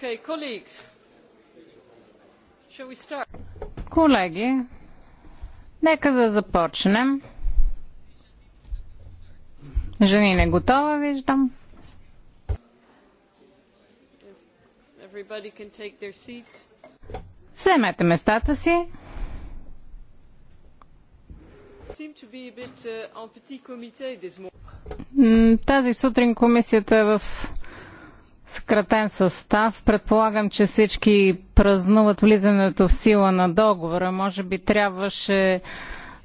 Okay, colleagues. Shall we start? Колеги, нека да започнем. Жени не готова, виждам. can take their seats. Вземете местата си. Тази сутрин комисията е в съкратен състав. Предполагам, че всички празнуват влизането в сила на договора. Може би трябваше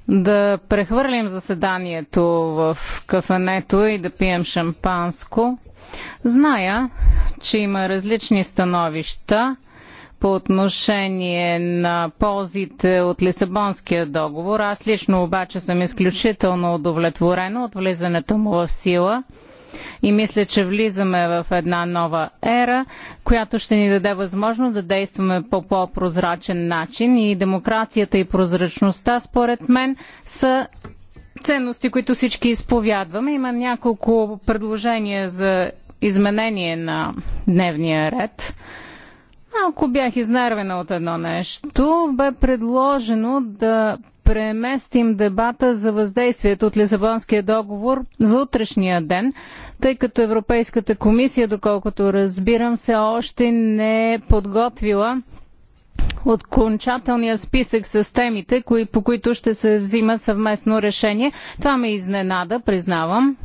да прехвърлим заседанието в кафенето и да пием шампанско. Зная, че има различни становища по отношение на ползите от Лисабонския договор. Аз лично обаче съм изключително удовлетворена от влизането му в сила – и мисля, че влизаме в една нова ера, която ще ни даде възможност да действаме по по-прозрачен начин. И демокрацията и прозрачността, според мен, са ценности, които всички изповядваме. Има няколко предложения за изменение на дневния ред. Малко бях изнервена от едно нещо. Бе предложено да преместим дебата за въздействието от Лисабонския договор за утрешния ден, тъй като Европейската комисия, доколкото разбирам, все още не е подготвила окончателния списък с темите, кои, по които ще се взима съвместно решение. Това ме изненада, признавам.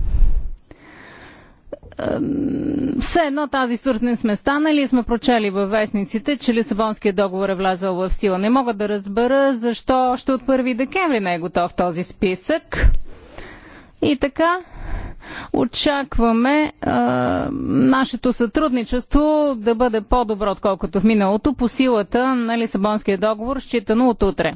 Все едно тази сутрин сме станали и сме прочели във вестниците, че Лисабонският договор е влязъл в сила. Не мога да разбера защо още от 1 декември не е готов този списък. И така, Очакваме а, нашето сътрудничество да бъде по-добро, отколкото в миналото, по силата на Лисабонския договор, считано от утре.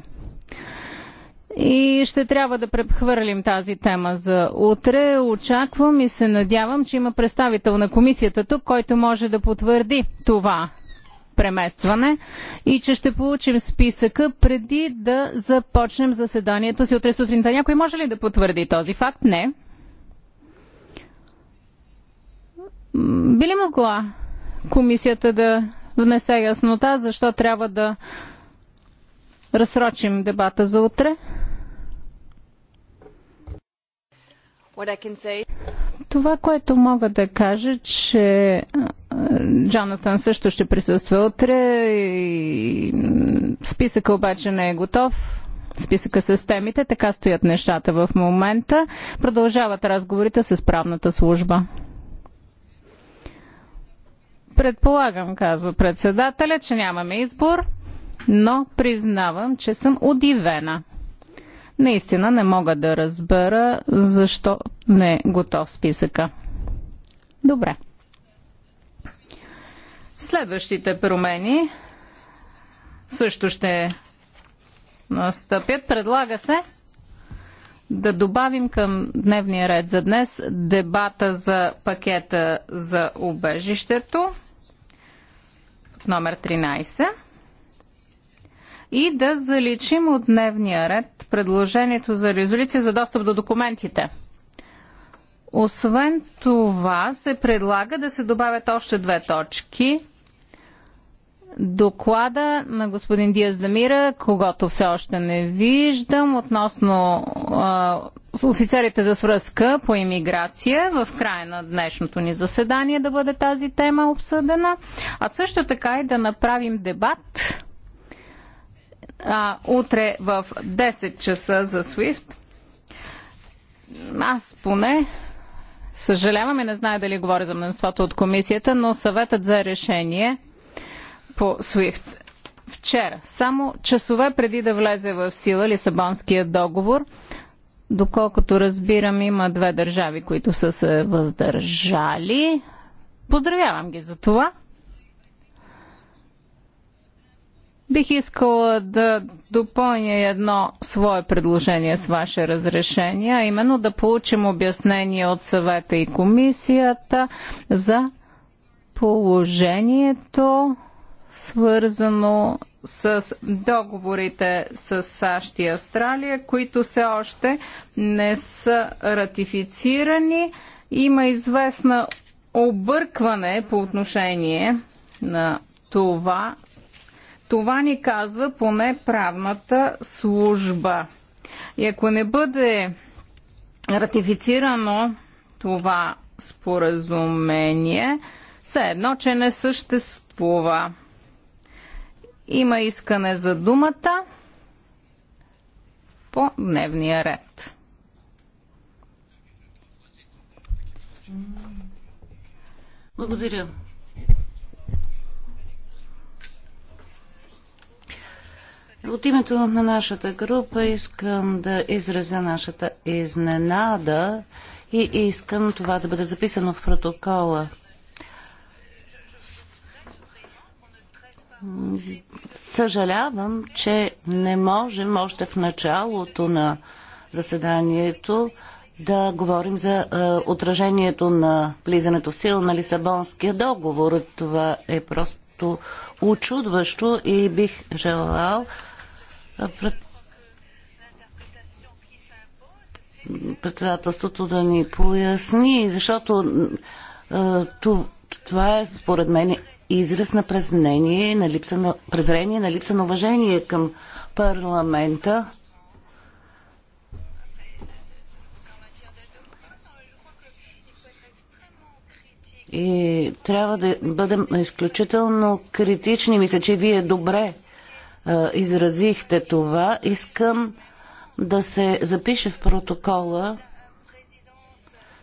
И ще трябва да прехвърлим тази тема за утре. Очаквам и се надявам, че има представител на комисията тук, който може да потвърди това преместване и че ще получим списъка преди да започнем заседанието си утре сутринта. Някой може ли да потвърди този факт? Не. Би ли могла комисията да внесе яснота, защо трябва да разсрочим дебата за утре? Това, което мога да кажа, че Джонатан също ще присъства утре и списъка обаче не е готов. Списъка с темите, така стоят нещата в момента. Продължават разговорите с правната служба. Предполагам, казва председателя, че нямаме избор, но признавам, че съм удивена. Наистина не мога да разбера защо не е готов списъка. Добре. Следващите промени също ще настъпят. Предлага се да добавим към дневния ред за днес дебата за пакета за убежището номер 13 и да заличим от дневния ред предложението за резолюция за достъп до документите. Освен това се предлага да се добавят още две точки – доклада на господин Диас Дамира, когато все още не виждам, относно а, офицерите за свръзка по иммиграция в края на днешното ни заседание да бъде тази тема обсъдена, а също така и да направим дебат а, утре в 10 часа за SWIFT. Аз поне съжалявам и не знае дали говоря за мнозинството от комисията, но съветът за решение – по SWIFT. Вчера, само часове преди да влезе в сила Лисабонския договор, доколкото разбирам, има две държави, които са се въздържали. Поздравявам ги за това. Бих искала да допълня едно свое предложение с ваше разрешение, а именно да получим обяснение от съвета и комисията за положението свързано с договорите с САЩ и Австралия, които все още не са ратифицирани. Има известна объркване по отношение на това. Това ни казва поне правната служба. И ако не бъде ратифицирано това споразумение, все едно, че не съществува. Има искане за думата по дневния ред. Благодаря. От името на нашата група искам да изразя нашата изненада и искам това да бъде записано в протокола. Съжалявам, че не можем още в началото на заседанието да говорим за е, отражението на влизането в сила на Лисабонския договор. Това е просто очудващо и бих желал е, председателството да ни поясни, защото е, това е според мен израз на презрение, на липса на, презрение, на липса на уважение към парламента. И трябва да бъдем изключително критични. Мисля, че вие добре а, е, изразихте това. Искам да се запише в протокола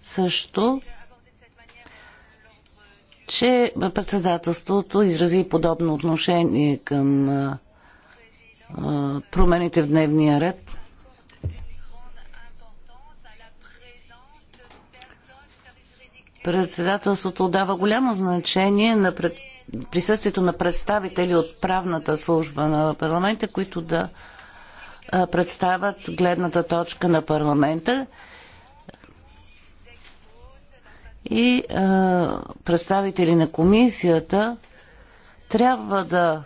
също, че председателството изрази подобно отношение към промените в дневния ред. Председателството дава голямо значение на пред... присъствието на представители от правната служба на парламента, които да представят гледната точка на парламента и а, е, представители на комисията трябва да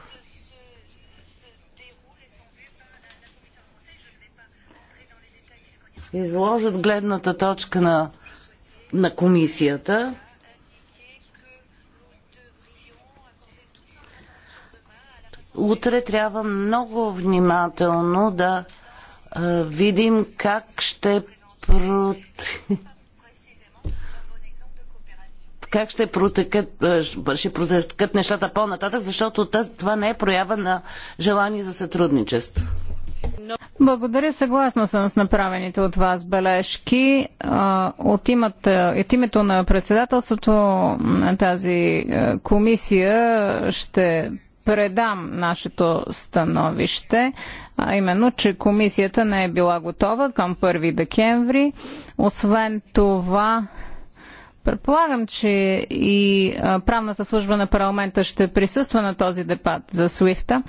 изложат гледната точка на, на комисията. Утре трябва много внимателно да а, е, видим как ще против как ще протекат, ще протекат нещата по-нататък, защото тази, това не е проява на желание за сътрудничество. Благодаря, съгласна съм с направените от вас бележки. От, имата, от името на председателството на тази комисия ще предам нашето становище, а именно, че комисията не е била готова към 1 декември. Освен това, Предполагам, че и правната служба на парламента ще присъства на този дебат за Свифта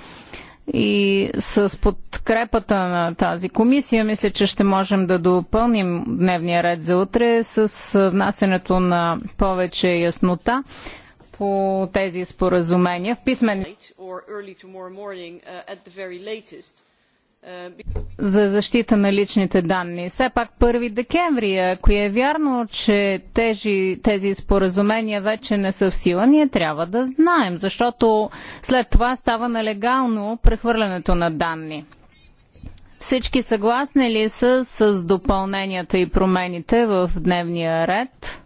и с подкрепата на тази комисия, мисля, че ще можем да допълним дневния ред за утре с внасенето на повече яснота по тези споразумения в писмен за защита на личните данни. Все пак 1 декември, ако е вярно, че тези, тези споразумения вече не са в сила, ние трябва да знаем, защото след това става нелегално прехвърлянето на данни. Всички съгласни ли са с допълненията и промените в дневния ред?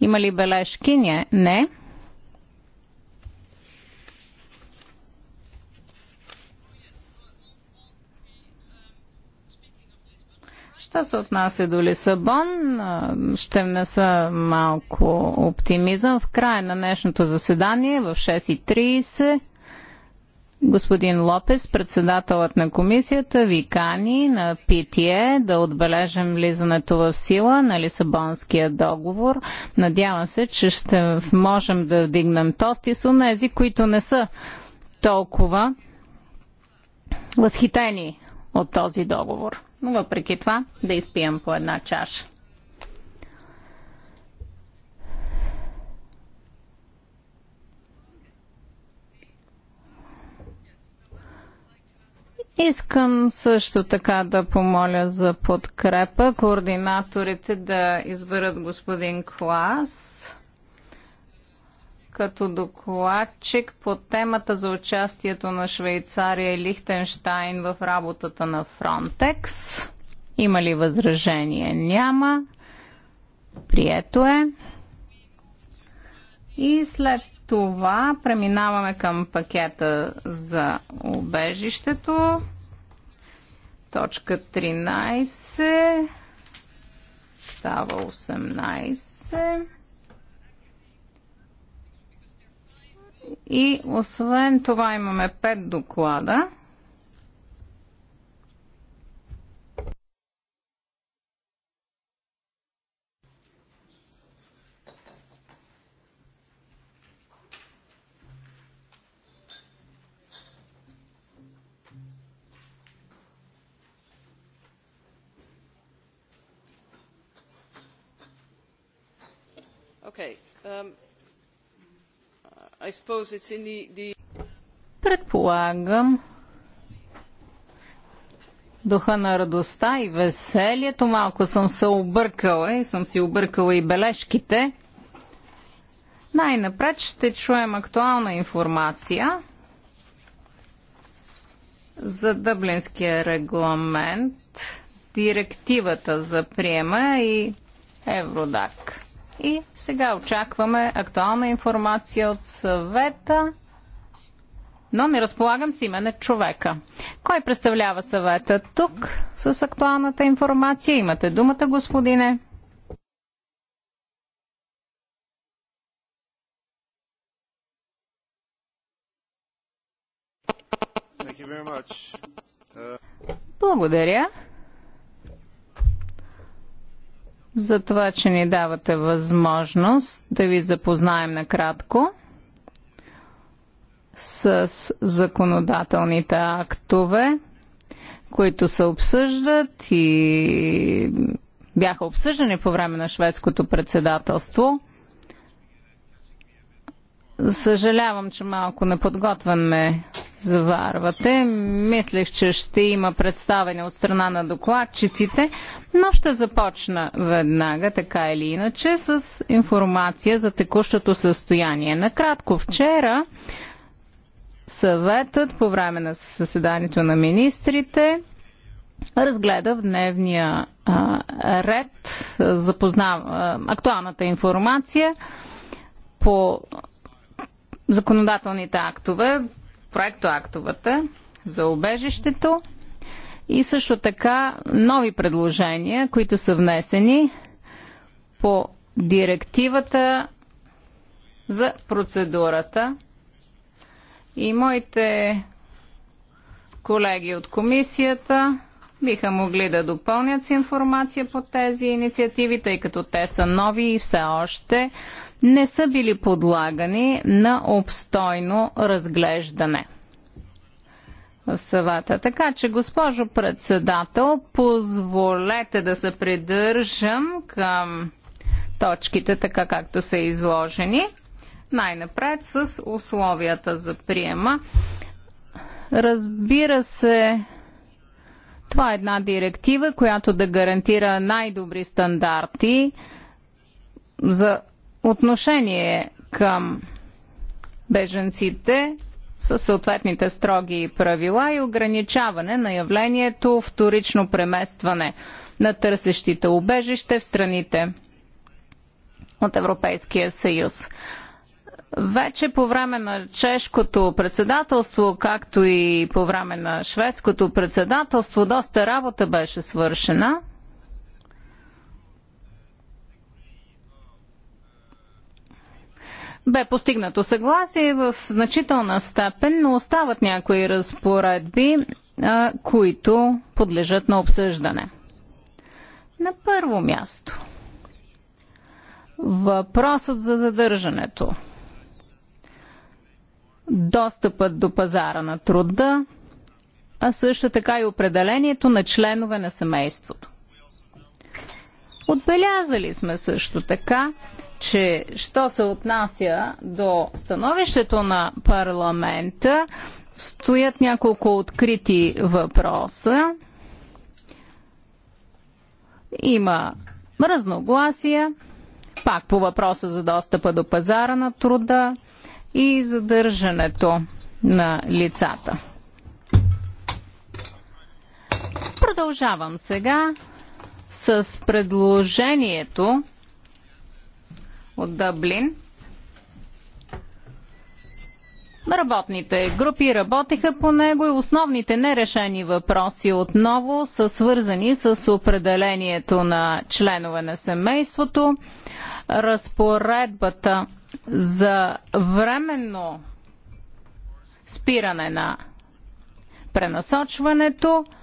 Има ли бележки? Не. не. Що се отнася до Лисабон, ще внеса малко оптимизъм. В края на днешното заседание в 6.30 господин Лопес, председателът на комисията, ви кани на ПТЕ да отбележим влизането в сила на Лисабонския договор. Надявам се, че ще можем да вдигнем тости с унези, които не са толкова възхитени от този договор но въпреки това да изпием по една чаша. Искам също така да помоля за подкрепа координаторите да изберат господин Клас като докладчик по темата за участието на Швейцария и Лихтенштайн в работата на Фронтекс. Има ли възражение? Няма. Прието е. И след това преминаваме към пакета за убежището. Точка 13 става 18. И освен това имаме пет доклада. Okay. Um, Предполагам, духа на радостта и веселието. Малко съм се объркала и съм си объркала и бележките. Най-напред ще чуем актуална информация за Дъблинския регламент, директивата за приема и Евродак. И сега очакваме актуална информация от съвета, но не разполагам с име на човека. Кой представлява съвета тук с актуалната информация? Имате думата, господине. Uh, Благодаря за това, че ни давате възможност да ви запознаем накратко с законодателните актове, които се обсъждат и бяха обсъждани по време на шведското председателство – Съжалявам, че малко неподготвен ме заварвате. Мислех, че ще има представене от страна на докладчиците, но ще започна веднага, така или иначе, с информация за текущото състояние. Накратко, вчера съветът по време на съседанието на министрите разгледа в дневния а, ред запознав, а, актуалната информация по законодателните актове, проектоактовете за обежището и също така нови предложения, които са внесени по директивата за процедурата. И моите колеги от комисията биха могли да допълнят с информация по тези инициативи, тъй като те са нови и все още не са били подлагани на обстойно разглеждане в съвата. Така че, госпожо председател, позволете да се придържам към точките, така както са изложени. Най-напред с условията за приема. Разбира се, това е една директива, която да гарантира най-добри стандарти за отношение към беженците със съответните строги правила и ограничаване на явлението вторично преместване на търсещите убежище в страните от Европейския съюз. Вече по време на чешкото председателство, както и по време на шведското председателство, доста работа беше свършена – бе постигнато съгласие в значителна степен, но остават някои разпоредби, които подлежат на обсъждане. На първо място въпросът за задържането, достъпът до пазара на труда, а също така и определението на членове на семейството. Отбелязали сме също така, че що се отнася до становището на парламента, стоят няколко открити въпроса. Има разногласия, пак по въпроса за достъпа до пазара на труда и задържането на лицата. Продължавам сега с предложението от Дъблин. Работните групи работеха по него и основните нерешени въпроси отново са свързани с определението на членове на семейството, разпоредбата за временно спиране на пренасочването –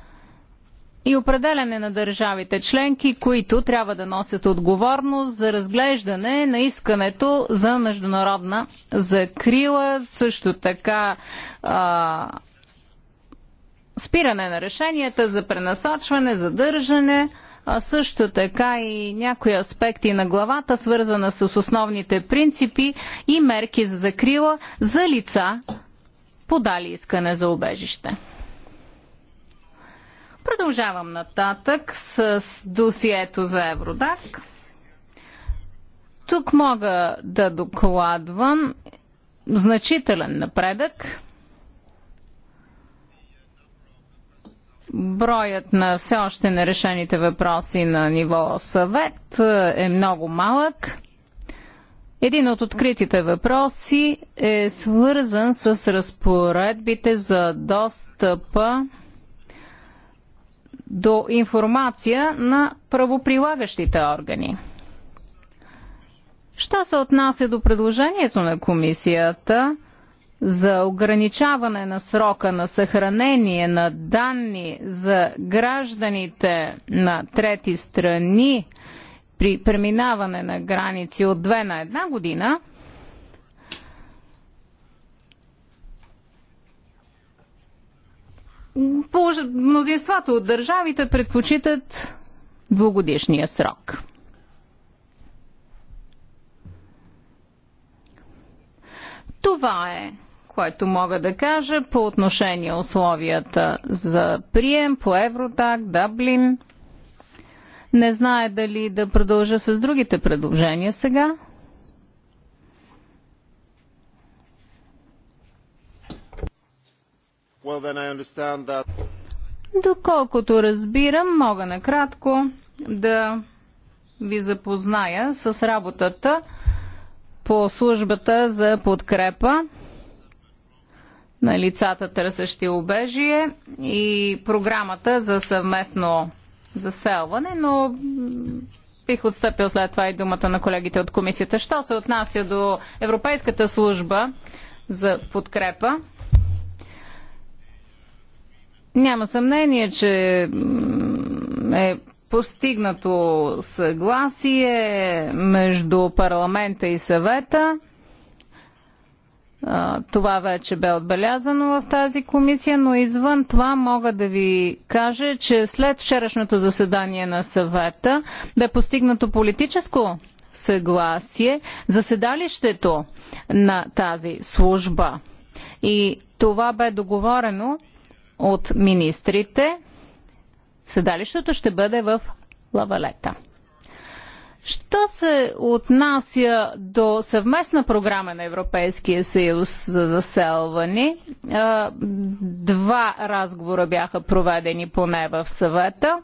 и определене на държавите членки, които трябва да носят отговорност за разглеждане на искането за международна закрила, също така а, спиране на решенията за пренасочване, задържане а също така и някои аспекти на главата, свързана с основните принципи и мерки за закрила за лица, подали искане за убежище. Продължавам нататък с досието за Евродак. Тук мога да докладвам значителен напредък. Броят на все още нерешените въпроси на ниво съвет е, е много малък. Един от откритите въпроси е свързан с разпоредбите за достъпа до информация на правоприлагащите органи. Що се отнася до предложението на комисията за ограничаване на срока на съхранение на данни за гражданите на трети страни при преминаване на граници от 2 на 1 година, мнозинството от държавите предпочитат двугодишния срок. Това е, което мога да кажа по отношение условията за прием по Евротак, Даблин. Не знае дали да продължа с другите предложения сега. Доколкото разбирам, мога накратко да ви запозная с работата по службата за подкрепа на лицата търсещи обежие и програмата за съвместно заселване, но бих отстъпил след това и думата на колегите от комисията. Що се отнася до Европейската служба за подкрепа, няма съмнение, че е постигнато съгласие между парламента и съвета. Това вече бе отбелязано в тази комисия, но извън това мога да ви кажа, че след вчерашното заседание на съвета бе постигнато политическо съгласие за седалището на тази служба. И това бе договорено от министрите. Седалището ще бъде в Лавалета. Що се отнася до съвместна програма на Европейския съюз за заселване, два разговора бяха проведени поне в съвета.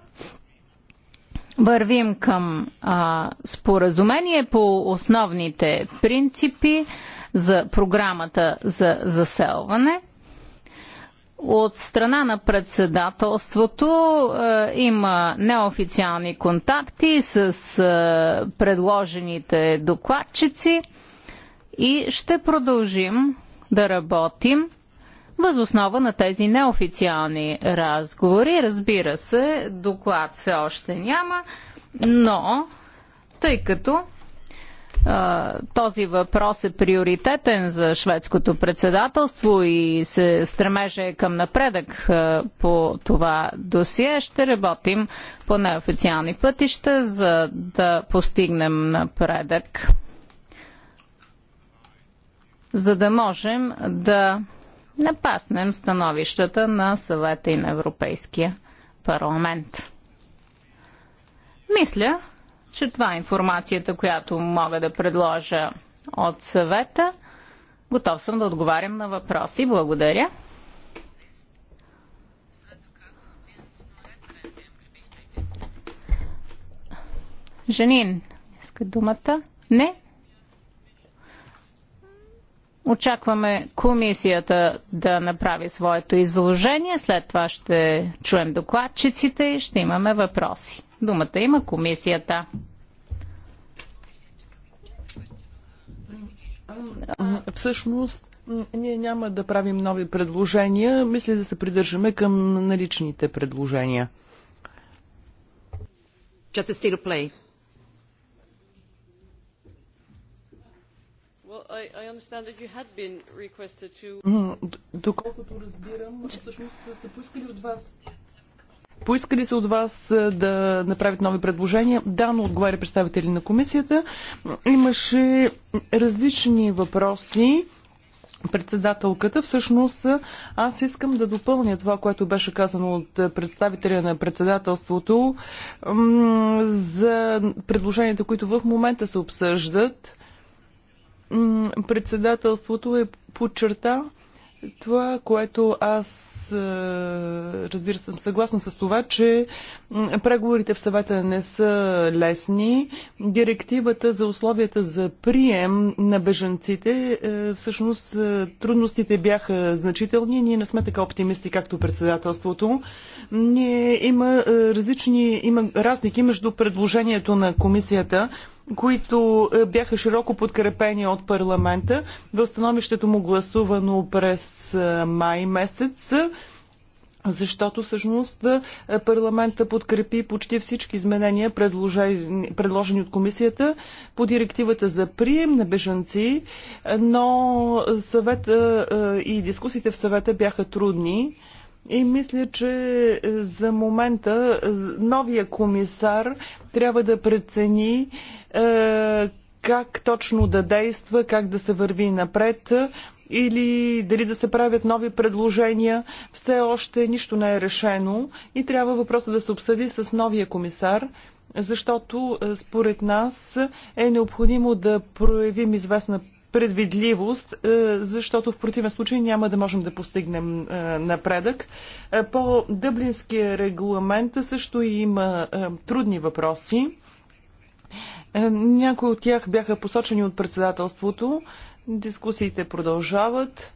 Вървим към а, споразумение по основните принципи за програмата за заселване – от страна на председателството е, има неофициални контакти с е, предложените докладчици и ще продължим да работим възоснова на тези неофициални разговори. Разбира се, доклад все още няма, но тъй като този въпрос е приоритетен за шведското председателство и се стремеше към напредък по това досие. Ще работим по неофициални пътища, за да постигнем напредък, за да можем да напаснем становищата на съвета и на Европейския парламент. Мисля, че това е информацията, която мога да предложа от съвета. Готов съм да отговарям на въпроси. Благодаря. Женин, иска думата. Не, Очакваме комисията да направи своето изложение, след това ще чуем докладчиците и ще имаме въпроси. Думата има комисията. Всъщност, ние няма да правим нови предложения. Мисля да се придържаме към наличните предложения. Just a state of play. Доколкото разбирам, всъщност са поискали от вас Поискали се от вас е, да направят нови предложения? Да, но отговаря представители на комисията. Имаше различни въпроси. Председателката, всъщност е, аз искам да допълня това, което беше казано от представителя на председателството за предложенията, които в момента се обсъждат председателството е подчерта това, което аз е, разбира съм съгласна с това, че преговорите в съвета не са лесни. Директивата за условията за прием на бежанците, е, всъщност е, трудностите бяха значителни. Ние не сме така оптимисти, както председателството. Ние има различни, има разлики между предложението на комисията които е, бяха широко подкрепени от парламента. В становището му гласувано през е, май месец защото всъщност е, парламента подкрепи почти всички изменения, предложени от комисията по директивата за прием на бежанци, но съвета и дискусиите в съвета бяха трудни. И мисля, че е, за момента е, новия комисар трябва да прецени е, как точно да действа, как да се върви напред или дали да се правят нови предложения. Все още нищо не е решено и трябва въпроса да се обсъди с новия комисар, защото е, според нас е необходимо да проявим известна предвидливост, е, защото в противен случай няма да можем да постигнем е, напредък. Е, по Дъблинския регламент също има трудни въпроси. Някои от тях бяха посочени от председателството. Дискусиите продължават.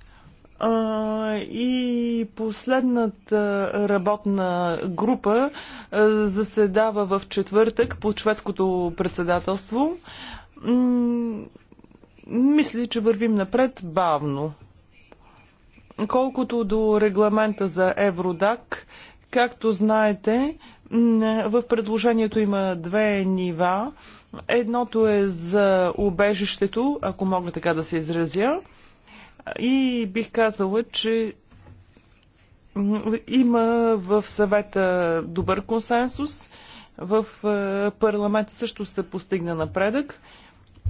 И последната работна група заседава в четвъртък под шведското председателство мисля, че вървим напред бавно. Колкото до регламента за Евродак, както знаете, в предложението има две нива. Едното е за убежището, ако мога така да се изразя. И бих казала, че има в съвета добър консенсус. В е, парламента също се постигна напредък.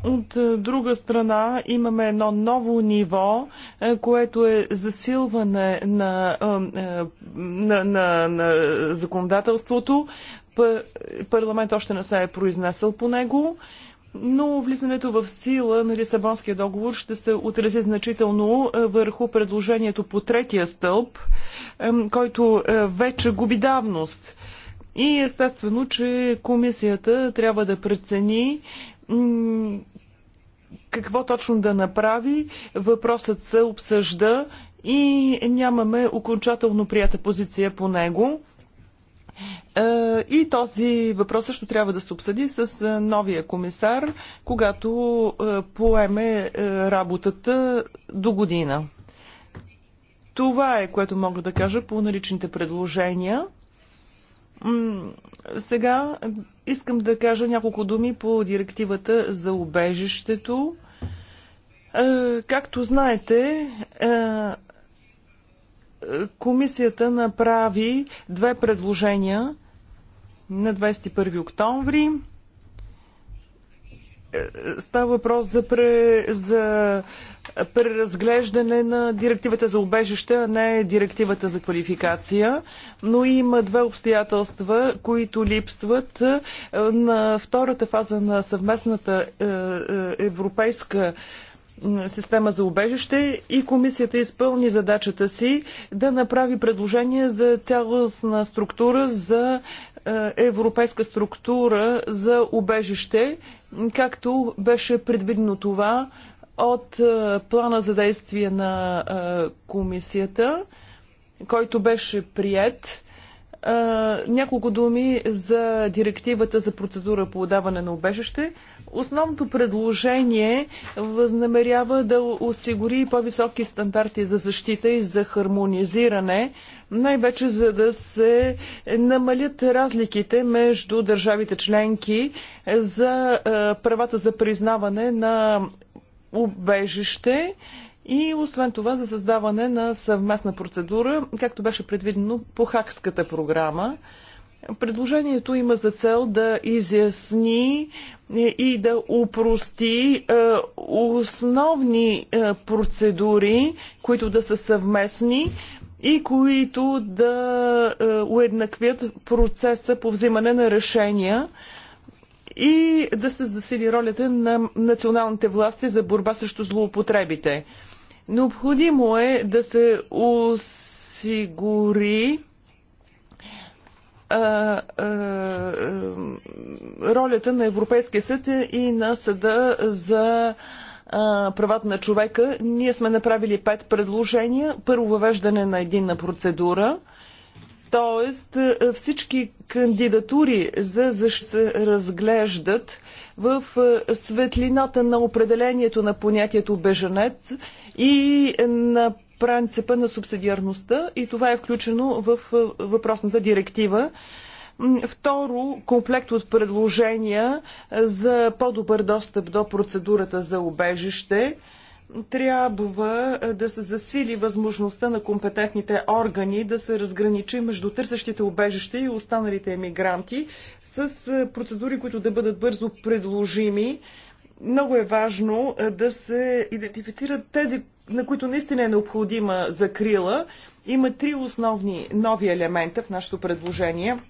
От е, друга страна имаме едно ново ниво, е, което е засилване на, е, на, на, на законодателството. Парламент още не се е произнесъл по него но влизането в сила на Лисабонския договор ще се отрази значително върху предложението по третия стълб, който вече губи давност. И естествено, че комисията трябва да прецени какво точно да направи. Въпросът се обсъжда и нямаме окончателно прията позиция по него. Е, и този въпрос също трябва да се обсъди с е, новия комисар, когато е, поеме работата до година. Това е, което мога да кажа по наличните предложения. Сега искам да кажа няколко думи по директивата за убежището. Е, както знаете, е, комисията направи две предложения на 21 октомври. Е, става въпрос за, пре, за преразглеждане на директивата за убежище, а не директивата за квалификация. Но има две обстоятелства, които липсват е, на втората фаза на съвместната е, е, европейска система за убежище и комисията изпълни задачата си да направи предложение за цялостна структура за европейска структура за убежище, както беше предвидено това от е, плана за действие на е, комисията, който беше прият. Е, няколко думи за директивата за процедура по отдаване на обежище. Основното предложение възнамерява да осигури по-високи стандарти за защита и за хармонизиране, най-вече за да се намалят разликите между държавите членки за правата за признаване на убежище и освен това за създаване на съвместна процедура, както беше предвидено по Хакската програма. Предложението има за цел да изясни и да упрости е, основни е, процедури, които да са съвместни и които да е, уеднаквят процеса по взимане на решения и да се засили ролята на националните власти за борба срещу злоупотребите. Необходимо е да се осигури ролята на Европейския съд и на съда за правата на човека. Ние сме направили пет предложения. Първо въвеждане на единна процедура. Тоест е, е, всички кандидатури за защита се разглеждат в е, светлината на определението на понятието беженец и на принципа на субсидиарността и това е включено в въпросната директива. Второ, комплект от предложения за по-добър достъп до процедурата за убежище – трябва е, да се засили възможността на компетентните органи да се разграничи между търсещите обежище и останалите емигранти с е, процедури, които да бъдат бързо предложими. Много е важно е, да се идентифицират тези, на които наистина е необходима закрила. Има три основни нови елемента в нашето предложение –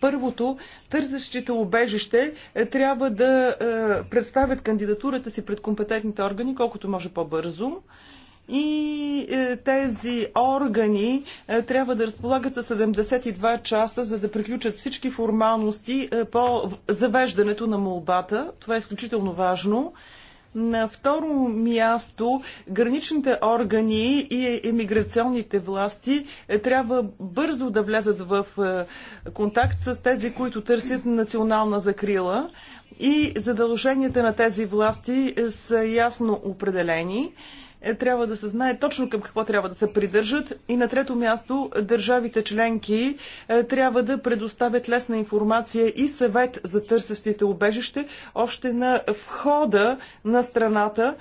Първото, търсещите обежище е, трябва да е, представят кандидатурата си пред компетентните органи колкото може по-бързо и е, тези органи трябва да разполагат за 72 часа, за да приключат всички формалности по завеждането на молбата. Това е изключително важно. На второ място, граничните органи и емиграционните власти е, трябва бързо да влязат в е, контакт с тези, които търсят национална закрила и задълженията на тези власти е, са ясно определени. Е, трябва да се знае точно към какво трябва да се придържат. И на трето място, държавите членки е, трябва да предоставят лесна информация и съвет за търсещите убежище още на входа на страната,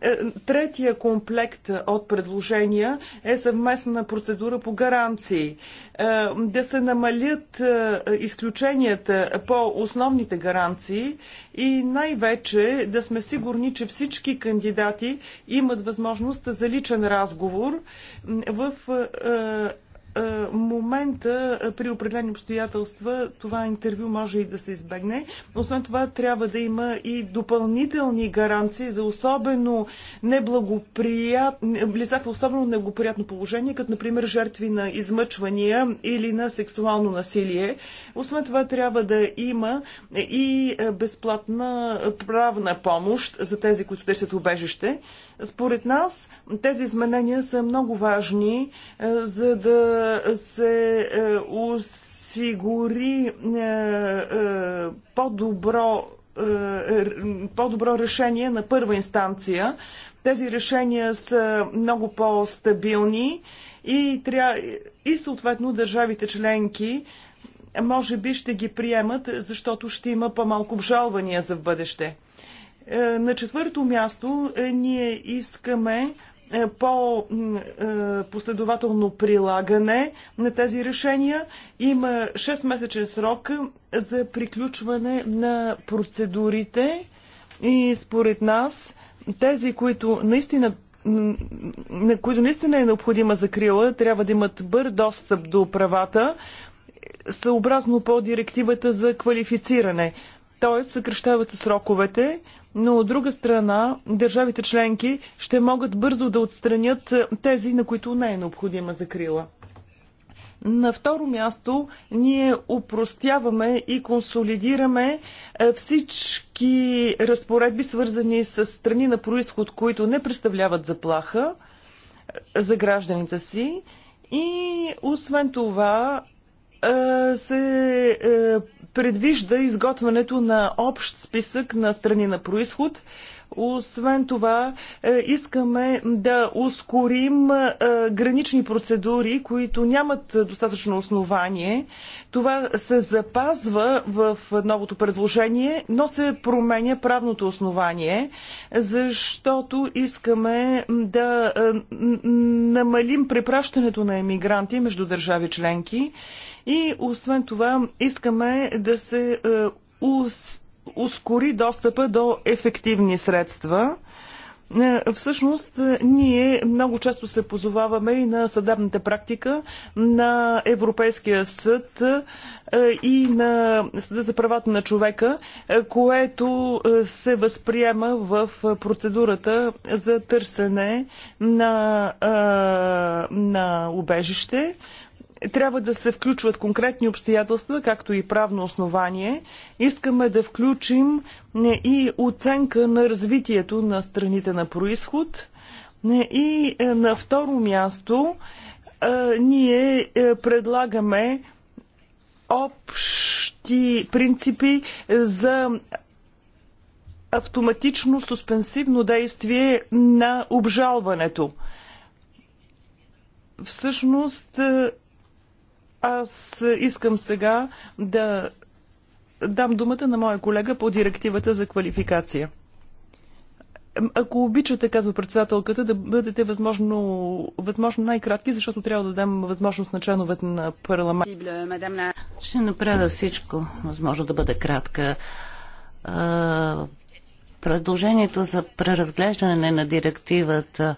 е, третия комплект от предложения е съвместна процедура по гаранции. Е, да се намалят е, изключенията по основните гаранции и най-вече да сме сигурни, че всички кандидати имат възможност за личен разговор в е, момента е, при определени обстоятелства това интервю може и да се избегне. Освен това трябва да има и допълнителни гаранции за особено неблагоприятни, лица в особено неблагоприятно положение, като например жертви на измъчвания или на сексуално насилие. Освен това трябва да има и е, безплатна правна помощ за тези, които търсят убежище. Според нас тези изменения са много важни, е, за да се е, осигури е, по-добро по-добро решение на първа инстанция. Тези решения са много по-стабилни и, тря... и съответно държавите членки може би ще ги приемат, защото ще има по-малко обжалвания за в бъдеще. Е, на четвърто място е, ние искаме е, по-последователно прилагане на тези решения. Има 6-месечен срок за приключване на процедурите и според нас тези, които наистина на които наистина е необходима закрила, трябва да имат бър достъп до правата, съобразно по директивата за квалифициране. Т.е. съкръщават се сроковете, но от друга страна държавите членки ще могат бързо да отстранят е, тези, на които не е необходима закрила. На второ място, ние упростяваме и консолидираме е, всички разпоредби, свързани с страни на происход, които не представляват заплаха е, за гражданите си. И освен това, се предвижда изготвянето на общ списък на страни на происход. Освен това, е, искаме да ускорим е, гранични процедури, които нямат достатъчно основание. Това се запазва в новото предложение, но се променя правното основание, защото искаме да е, намалим препращането на емигранти между държави членки и освен това искаме да се е, ускори достъпа до ефективни средства. Е, всъщност, е, ние много често се позоваваме и на съдебната практика на Европейския съд и на Съда за правата на човека, което се възприема в процедурата за търсене на, на убежище трябва да се включват конкретни обстоятелства, както и правно основание. Искаме да включим е, и оценка на развитието на страните на происход. Е, и е, на второ място ние предлагаме общи принципи за автоматично суспенсивно действие на обжалването всъщност аз искам сега да дам думата на моя колега по директивата за квалификация. Ако обичате, казва председателката, да бъдете възможно, възможно най-кратки, защото трябва да дам възможност на членовете на парламент. Ще направя всичко, възможно да бъда кратка. Предложението за преразглеждане на директивата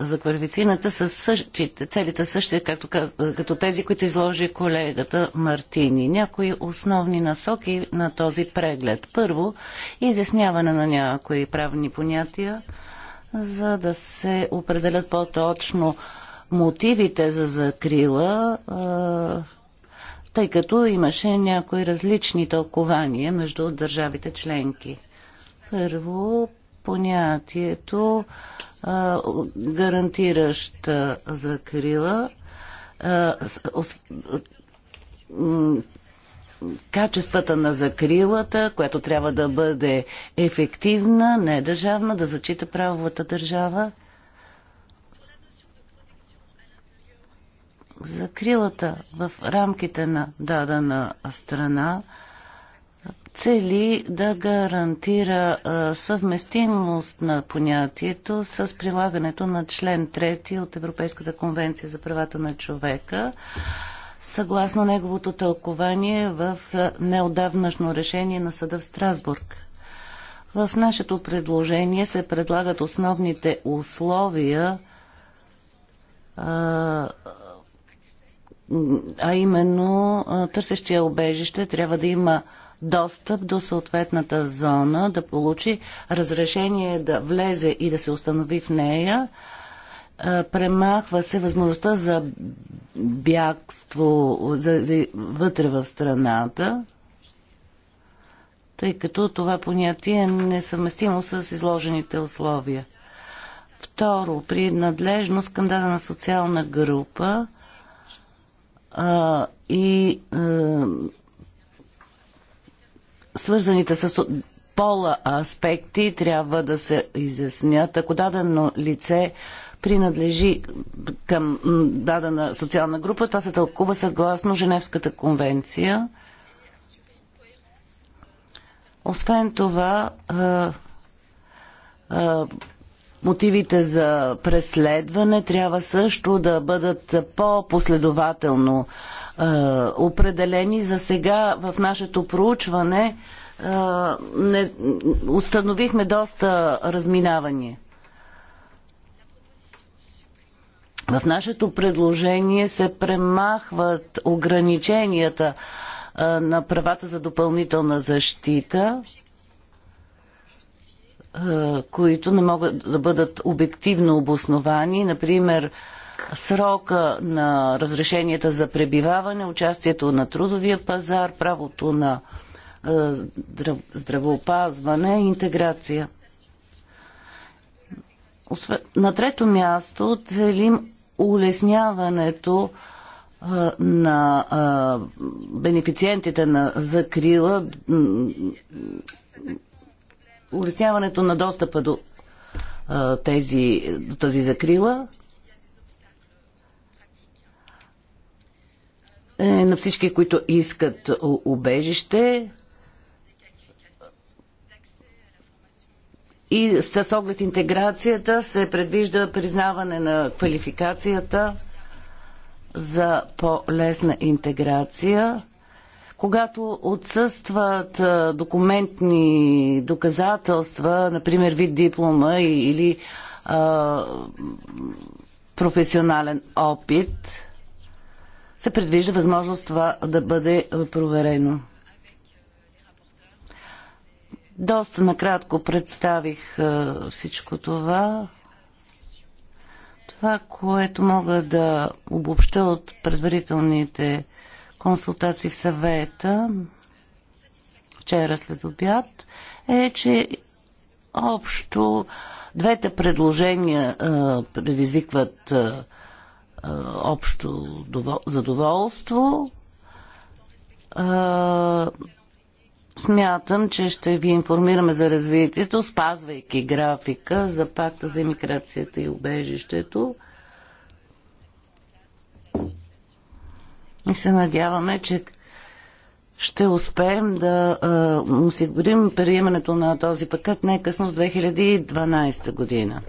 за кварвицината са същите, целите същите, като, като тези, които изложи колегата Мартини. Някои основни насоки на този преглед. Първо, изясняване на някои правни понятия, за да се определят по-точно мотивите за закрила, тъй като имаше някои различни тълкования между държавите членки. Първо, понятието а, гарантираща закрила. А, качествата на закрилата, която трябва да бъде ефективна, не държавна, да зачита правовата държава. Закрилата в рамките на дадена страна цели да гарантира съвместимост на понятието с прилагането на член 3 от Европейската конвенция за правата на човека, съгласно неговото тълкование в неодавнашно решение на съда в Страсбург. В нашето предложение се предлагат основните условия а, а именно търсещия обежище трябва да има достъп до съответната зона, да получи разрешение да влезе и да се установи в нея. Е, премахва се възможността за бягство за, за, вътре в страната, тъй като това понятие е несъвместимо с изложените условия. Второ, при надлежност към дадена социална група а, и а, свързаните с пола аспекти трябва да се изяснят. Ако дадено лице принадлежи към дадена социална група, това се тълкува съгласно Женевската конвенция. Освен това, Мотивите за преследване трябва също да бъдат по-последователно е, определени. За сега в нашето проучване е, не, установихме доста разминавания. В нашето предложение се премахват ограниченията е, на правата за допълнителна защита които не могат да бъдат обективно обосновани. Например, срока на разрешенията за пребиваване, участието на трудовия пазар, правото на и интеграция. На трето място целим улесняването на бенефициентите на закрила улесняването на достъпа до тези, до тази закрила е на всички, които искат убежище и с оглед интеграцията се предвижда признаване на квалификацията за по-лесна интеграция когато отсъстват документни доказателства, например вид диплома или а, професионален опит, се предвижда възможност това да бъде проверено. Доста накратко представих всичко това. Това, което мога да обобща от предварителните консултации в съвета вчера след обяд е, че общо двете предложения а, предизвикват а, общо задоволство. А, смятам, че ще ви информираме за развитието, спазвайки графика за пакта за иммиграцията и убежището. И се надяваме, че ще успеем да а, осигурим приемането на този пакет не късно 2012 година.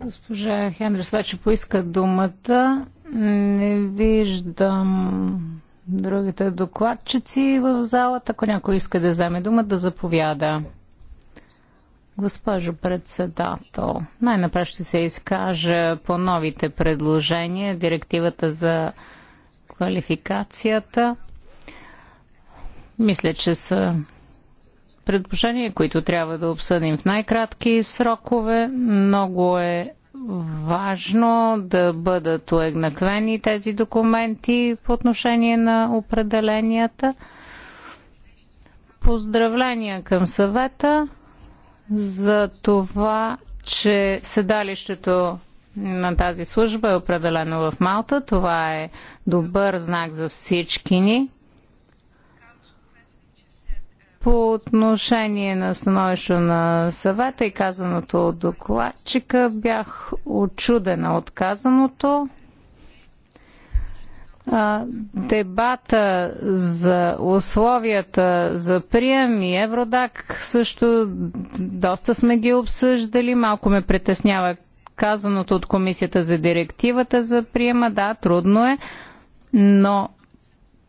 Госпожа Хендрис вече поиска думата. Не виждам другите докладчици в залата. Ако някой иска да вземе думата, да заповяда. Госпожо председател, най-напред ще се изкажа по новите предложения, директивата за квалификацията. Мисля, че са предложения, които трябва да обсъдим в най-кратки срокове. Много е важно да бъдат уегнаквени тези документи по отношение на определенията. Поздравления към съвета за това, че седалището на тази служба е определено в Малта. Това е добър знак за всички ни. По отношение на становището на съвета и казаното от докладчика, бях очудена от казаното дебата за условията за прием и Евродак също доста сме ги обсъждали. Малко ме притеснява казаното от комисията за директивата за приема. Да, трудно е, но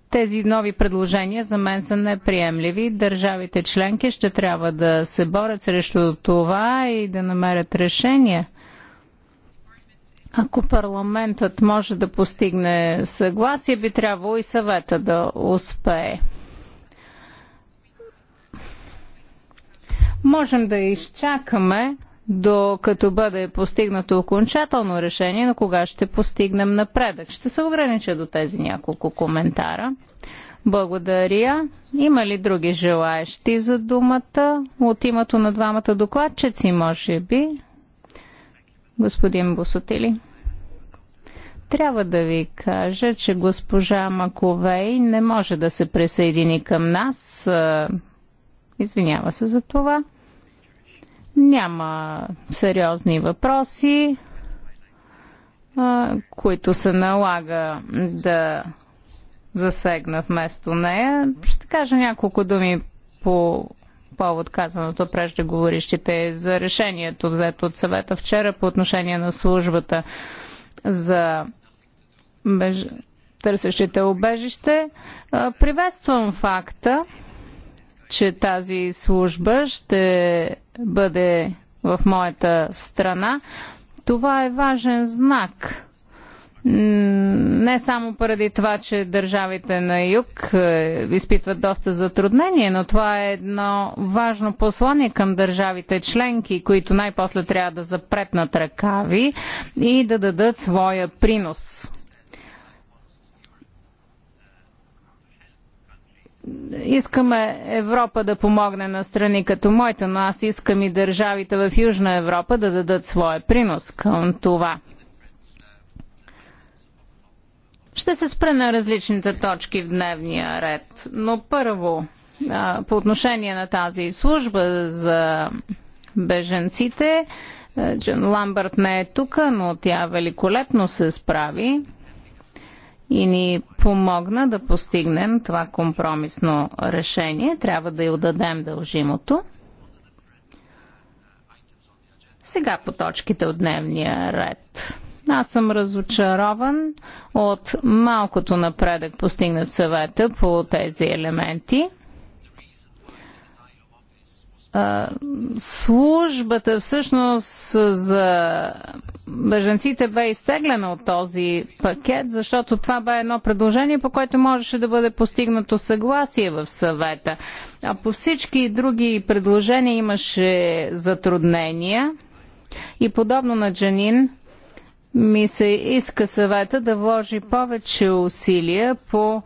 тези нови предложения за мен са неприемливи. Държавите членки ще трябва да се борят срещу това и да намерят решение. Ако парламентът може да постигне съгласие, би трябвало и съвета да успее. Можем да изчакаме докато бъде постигнато окончателно решение, на кога ще постигнем напредък. Ще се огранича до тези няколко коментара. Благодаря. Има ли други желаещи за думата? От името на двамата докладчици, може би господин Босотили. Трябва да ви кажа, че госпожа Маковей не може да се присъедини към нас. Извинява се за това. Няма сериозни въпроси, които се налага да засегна вместо нея. Ще кажа няколко думи по повод казаното преждеговорищите за решението взето от съвета вчера по отношение на службата за беж... търсещите обежище. Приветствам факта, че тази служба ще бъде в моята страна. Това е важен знак не само поради това, че държавите на юг е, изпитват доста затруднение, но това е едно важно послание към държавите членки, които най-после трябва да запретнат ръкави и да дадат своя принос. искаме Европа да помогне на страни като моята, но аз искам и държавите в Южна Европа да дадат своя принос към това. Ще се спре на различните точки в дневния ред, но първо по отношение на тази служба за беженците, Джон Ламбърт не е тук, но тя великолепно се справи и ни помогна да постигнем това компромисно решение. Трябва да й отдадем дължимото. Сега по точките от дневния ред. Аз съм разочарован от малкото напредък постигнат съвета по тези елементи службата всъщност за беженците бе изтеглена от този пакет, защото това бе едно предложение, по което можеше да бъде постигнато съгласие в съвета. А по всички други предложения имаше затруднения. И подобно на Джанин, ми се иска съвета да вложи повече усилия по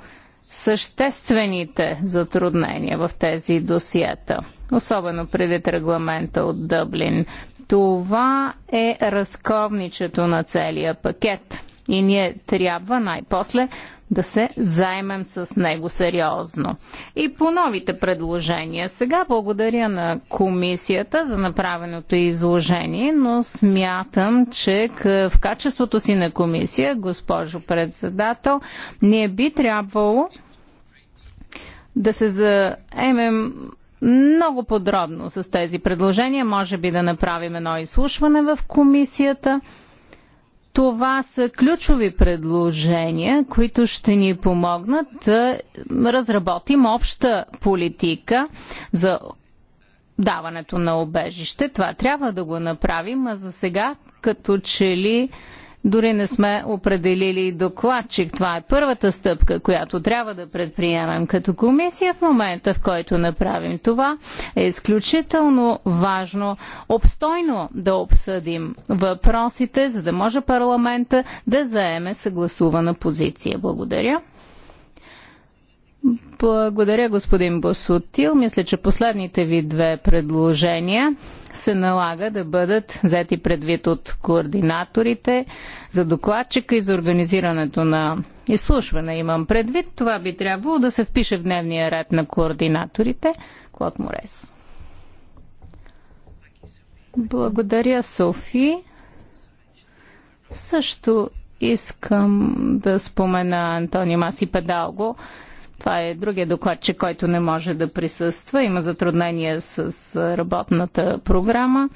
съществените затруднения в тези досиета, особено преди регламента от Дъблин. Това е разковничето на целия пакет и ние трябва най-после да се займем с него сериозно. И по новите предложения. Сега благодаря на комисията за направеното изложение, но смятам, че в качеството си на комисия, госпожо председател, ние би трябвало да се заемем много подробно с тези предложения. Може би да направим едно изслушване в комисията. Това са ключови предложения, които ще ни помогнат да разработим обща политика за даването на обежище. Това трябва да го направим, а за сега като че ли дори не сме определили докладчик. Това е първата стъпка, която трябва да предприемем като комисия в момента, в който направим това. Е изключително важно обстойно да обсъдим въпросите, за да може парламента да заеме съгласувана позиция. Благодаря. Благодаря, господин Босотил. Мисля, че последните ви две предложения се налага да бъдат взети предвид от координаторите за докладчика и за организирането на изслушване. Имам предвид, това би трябвало да се впише в дневния ред на координаторите. Клод Морес. Благодаря, Софи. Също искам да спомена Антони Маси Педалго. Това е другия докладчик, който не може да присъства. Има затруднения с работната програма.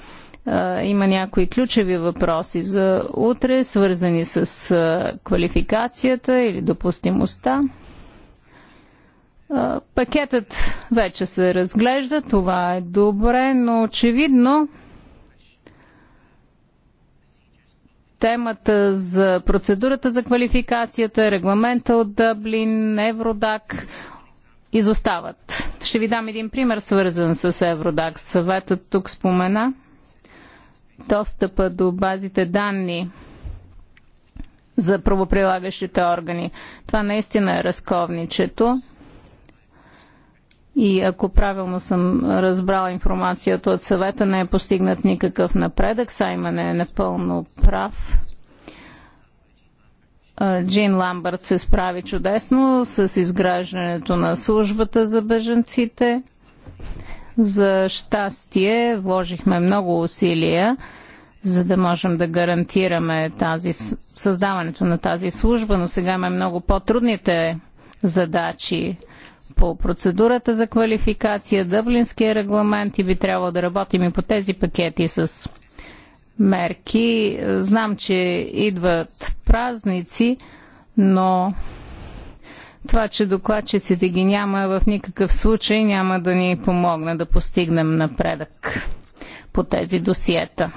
Има някои ключови въпроси за утре, свързани с квалификацията или допустимостта. Пакетът вече се разглежда, това е добре, но очевидно темата за процедурата за квалификацията, регламента от Дъблин, Евродак изостават. Ще ви дам един пример, свързан с Евродак. Съветът тук спомена достъпа до базите данни за правоприлагащите органи. Това наистина е разковничето и ако правилно съм разбрала информацията от съвета, не е постигнат никакъв напредък. Саймън е напълно прав. Джин Ламбърт се справи чудесно с изграждането на службата за беженците. За щастие вложихме много усилия, за да можем да гарантираме тази, създаването на тази служба, но сега ме много по-трудните задачи по процедурата за квалификация, дъблинския регламент и би трябвало да работим и по тези пакети с мерки. Знам, че идват празници, но това, че докладчиците ги няма в никакъв случай, няма да ни помогне да постигнем напредък по тези досиета.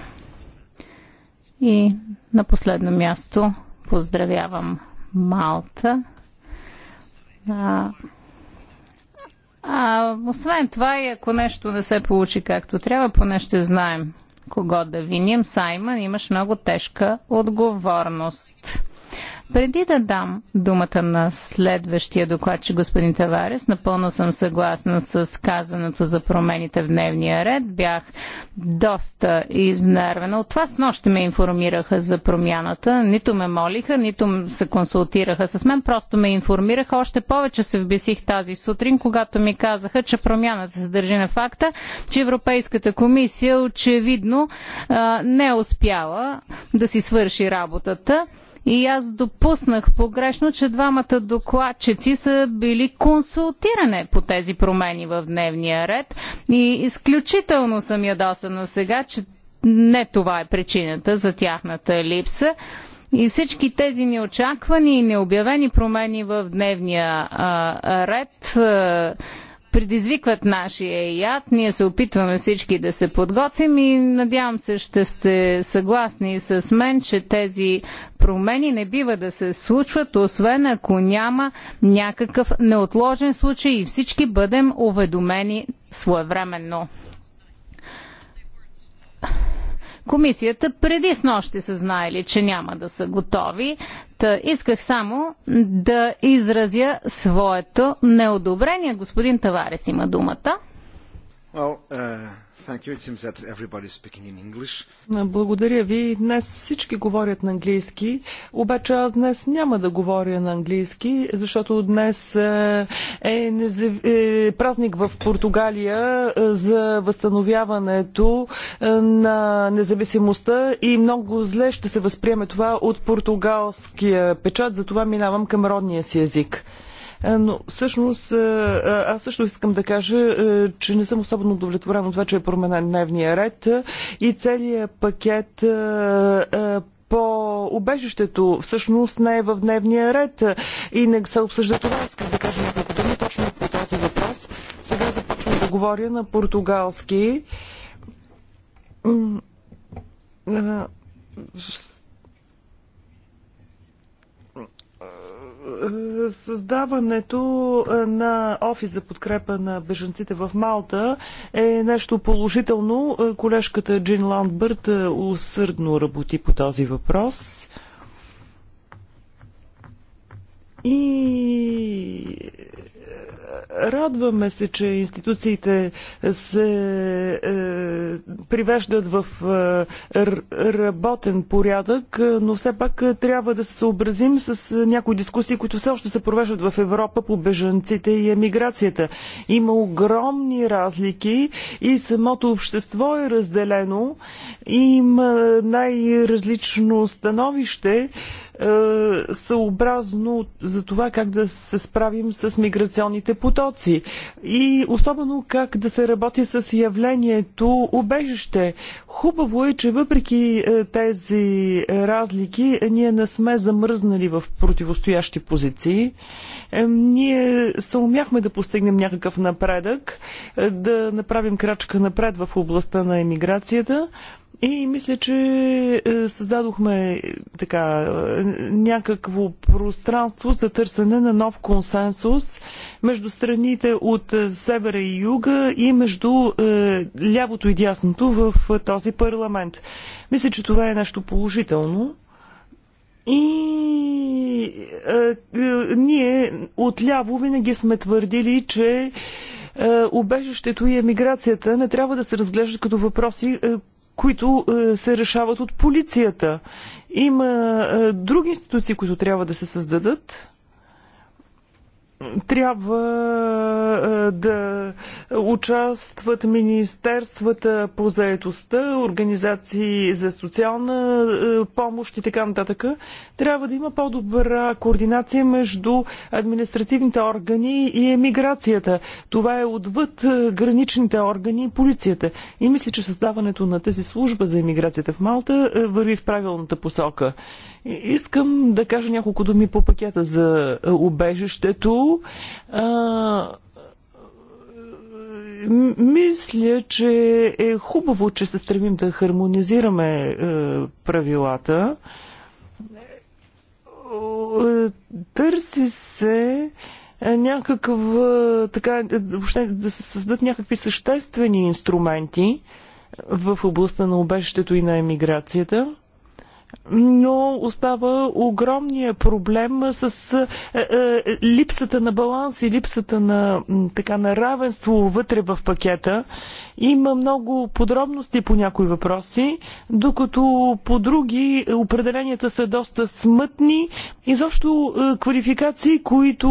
И на последно място поздравявам Малта. А, освен това и ако нещо не се получи както трябва, поне ще знаем кого да виним. Саймън имаш много тежка отговорност. Преди да дам думата на следващия доклад, господин Таварес, напълно съм съгласна с казаното за промените в дневния ред. Бях доста изнервена. От това с нощи ме информираха за промяната. Нито ме молиха, нито се консултираха с мен. Просто ме информираха. Още повече се вбесих тази сутрин, когато ми казаха, че промяната се държи на факта, че Европейската комисия очевидно не е успяла да си свърши работата и аз допуснах погрешно, че двамата докладчици са били консултиране по тези промени в дневния ред. И изключително съм ядосана сега, че не това е причината за тяхната липса. И всички тези неочаквани и необявени промени в дневния а, ред. А, предизвикват нашия яд. Ние се опитваме всички да се подготвим и надявам се ще сте съгласни с мен, че тези промени не бива да се случват, освен ако няма някакъв неотложен случай и всички бъдем уведомени своевременно. Комисията преди с нощи са знаели, че няма да са готови. Та исках само да изразя своето неодобрение. Господин Таварес има думата. Well, uh... Благодаря ви. Днес всички говорят на английски, обаче аз днес няма да говоря на английски, защото днес е, е, е празник в Португалия е, за възстановяването на независимостта и много зле ще се възприеме това от португалския печат, затова минавам към родния си език. Е, но всъщност е, е, аз също искам да кажа, че не съм особено удовлетворена от това, че е променен дневния ред и целият пакет по убежището всъщност не е в дневния ред и не се обсъжда това. Искам да кажа няколко думи точно по този въпрос. Сега започвам да говоря на португалски Е, създаването е, на офис за подкрепа на бежанците в Малта е нещо положително. Е, колежката Джин Ландбърт усърдно работи по този въпрос. И Радваме се, че институциите се е, привеждат в е, работен порядък, но все пак е, трябва да се съобразим с някои дискусии, които все още се провеждат в Европа по бежанците и емиграцията. Има огромни разлики и самото общество е разделено. Има най-различно становище. Е, съобразно за това как да се справим с миграционните потоци и особено как да се работи с явлението убежище. Хубаво е, че въпреки е, тези разлики ние не сме замръзнали в противостоящи позиции. Е, ние се умяхме да постигнем някакъв напредък, да направим крачка напред в областта на емиграцията. И мисля, че е, създадохме е, така е, някакво пространство за търсене на нов консенсус между страните от севера и юга и между лявото и дясното в този парламент. Мисля, че това е нещо положително. И е, е, ние отляво винаги сме твърдили, че е, убежището и емиграцията не трябва да се разглеждат като въпроси, е, които е, се решават от полицията. Има е, други институции, които трябва да се създадат трябва е, да участват министерствата по заедостта, организации за социална е, помощ и така нататък. Трябва да има по-добра координация между административните органи и емиграцията. Това е отвъд е, граничните органи и полицията. И мисля, че създаването на тази служба за емиграцията в Малта е, върви в правилната посока. Искам да кажа няколко думи по пакета за убежището. Мисля, че е хубаво, че се стремим да хармонизираме е, правилата. Е, търси се е, някакъв е, така, въобще да се създадат някакви съществени инструменти в областта на обещето и на емиграцията но остава огромния проблем с е, е, липсата на баланс и липсата на, така, на равенство вътре в пакета. Има много подробности по някои въпроси, докато по други определенията са доста смътни и защо е, квалификации, които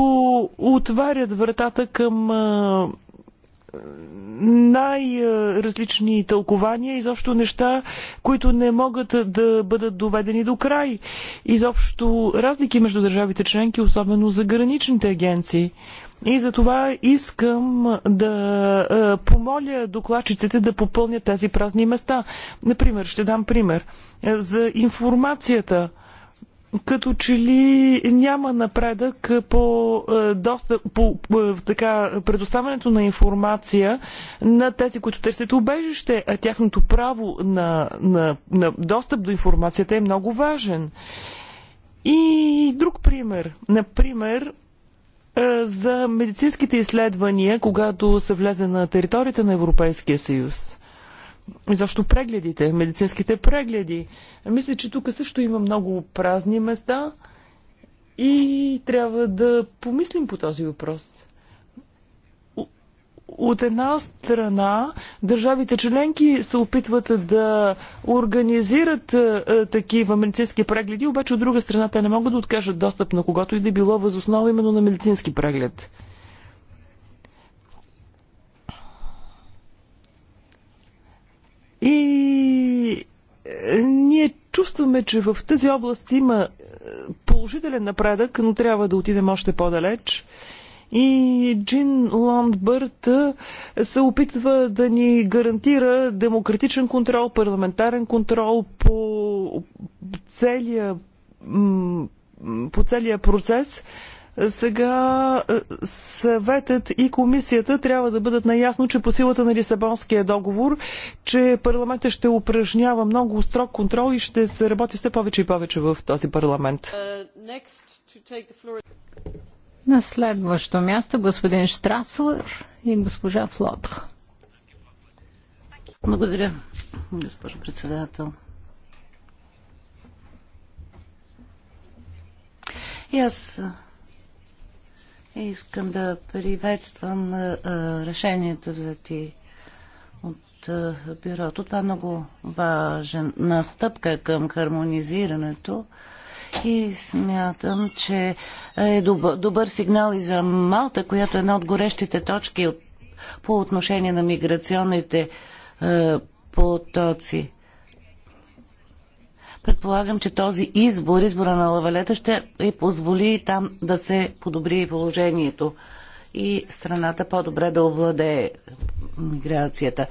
отварят вратата към е, най-различни тълкования, изобщо неща, които не могат да бъдат доведени до край. Изобщо разлики между държавите членки, особено за граничните агенции. И за това искам да е, помоля докладчиците да попълнят тези празни места. Например, ще дам пример. Е, за информацията – като че ли няма напредък по, е, доста, по, по е, така, предоставянето на информация на тези, които търсят убежище, а тяхното право на, на, на достъп до информацията е много важен. И друг пример. Например, е, за медицинските изследвания, когато се влезе на територията на Европейския съюз. Защо прегледите, медицинските прегледи? Мисля, че тук също има много празни места и трябва да помислим по този въпрос от една страна държавите членки се опитват да организират е, е, такива медицински прегледи, обаче от друга страна те не могат да откажат достъп на когото и да било възоснова именно на медицински преглед. И е, ние чувстваме, че в тази област има е, положителен напредък, но трябва да отидем още по-далеч. И Джин Ландбърт е, се опитва да ни гарантира демократичен контрол, парламентарен контрол по целия, по целия процес. Сега е, съветът и комисията трябва да бъдат наясно, че по силата на Лисабонския договор, че парламентът ще упражнява много строг контрол и ще се работи все повече и повече в този парламент. Е, на следващо място господин Штраслер и госпожа Флот. Благодаря, госпожо председател. И аз Искам да приветствам решението ти от бюрото. Това е много важна настъпка към хармонизирането и смятам, че е добър, добър сигнал и за Малта, която е една от горещите точки от, по отношение на миграционните потоци. Предполагам, че този избор, избора на лавалета, ще е и позволи там да се подобри положението и страната по-добре да овладее миграцията.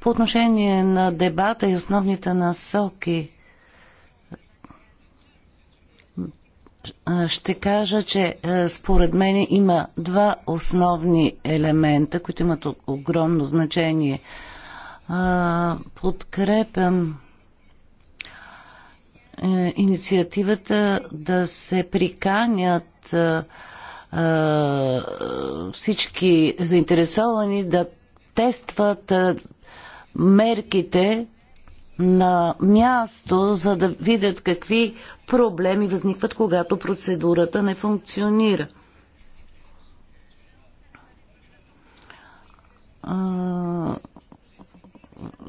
По отношение на дебата и основните насоки, ще кажа, че е, според мен има два основни елемента, които имат огромно значение. Е, подкрепям е, инициативата да се приканят е, е, всички заинтересовани да тестват мерките на място, за да видят какви проблеми възникват, когато процедурата не функционира.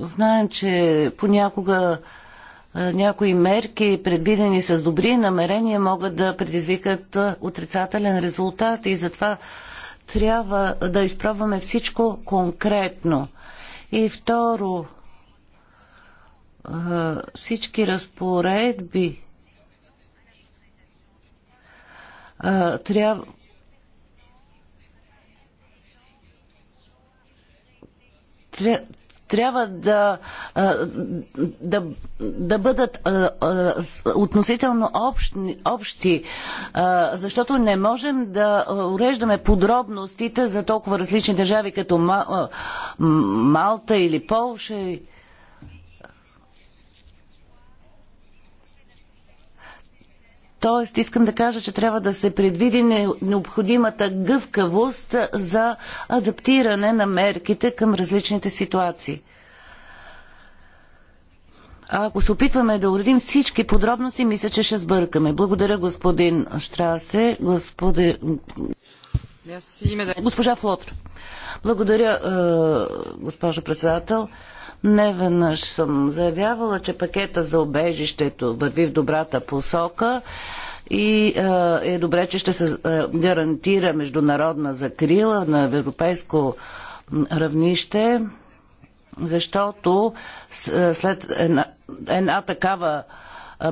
знаем, че понякога някои мерки, предвидени с добри намерения, могат да предизвикат отрицателен резултат и затова трябва да изпробваме всичко конкретно. И второ, всички разпоредби трябва трябва да, да, да бъдат относително общи, общи, защото не можем да уреждаме подробностите за толкова различни държави като Малта или Полша. Тоест, искам да кажа, че трябва да се предвиди необходимата гъвкавост за адаптиране на мерките към различните ситуации. А ако се опитваме да уредим всички подробности, мисля, че ще сбъркаме. Благодаря, господин Штрасе. Господи... Госпожа Флотр. Благодаря, е, госпожо председател. Не веднъж съм заявявала, че пакета за обежището върви в добрата посока и е, е добре, че ще се е, гарантира международна закрила на европейско равнище, защото след една, една такава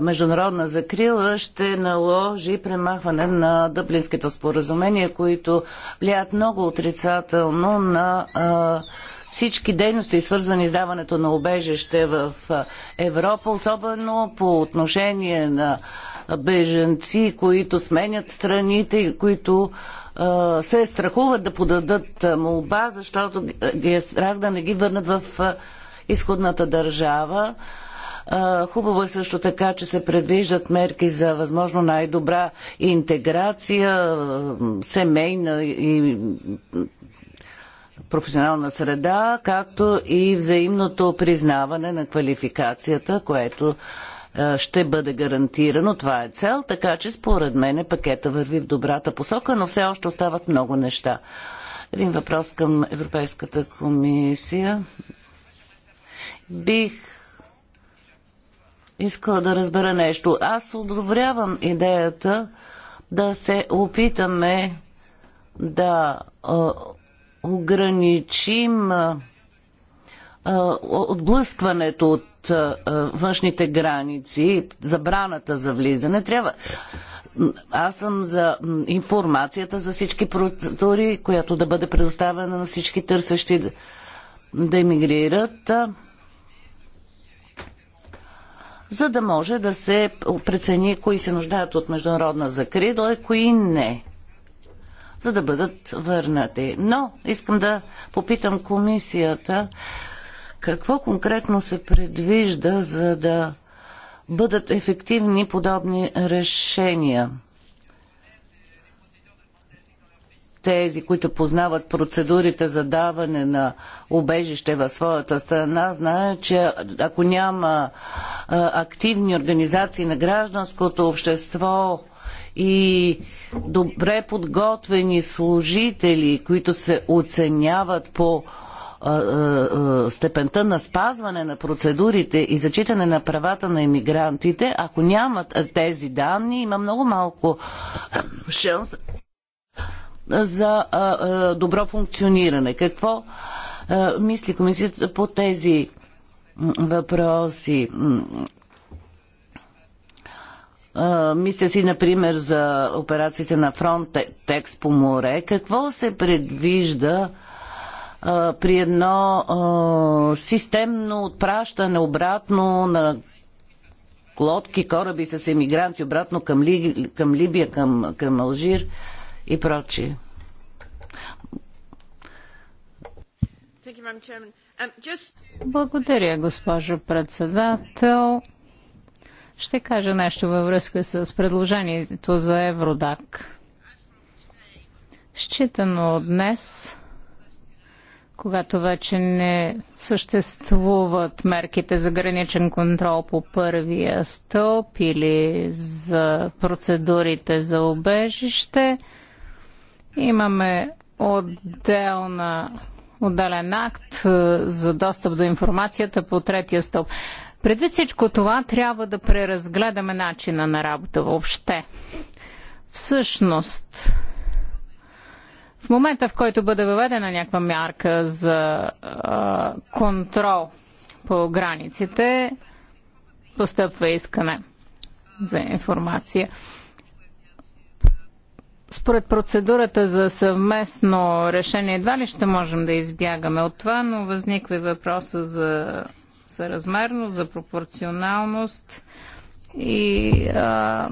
международна закрила ще наложи премахване на дъблинските споразумения, които влияят много отрицателно на всички дейности, свързани с даването на обежище в Европа, особено по отношение на беженци, които сменят страните и които а, се страхуват да подадат молба, защото ги е страх да не ги върнат в изходната държава. Хубаво е също така, че се предвиждат мерки за възможно най-добра интеграция, семейна и професионална среда, както и взаимното признаване на квалификацията, което ще бъде гарантирано. Това е цел, така че според мен пакета върви в добрата посока, но все още остават много неща. Един въпрос към Европейската комисия. Бих искала да разбера нещо. Аз одобрявам идеята да се опитаме да а, ограничим а, отблъскването от а, външните граници, забраната за влизане. Трябва. Аз съм за информацията за всички процедури, която да бъде предоставена на всички търсещи да, да емигрират. А, за да може да се прецени кои се нуждаят от международна закрила и кои не, за да бъдат върнати. Но искам да попитам комисията какво конкретно се предвижда, за да бъдат ефективни подобни решения. тези, които познават процедурите за даване на убежище в своята страна, знаят, че ако няма активни организации на гражданското общество и добре подготвени служители, които се оценяват по степента на спазване на процедурите и зачитане на правата на иммигрантите, ако нямат тези данни, има много малко шанс за добро функциониране. Какво мисли комисията по тези въпроси? мисля си, например, за операциите на Frontex по море, какво се предвижда а, при едно а, системно отпращане обратно на лодки, кораби с емигранти обратно към, Ли, към Либия, към, към Алжир? и прочие. Um, Благодаря, госпожо председател. Ще кажа нещо във връзка с предложението за Евродак. Считано днес, когато вече не съществуват мерките за граничен контрол по първия стълб или за процедурите за обежище, Имаме отделна, отделен акт е, за достъп до информацията по третия стълб. Предвид всичко това, трябва да преразгледаме начина на работа въобще. Всъщност, в момента, в който бъде въведена някаква мярка за а, е, контрол по границите, постъпва искане за информация според процедурата за съвместно решение, едва ли ще можем да избягаме от това, но възниква и въпроса за съразмерност, за пропорционалност и а,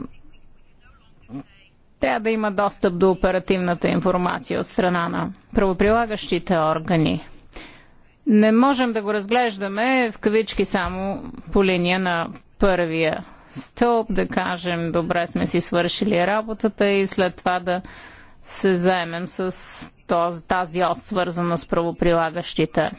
трябва да има достъп до оперативната информация от страна на правоприлагащите органи. Не можем да го разглеждаме в кавички само по линия на първия стълб, да кажем, добре сме си свършили работата и след това да се заемем с тази ос, свързана с правоприлагащите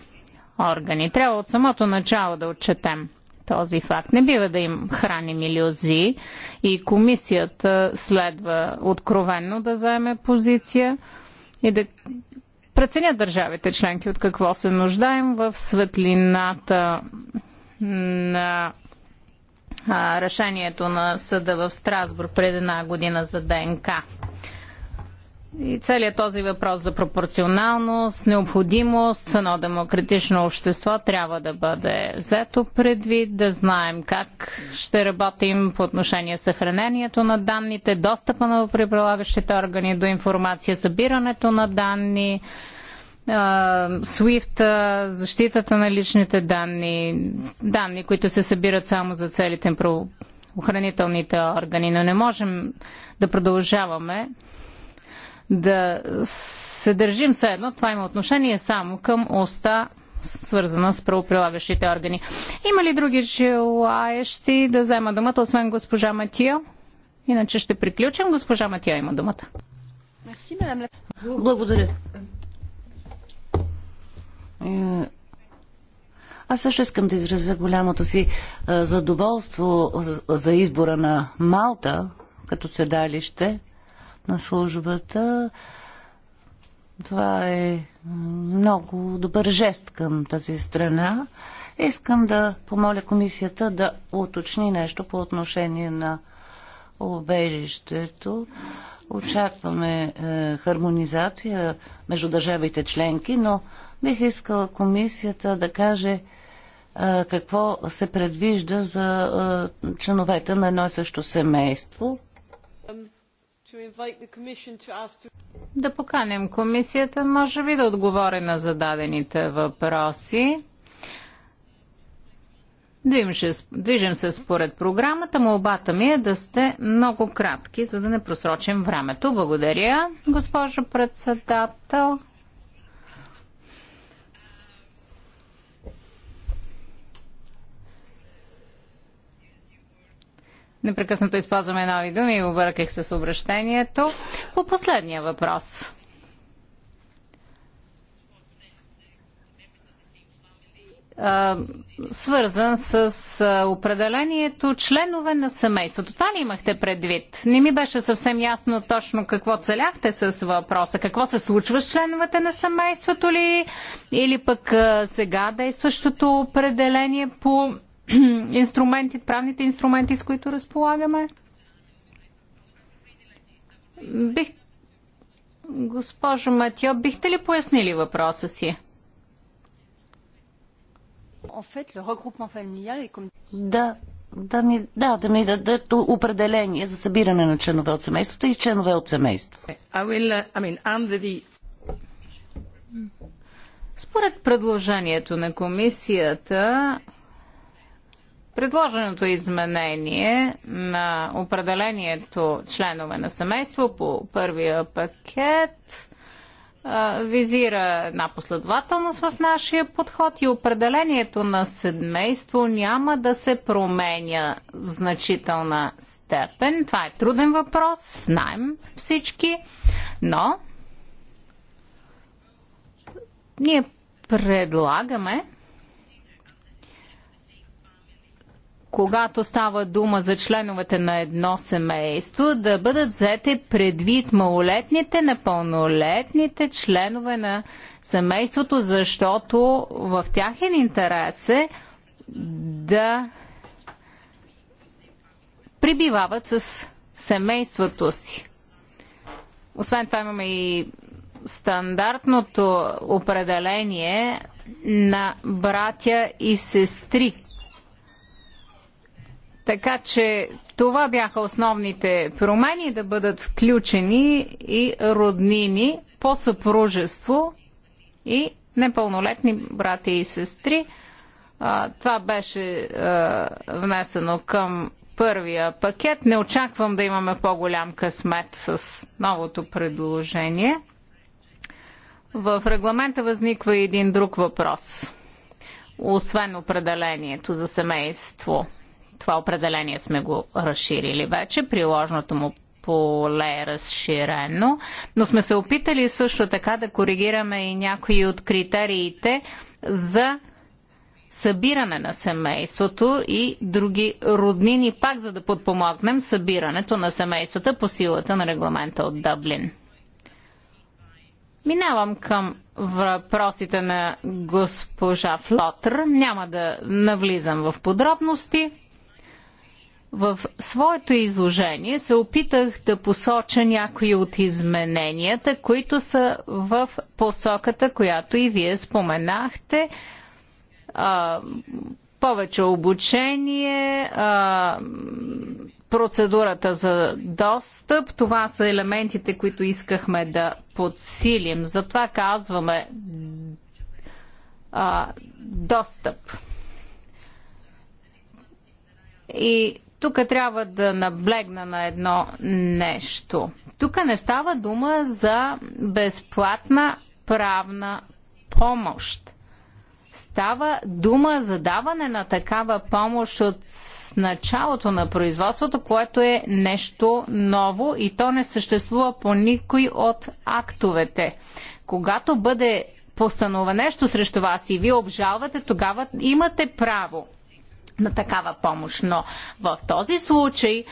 органи. Трябва от самото начало да отчетем този факт. Не бива да им храним иллюзии и комисията следва откровенно да заеме позиция и да преценят държавите членки от какво се нуждаем в светлината на а, решението на съда в Страсбург пред една година за ДНК. И целият този въпрос за пропорционалност, необходимост в едно демократично общество трябва да бъде взето предвид, да знаем как ще работим по отношение съхранението на данните, достъпа на прилагащите органи до информация, събирането на данни, SWIFT, защитата на личните данни, данни, които се събират само за целите на охранителните органи, но не можем да продължаваме да се държим все едно. Това има отношение само към оста, свързана с правоприлагащите органи. Има ли други желаещи да взема думата, освен госпожа Матио? Иначе ще приключим. Госпожа Матио има думата. Благодаря. Е, аз също искам да изразя голямото си е, задоволство за избора на Малта като седалище на службата. Това е много добър жест към тази страна. Искам да помоля комисията да уточни нещо по отношение на обежището. Очакваме е, хармонизация между държавите членки, но Бих искала комисията да каже а, какво се предвижда за а, членовете на едно и също семейство. Um, да поканим комисията, може би да отговори на зададените въпроси. Движим се според програмата. Молбата ми е да сте много кратки, за да не просрочим времето. Благодаря, госпожо председател. Непрекъснато използваме нови думи и обърках с обращението. По последния въпрос. свързан с определението членове на семейството. Това ли имахте предвид? Не ми беше съвсем ясно точно какво целяхте с въпроса. Какво се случва с членовете на семейството ли? Или пък сега действащото определение по инструменти, правните инструменти, с които разполагаме. Бих... Госпожо Матио, бихте ли пояснили въпроса си? Да, да ми, да, да ми дадат определение за събиране на членове от семейството и членове от семейство. Според предложението на комисията, Предложеното изменение на определението членове на семейство по първия пакет визира една последователност в нашия подход и определението на семейство няма да се променя в значителна степен. Това е труден въпрос, знаем всички, но ние предлагаме когато става дума за членовете на едно семейство, да бъдат взети предвид малолетните, непълнолетните членове на семейството, защото в тяхен интерес е да прибивават с семейството си. Освен това имаме и стандартното определение на братя и сестри. Така че това бяха основните промени да бъдат включени и роднини по съпружество и непълнолетни брати и сестри. А, това беше а, внесено към първия пакет. Не очаквам да имаме по-голям късмет с новото предложение. В регламента възниква един друг въпрос, освен определението за семейство – това определение сме го разширили вече. Приложното му поле е разширено, но сме се опитали също така да коригираме и някои от критериите за събиране на семейството и други роднини, пак за да подпомогнем събирането на семействата по силата на регламента от Дъблин. Минавам към въпросите на госпожа Флотър. Няма да навлизам в подробности. В своето изложение се опитах да посоча някои от измененията, които са в посоката, която и вие споменахте. А, повече обучение, а, процедурата за достъп. Това са елементите, които искахме да подсилим. Затова казваме а, достъп. И тук трябва да наблегна на едно нещо. Тук не става дума за безплатна правна помощ. Става дума за даване на такава помощ от началото на производството, което е нещо ново и то не съществува по никой от актовете. Когато бъде постанова нещо срещу вас и ви обжалвате, тогава имате право на такава помощ. Но в този случай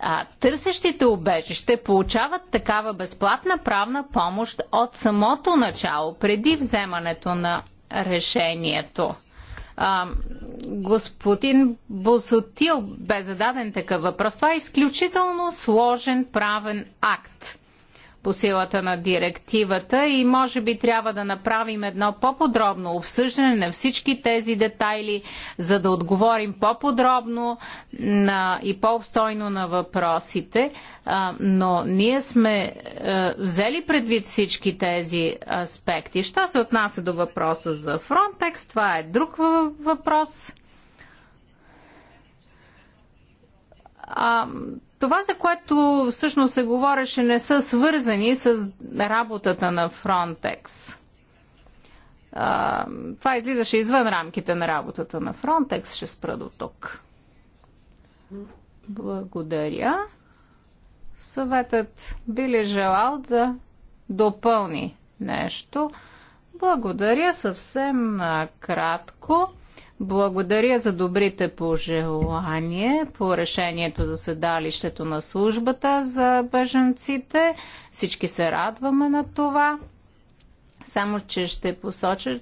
а, търсещите убежище получават такава безплатна правна помощ от самото начало, преди вземането на решението. А, господин Босотил бе зададен такъв въпрос. Това е изключително сложен правен акт по силата на директивата и може би трябва да направим едно по-подробно обсъждане на всички тези детайли, за да отговорим по-подробно и по-обстойно на въпросите. Но ние сме е, взели предвид всички тези аспекти. Що се отнася до въпроса за Frontex, това е друг въпрос а, това, за което всъщност се говореше, не са свързани с работата на Фронтекс. А, това излизаше извън рамките на работата на Фронтекс. Ще спра до тук. Благодаря. Съветът би ли желал да допълни нещо? Благодаря съвсем кратко. Благодаря за добрите пожелания по решението за седалището на службата за бъженците. Всички се радваме на това. Само, че ще посоча,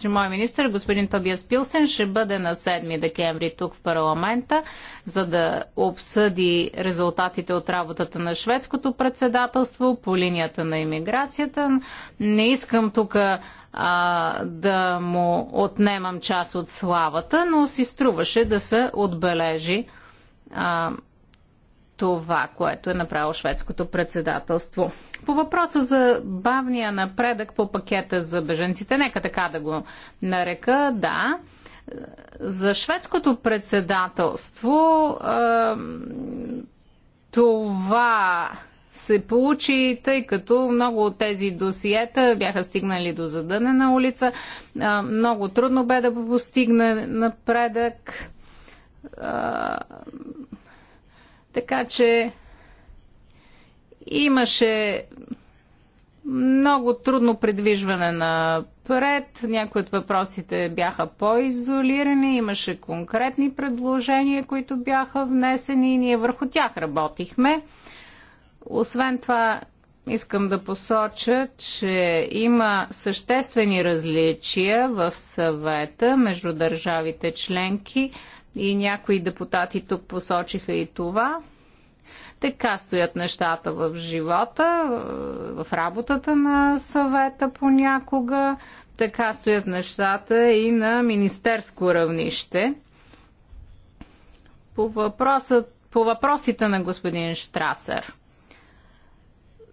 че мой министр, господин Тобиас Пилсен, ще бъде на 7 декември тук в парламента, за да обсъди резултатите от работата на шведското председателство по линията на иммиграцията. Не искам тук а, да му отнемам част от славата, но си струваше да се отбележи а, това, което е направило шведското председателство. По въпроса за бавния напредък по пакета за беженците, нека така да го нарека, да. За шведското председателство а, това се получи, тъй като много от тези досиета бяха стигнали до задънена улица. Много трудно бе да постигне напредък. Така че имаше много трудно предвижване напред. Някои от въпросите бяха по-изолирани, имаше конкретни предложения, които бяха внесени и ние върху тях работихме. Освен това, искам да посоча, че има съществени различия в съвета между държавите членки и някои депутати тук посочиха и това. Така стоят нещата в живота, в работата на съвета понякога, така стоят нещата и на министерско равнище. По, въпросът, по въпросите на господин Штрасър.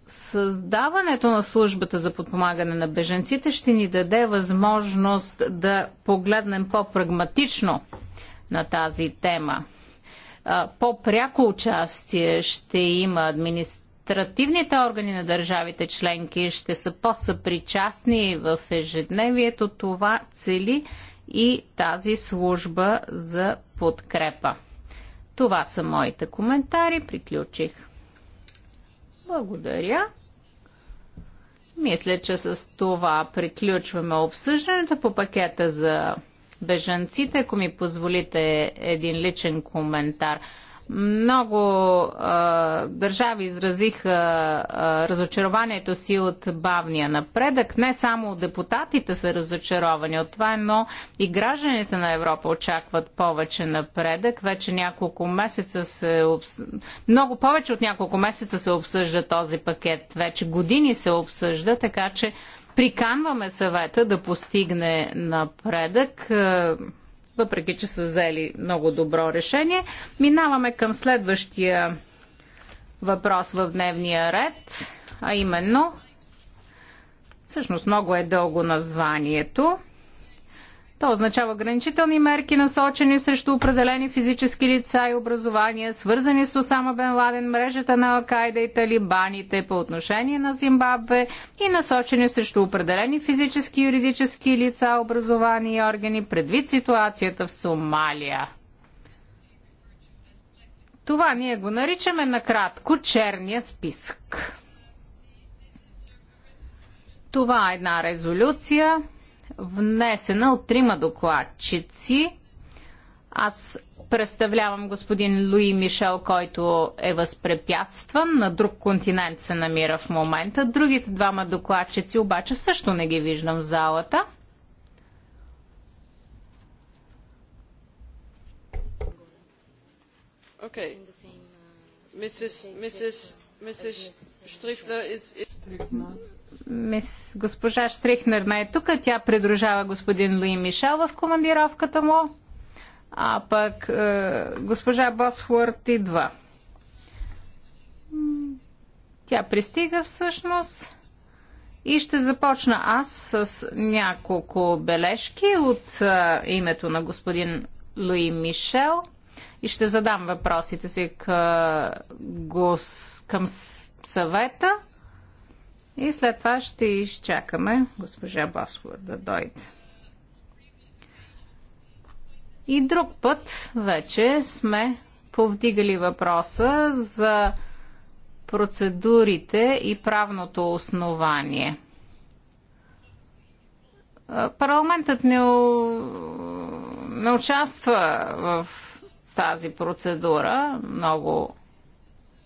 Създаването на службата за подпомагане на беженците ще ни даде възможност да погледнем по-прагматично на тази тема. По-пряко участие ще има административните органи на държавите членки, ще са по-съпричастни в ежедневието. Това цели и тази служба за подкрепа. Това са моите коментари. Приключих. Благодаря. Мисля, че с това приключваме обсъждането по пакета за бежанците. Ако ми позволите един личен коментар. Много а, държави изразиха а, разочарованието си от бавния напредък. Не само депутатите са разочаровани от това, но и гражданите на Европа очакват повече напредък. Вече няколко месеца се обс... много повече от няколко месеца се обсъжда този пакет. Вече години се обсъжда, така че приканваме съвета да постигне напредък въпреки че са взели много добро решение. Минаваме към следващия въпрос в дневния ред, а именно, всъщност много е дълго названието. То означава ограничителни мерки, насочени срещу определени физически лица и образования, свързани с Осама Бен Ладен, мрежата на Алкайда и талибаните по отношение на Зимбабве и насочени срещу определени физически и юридически лица, образования и органи, предвид ситуацията в Сомалия. Това ние го наричаме накратко черния списък. Това е една резолюция, внесена от трима докладчици. Аз представлявам господин Луи Мишел, който е възпрепятстван, на друг континент се намира в момента. Другите двама докладчици обаче също не ги виждам в залата. Okay. Mrs. Mrs. Mrs. Strifler is... Мис госпожа Штрихнер не е тук. Тя придружава господин Луи Мишел в командировката му. А пък е, госпожа Босфорд идва. Тя пристига всъщност и ще започна аз с няколко бележки от е, името на господин Луи Мишел и ще задам въпросите си към, гос, към съвета. И след това ще изчакаме госпожа Баскова да дойде. И друг път вече сме повдигали въпроса за процедурите и правното основание. Парламентът не, не участва в тази процедура много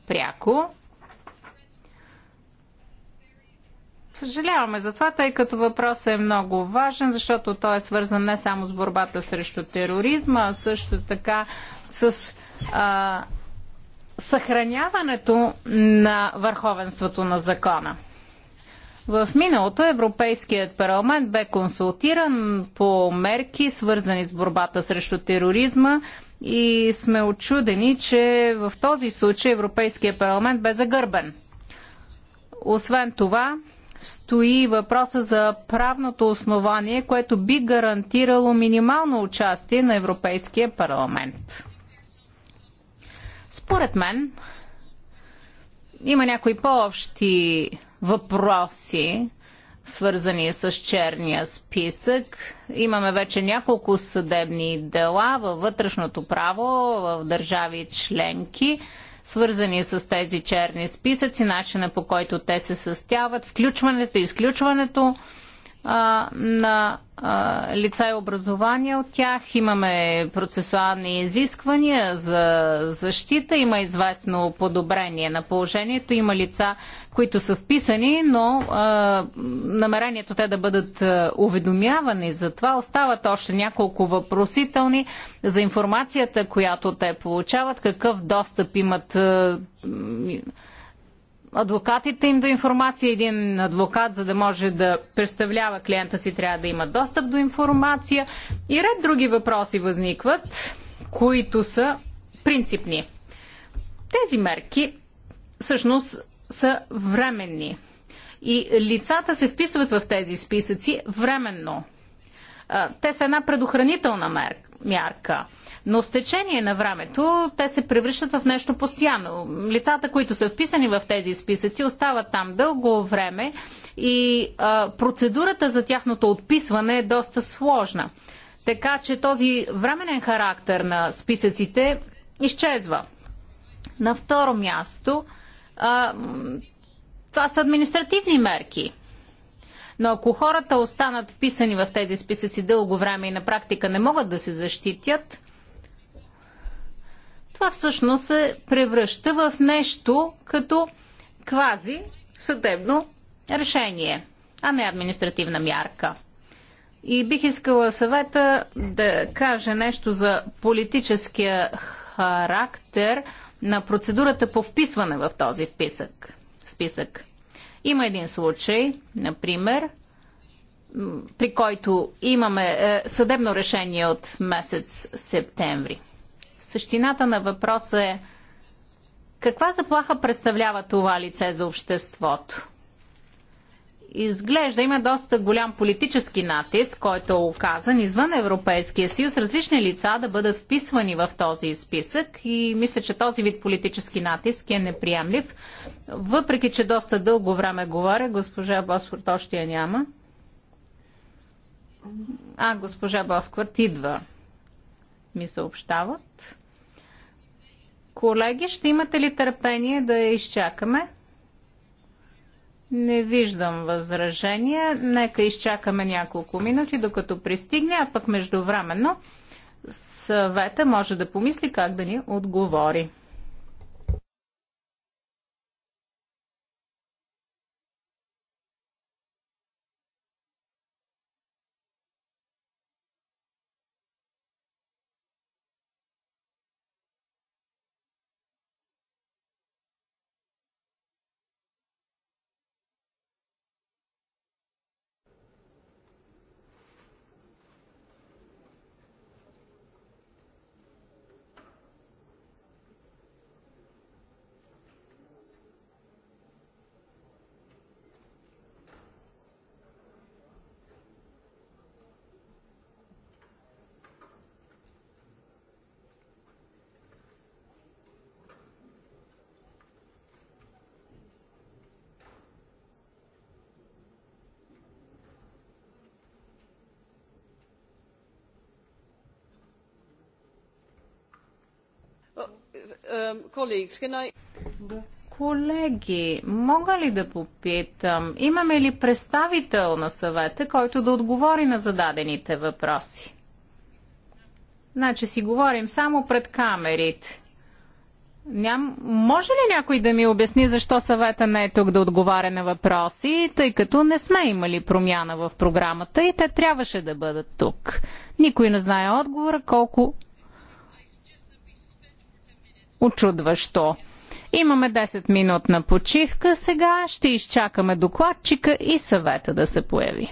пряко. Съжаляваме за това, тъй като въпросът е много важен, защото той е свързан не само с борбата срещу тероризма, а също така с а, съхраняването на върховенството на закона. В миналото Европейският парламент бе консултиран по мерки, свързани с борбата срещу тероризма и сме очудени, че в този случай Европейският парламент бе загърбен. Освен това, стои въпроса за правното основание, което би гарантирало минимално участие на Европейския парламент. Според мен има някои по-общи въпроси, свързани с черния списък. Имаме вече няколко съдебни дела във вътрешното право в държави членки свързани с тези черни списъци, начина по който те се състяват, включването и изключването а, на лица и образование от тях. Имаме процесуални изисквания за защита. Има известно подобрение на положението. Има лица, които са вписани, но а, намерението те да бъдат уведомявани за това остават още няколко въпросителни за информацията, която те получават, какъв достъп имат. А, адвокатите им до информация. Един адвокат, за да може да представлява клиента си, трябва да има достъп до информация. И ред други въпроси възникват, които са принципни. Тези мерки всъщност са временни. И лицата се вписват в тези списъци временно. Те са една предохранителна мерка мярка. Но с течение на времето те се превръщат в нещо постоянно. Лицата, които са вписани в тези списъци, остават там дълго време и а, процедурата за тяхното отписване е доста сложна. Така че този временен характер на списъците изчезва. На второ място, а, това са административни мерки. Но ако хората останат вписани в тези списъци дълго време и на практика не могат да се защитят, това всъщност се превръща в нещо като квази съдебно решение, а не административна мярка. И бих искала съвета да каже нещо за политическия характер на процедурата по вписване в този вписък, списък. Има един случай, например, при който имаме е, съдебно решение от месец септември. Същината на въпроса е каква заплаха представлява това лице за обществото? изглежда има доста голям политически натиск, който е оказан извън Европейския съюз, различни лица да бъдат вписвани в този списък и мисля, че този вид политически натиск е неприемлив. Въпреки, че доста дълго време говоря, госпожа Босфорд още я няма. А, госпожа Босфорд идва, ми съобщават. Колеги, ще имате ли търпение да я изчакаме? Не виждам възражения. Нека изчакаме няколко минути, докато пристигне, а пък междувременно съвета може да помисли как да ни отговори. Колеги, мога ли да попитам, имаме ли представител на съвета, който да отговори на зададените въпроси? Значи си говорим само пред камерите. Ням... Може ли някой да ми обясни защо съвета не е тук да отговаря на въпроси, тъй като не сме имали промяна в програмата и те трябваше да бъдат тук? Никой не знае отговора, колко очудващо. Имаме 10 минутна почивка сега. Ще изчакаме докладчика и съвета да се появи.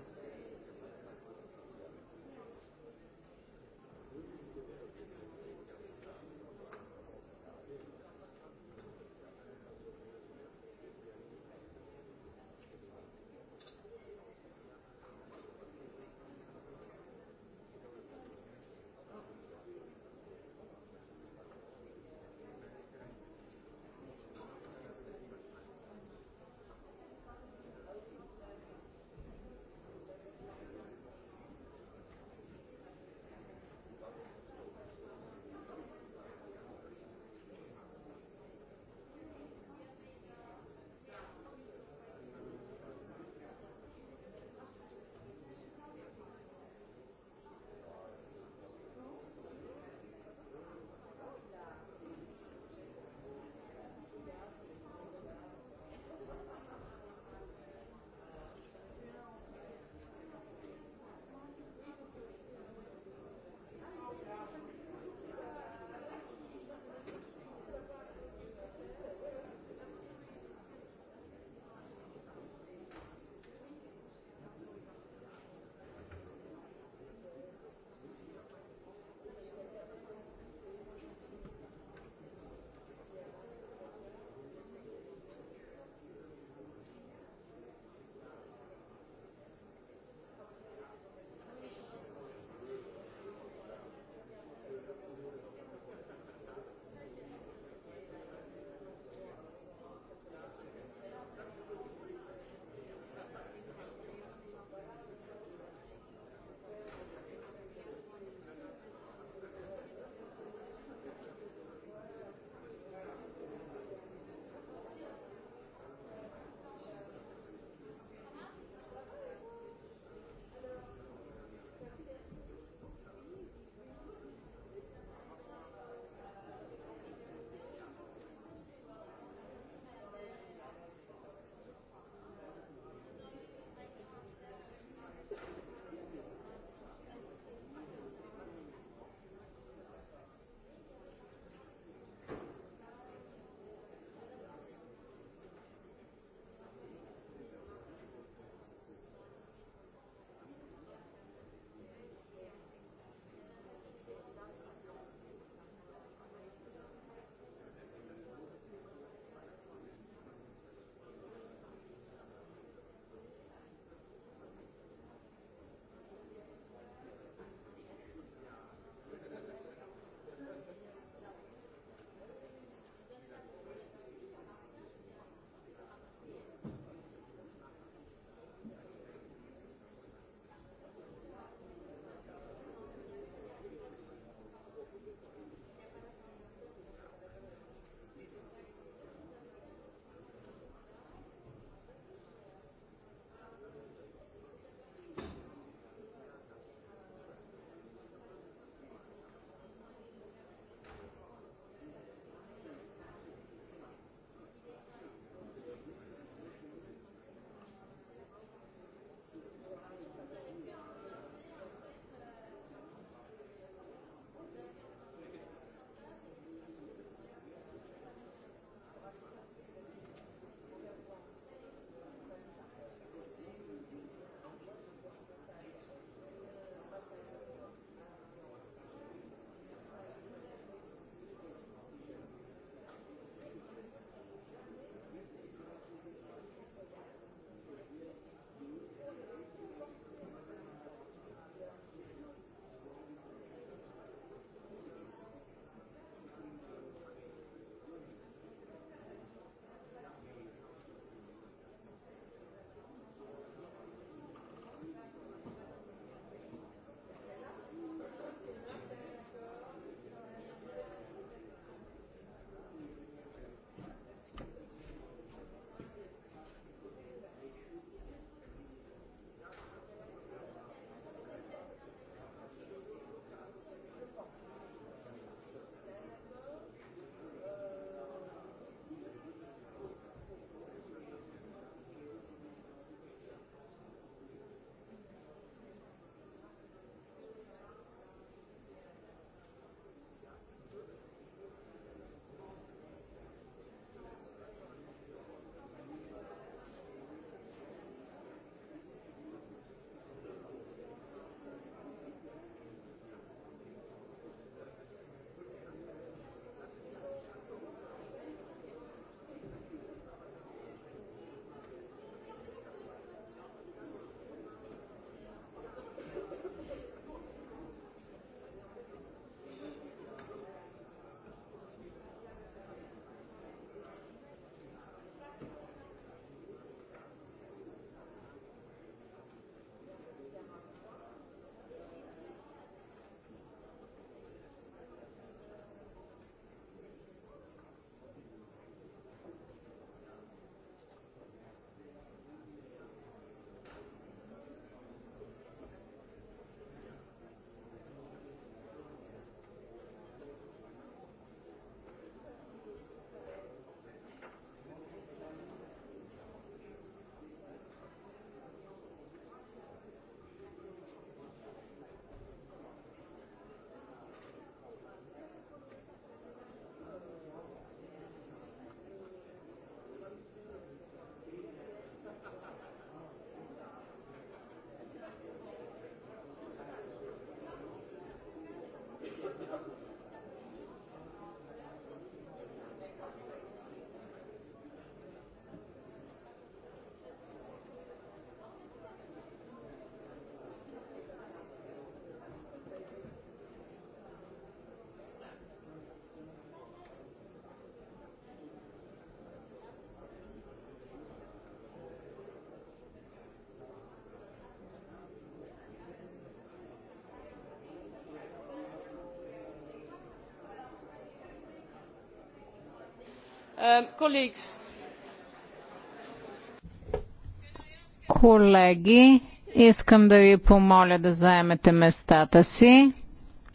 Колеги, искам да ви помоля да заемете местата си,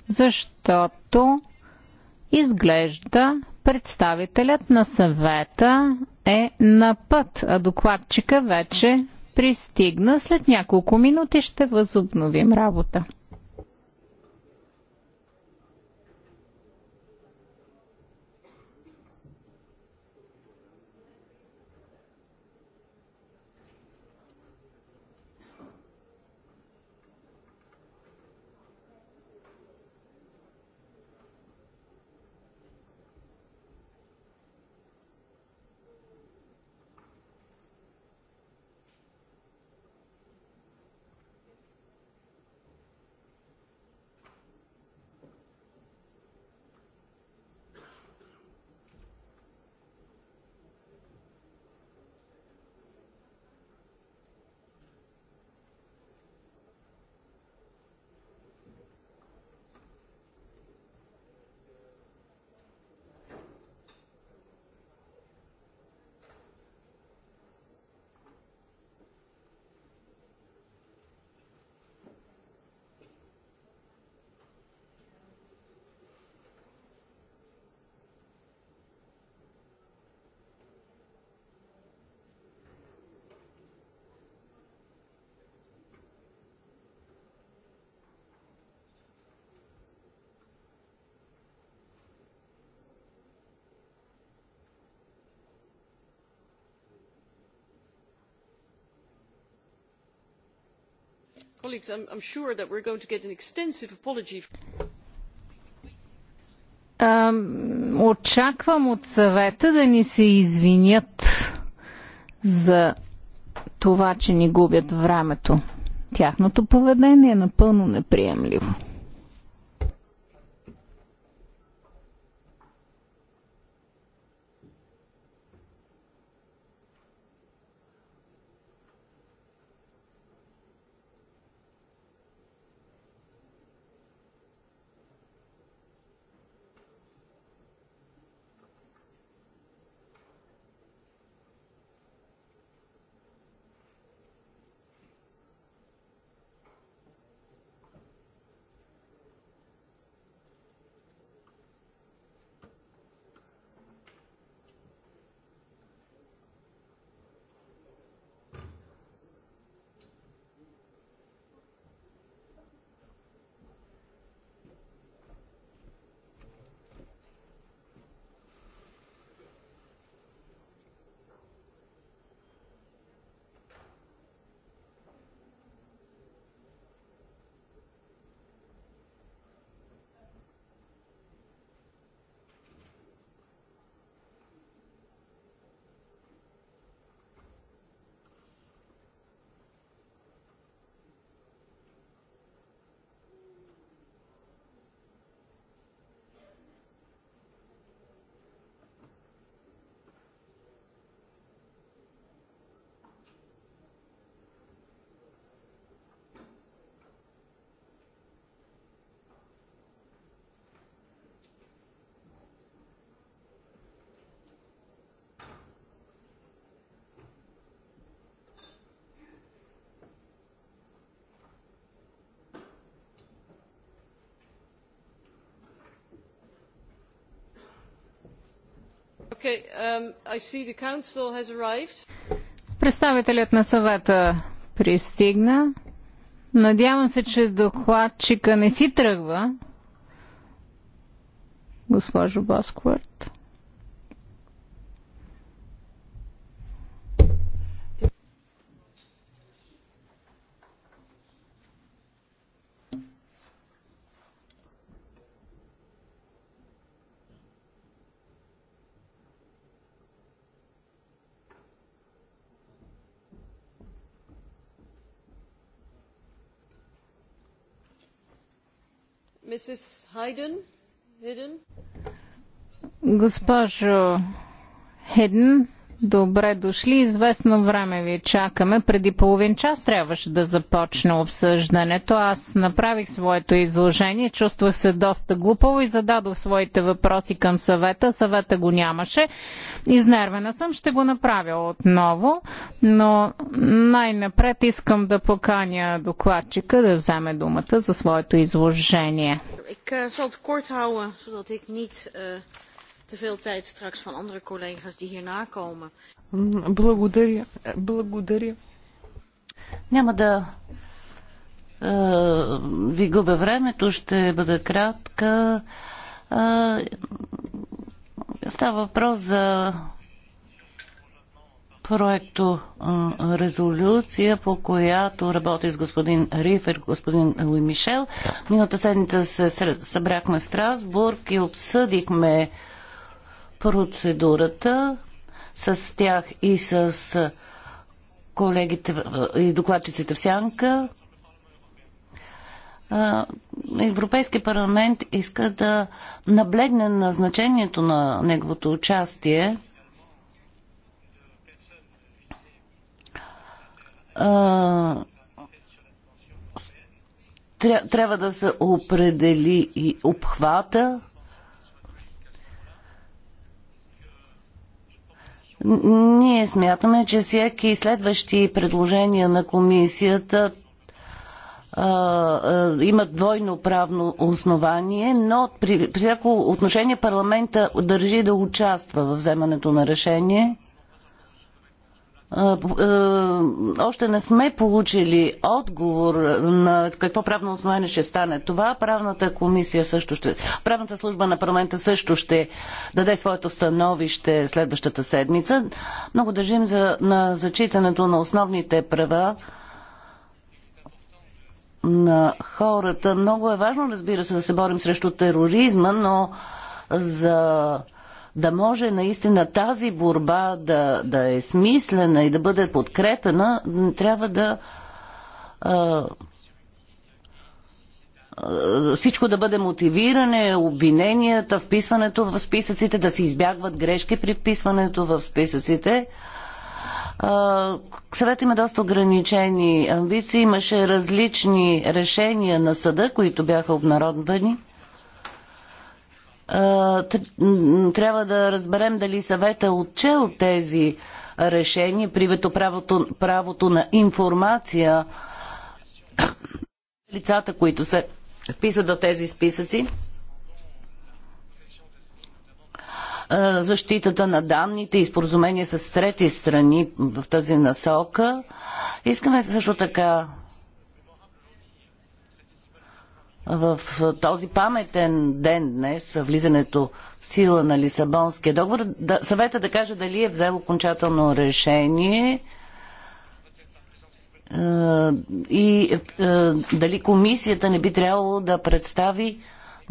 защото изглежда представителят на съвета е на път, а докладчика вече пристигна. След няколко минути ще възобновим работа. colleagues, i am sure that are going to get an extensive apology. Очаквам от съвета да ни се извинят за това, че ни губят времето. Тяхното поведение е напълно неприемливо. Um, Представителят на съвета пристигна. Надявам се, че докладчика не си тръгва. Госпожо Боскварт. Госпожо Хиден, Добре дошли. Известно време ви чакаме. Преди половин час трябваше да започне обсъждането. Аз направих своето изложение, чувствах се доста глупаво и зададох своите въпроси към съвета. Съвета го нямаше. Изнервена съм, ще го направя отново, но най-напред искам да поканя докладчика да вземе думата за своето изложение. Ik eh, zal het kort houden, zodat ik niet uh, te veel tijd straks van andere collega's die hierna komen. Благодаря. Няма да е, ви губя времето, ще бъда кратка. Е, става въпрос за проекто е, резолюция, по която работи с господин Рифер, господин Луи Мишел. Миналата седмица се събрахме в Страсбург и обсъдихме процедурата с тях и с колегите и докладчиците в Сянка. Европейския парламент иска да наблегне на значението на неговото участие трябва да се определи и обхвата Ние смятаме, че всеки следващи предложения на комисията имат двойно правно основание, но при, при всяко отношение парламента държи да участва в вземането на решение. Е, още не сме получили отговор на какво правно основание ще стане това. Правната комисия също ще... Правната служба на парламента също ще даде своето становище следващата седмица. Много държим за, на зачитането на основните права на хората. Много е важно, разбира се, да се борим срещу тероризма, но за да може наистина тази борба да, да е смислена и да бъде подкрепена, трябва да а, всичко да бъде мотивиране, обвиненията, вписването в списъците, да се избягват грешки при вписването в списъците. Съвет има доста ограничени амбиции. Имаше различни решения на съда, които бяха обнародвани трябва да разберем дали съвета е отчел тези решения, привето правото, правото на информация лицата, които се вписат в тези списъци. защитата на данните и споразумение с трети страни в тази насока. Искаме също така в този паметен ден днес, влизането в сила на Лисабонския договор, да, съвета да каже дали е взел окончателно решение е, и е, дали комисията не би трябвало да представи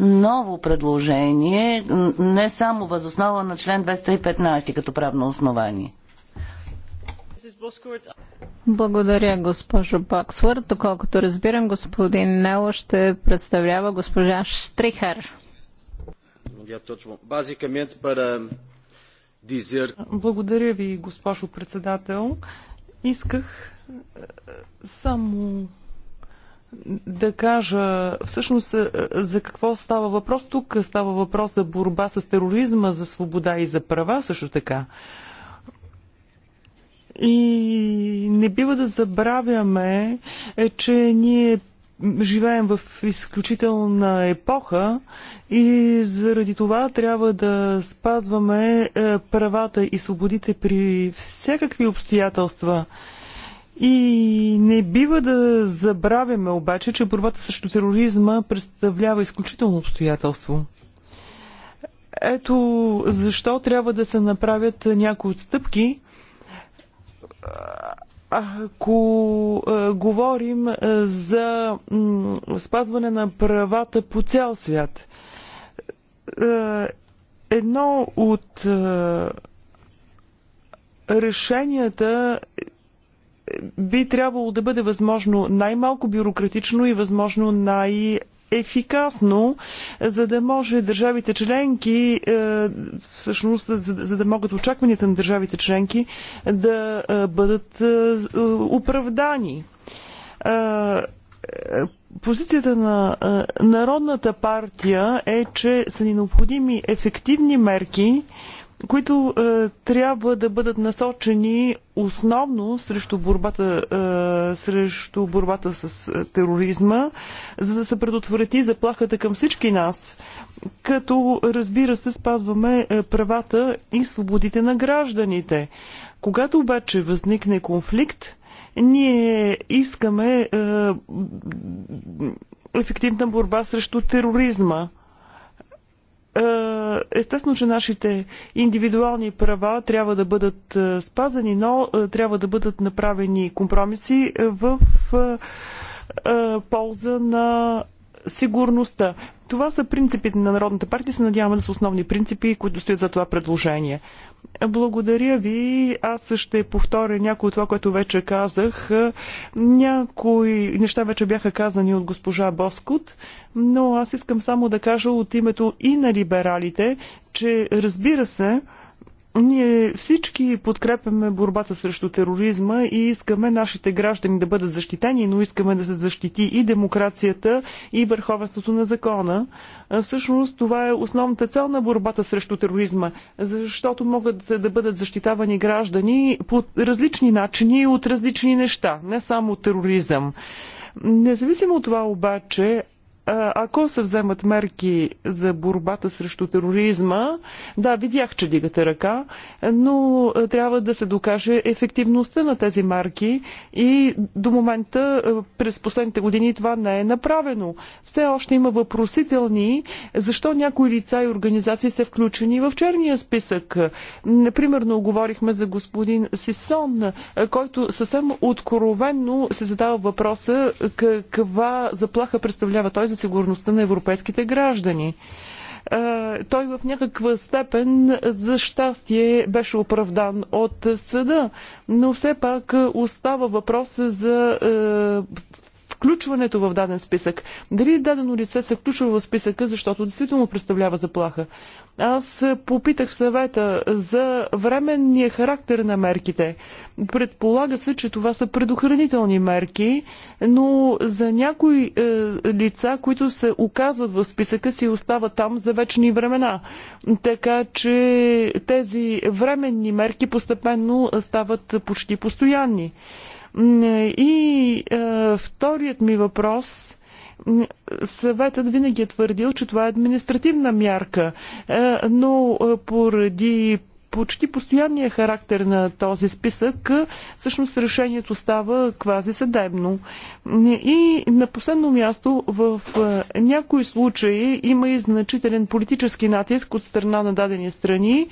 ново предложение, не само възоснова на член 215 като правно основание. Благодаря, госпожо Боксвър. Доколкото разбирам, господин Нело ще представлява госпожа Штрихер. Благодаря ви, госпожо председател. Исках е, само да кажа всъщност е, за какво става въпрос. Тук става въпрос за борба с тероризма, за свобода и за права също така. И не бива да забравяме, е, че ние живеем в изключителна епоха и заради това трябва да спазваме е, правата и свободите при всякакви обстоятелства. И не бива да забравяме обаче, че борбата срещу тероризма представлява изключително обстоятелство. Ето защо трябва да се направят някои отстъпки, ако а, е, говорим а, е, за м, спазване на правата по цял свят. А, е, едно от а, решенията би трябвало да бъде възможно най-малко бюрократично и възможно най- ефикасно, за да може държавите членки, е, всъщност, за да могат очакванията на държавите членки да е, бъдат е, оправдани позицията на Народната партия е, че са ни необходими ефективни мерки, които е, трябва да бъдат насочени основно срещу борбата, е, срещу борбата с тероризма, за да се предотврати заплахата към всички нас, като разбира се спазваме правата и свободите на гражданите. Когато обаче възникне конфликт, ние искаме е, ефективна борба срещу тероризма. Е, естествено, че нашите индивидуални права трябва да бъдат е, спазани, но е, трябва да бъдат направени компромиси в полза на сигурността. Това са принципите на Народната партия. Се надяваме да са основни принципи, които стоят за това предложение. Благодаря ви. Аз ще повторя някои от това, което вече казах. Някои неща вече бяха казани от госпожа Боскот, но аз искам само да кажа от името и на либералите, че разбира се, ние всички подкрепяме борбата срещу тероризма и искаме нашите граждани да бъдат защитени, но искаме да се защити и демокрацията, и върховенството на закона. Всъщност това е основната цел на борбата срещу тероризма, защото могат да бъдат защитавани граждани по различни начини и от различни неща, не само тероризъм. Независимо от това обаче, ако се вземат мерки за борбата срещу тероризма, да, видях, че дигате ръка, но трябва да се докаже ефективността на тези марки и до момента през последните години това не е направено. Все още има въпросителни защо някои лица и организации са включени в черния списък. Например, говорихме за господин Сисон, който съвсем откровенно се задава въпроса каква заплаха представлява той за сигурността на европейските граждани той в някаква степен за щастие беше оправдан от съда, но все пак остава въпрос за е, включването в даден списък. Дали дадено лице се включва в списъка, защото действително представлява заплаха. Аз попитах съвета за временния характер на мерките. Предполага се, че това са предохранителни мерки, но за някои е, лица, които се оказват в списъка си, остават там за вечни времена. Така че тези временни мерки постепенно стават почти постоянни. И а, е, вторият ми въпрос Съветът винаги е твърдил, че това е административна мярка, е, но е, поради почти постоянния характер на този списък, всъщност решението става квази съдебно. И на последно място, в някои случаи има и значителен политически натиск от страна на дадени страни,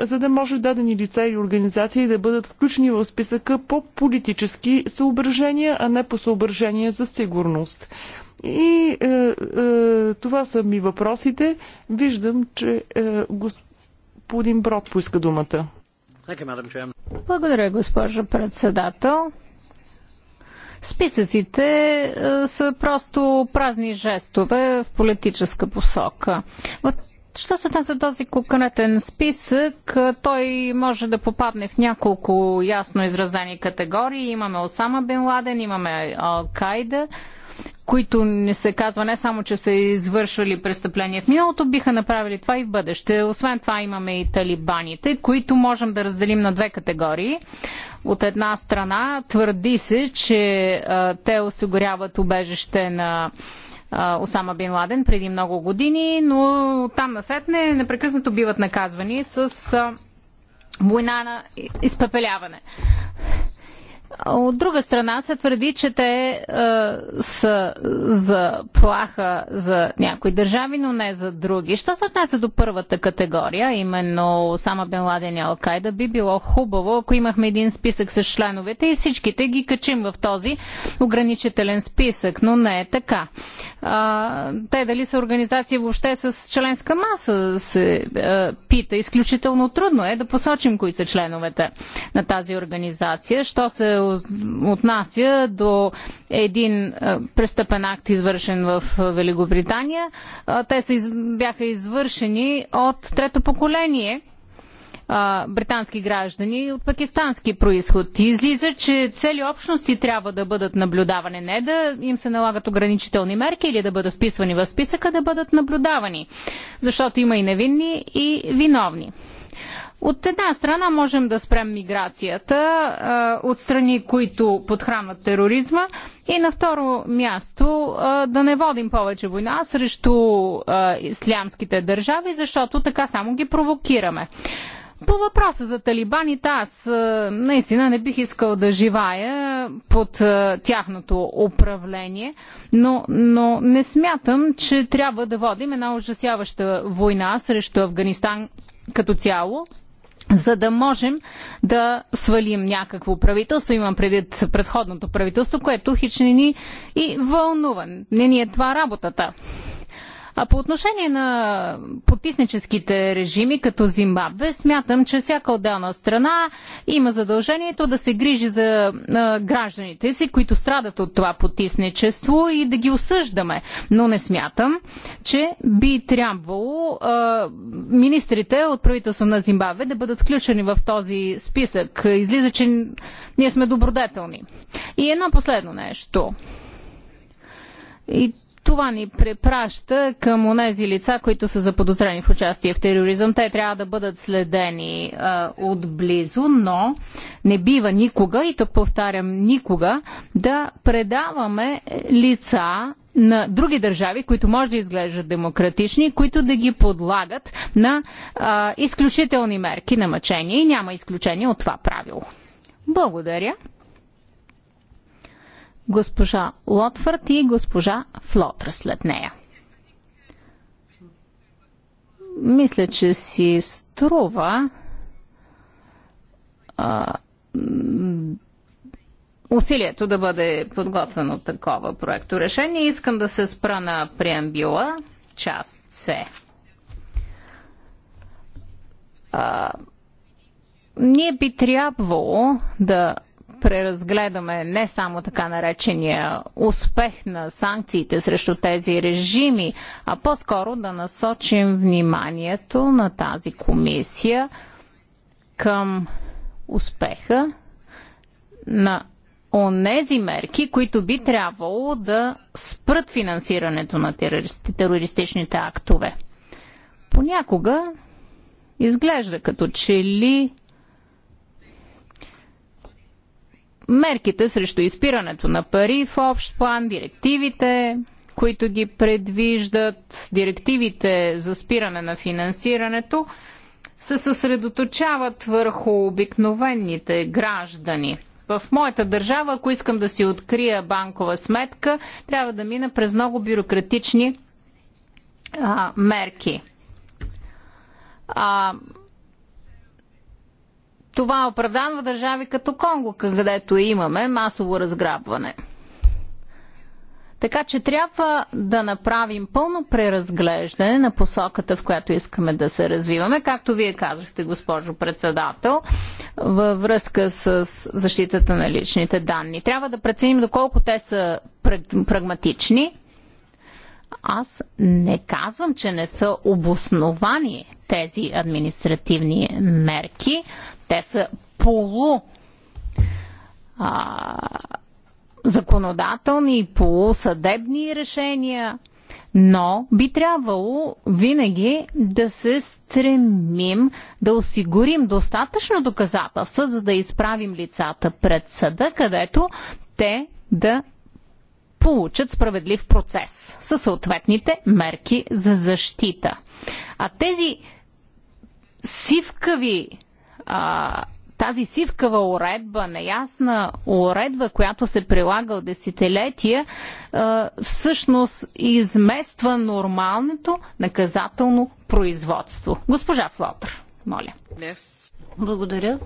за да може дадени лица или организации да бъдат включени в списъка по политически съображения, а не по съображения за сигурност. И е, е, това са ми въпросите. Виждам, че е, господин Господин Брод поиска думата. Благодаря, госпожо председател. Списъците е, са просто празни жестове в политическа посока. Що се отнася този конкретен списък, е, той може да попадне в няколко ясно изразени категории. Имаме Осама Бен Ладен, имаме Ал-Кайда които не се казва не само, че са извършвали престъпления в миналото, биха направили това и в бъдеще. Освен това имаме и талибаните, които можем да разделим на две категории. От една страна твърди се, че а, те осигуряват убежище на а, Осама Бин Ладен преди много години, но там насетне непрекъснато биват наказвани с а, война на изпепеляване. От друга страна се твърди, че те е, са заплаха за някои държави, но не за други. Що се отнася до първата категория, именно Сама Бен Ладен и Алкайда, би било хубаво, ако имахме един списък с членовете и всичките ги качим в този ограничителен списък, но не е така. А, те дали са организации въобще с членска маса, се е, пита. Изключително трудно е да посочим кои са членовете на тази организация. Що се отнася до един престъпен акт, извършен в Великобритания. Те са, бяха извършени от трето поколение британски граждани от пакистански происход. и Излиза, че цели общности трябва да бъдат наблюдавани, не да им се налагат ограничителни мерки или да бъдат вписвани в списъка, да бъдат наблюдавани, защото има и невинни и виновни. От една страна можем да спрем миграцията от страни, които подхранват тероризма и на второ място да не водим повече война срещу ислямските държави, защото така само ги провокираме. По въпроса за талибаните, аз наистина не бих искал да живая под тяхното управление, но, но не смятам, че трябва да водим една ужасяваща война срещу Афганистан като цяло за да можем да свалим някакво правителство. Имам предвид предходното правителство, което хич не ни и вълнува. Не ни е това работата. А по отношение на потисническите режими, като Зимбабве, смятам, че всяка отделна страна има задължението да се грижи за гражданите си, които страдат от това потисничество и да ги осъждаме. Но не смятам, че би трябвало а, министрите от правителство на Зимбабве да бъдат включени в този списък. Излиза, че ние сме добродетелни. И едно последно нещо. И това ни препраща към онези лица, които са заподозрени в участие в тероризъм. Те трябва да бъдат следени а, отблизо, но не бива никога, и тук повтарям никога, да предаваме лица на други държави, които може да изглеждат демократични, които да ги подлагат на а, изключителни мерки на мъчение. И няма изключение от това правило. Благодаря госпожа Лотфърт и госпожа Флотър след нея. Мисля, че си струва а, усилието да бъде подготвено такова проекто решение. Искам да се спра на преамбюла, част С. А, ние би трябвало да преразгледаме не само така наречения успех на санкциите срещу тези режими, а по-скоро да насочим вниманието на тази комисия към успеха на онези мерки, които би трябвало да спрат финансирането на терористичните актове. Понякога изглежда като че ли мерките срещу изпирането на пари в общ план, директивите, които ги предвиждат, директивите за спиране на финансирането, се съсредоточават върху обикновените граждани. В моята държава, ако искам да си открия банкова сметка, трябва да мина през много бюрократични а, мерки. А, това е оправданва държави като Конго, където имаме масово разграбване. Така че трябва да направим пълно преразглеждане на посоката, в която искаме да се развиваме, както вие казахте, госпожо председател, във връзка с защитата на личните данни. Трябва да преценим доколко те са прагматични, аз не казвам, че не са обосновани тези административни мерки. Те са полу а, законодателни и полусъдебни решения, но би трябвало винаги да се стремим да осигурим достатъчно доказателства, за да изправим лицата пред съда, където те да получат справедлив процес със съответните мерки за защита. А тези сивкави а, тази сивкава уредба, неясна уредба, която се прилага от десетилетия, всъщност измества нормалното наказателно производство. Госпожа Флотър, моля. Благодаря.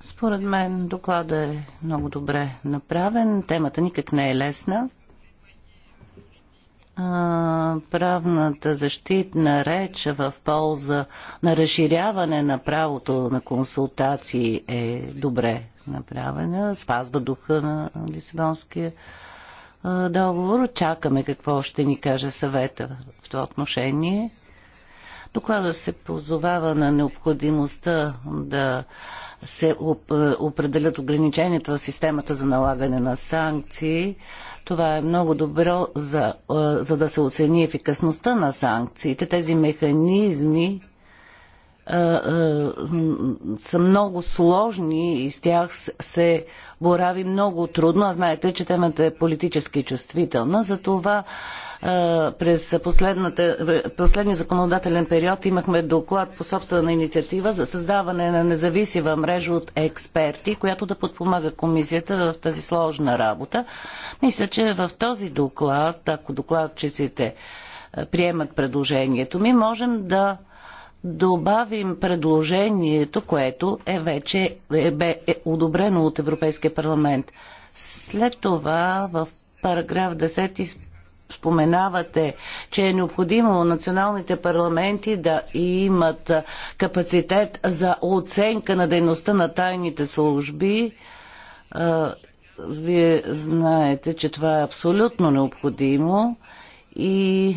Според мен докладът е много добре направен. Темата никак не е лесна. А, правната защитна реч в полза на разширяване на правото на консултации е добре направена. Спазва духа на Лисабонския договор. Чакаме какво ще ни каже съвета в това отношение. Доклада се позовава на необходимостта да се е, определят ограниченията в системата за налагане на санкции. Това е много добро, за, е, за да се оцени ефикасността на санкциите. Тези механизми е, са много сложни и с тях се борави много трудно. А знаете, че темата е политически чувствителна. Затова това през последния законодателен период имахме доклад по собствена инициатива за създаване на независима мрежа от експерти, която да подпомага комисията в тази сложна работа. Мисля, че в този доклад, ако докладчиците приемат предложението ми, можем да добавим предложението, което е вече е, бе е одобрено от Европейския парламент. След това в параграф 10 споменавате, че е необходимо националните парламенти да имат капацитет за оценка на дейността на тайните служби. Вие знаете, че това е абсолютно необходимо и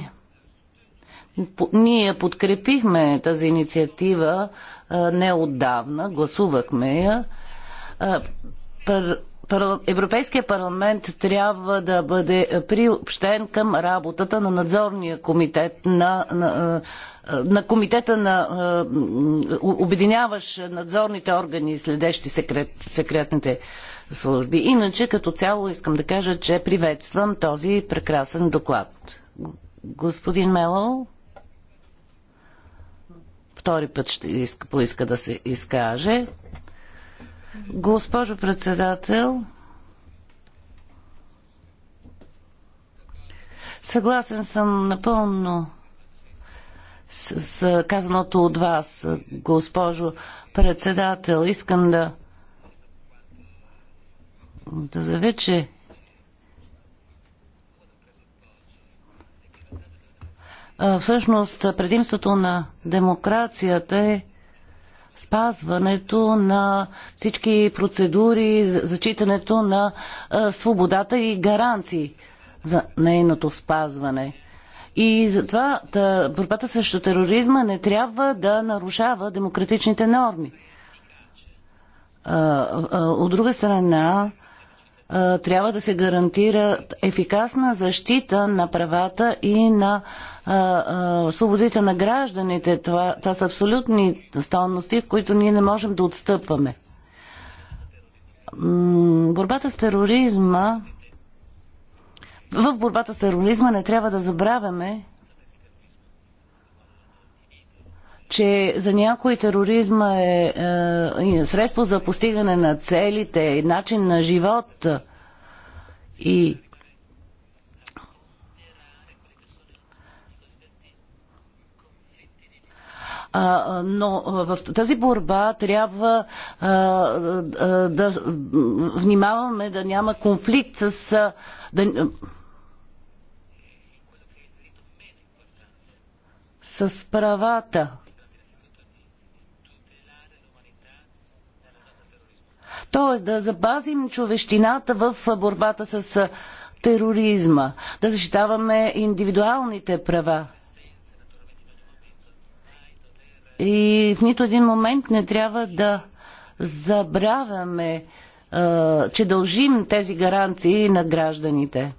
ние подкрепихме тази инициатива не отдавна, гласувахме я. Европейския парламент трябва да бъде приобщен към работата на надзорния комитет на, на, на комитета на обединяваш надзорните органи, следещи секрет, секретните служби. Иначе, като цяло, искам да кажа, че приветствам този прекрасен доклад. Господин Мелоу? Втори път ще иска, поиска да се изкаже. Госпожо председател, съгласен съм напълно с, с казаното от вас, госпожо председател. Искам да да заявя, че всъщност предимството на демокрацията е спазването на всички процедури, зачитането на свободата и гаранции за нейното спазване. И затова да, борбата срещу тероризма не трябва да нарушава демократичните норми. От друга страна, трябва да се гарантира ефикасна защита на правата и на а, а, свободите на гражданите. Това, това са абсолютни стойности, в които ние не можем да отстъпваме. М борбата с тероризма. В борбата с тероризма не трябва да забравяме, че за някои тероризма е, е, е средство за постигане на целите, начин на живот и но в тази борба трябва да внимаваме да няма конфликт с. Да, с правата. Тоест да запазим човещината в борбата с тероризма, да защитаваме индивидуалните права. И в нито един момент не трябва да забравяме, е, че дължим тези гаранции на гражданите.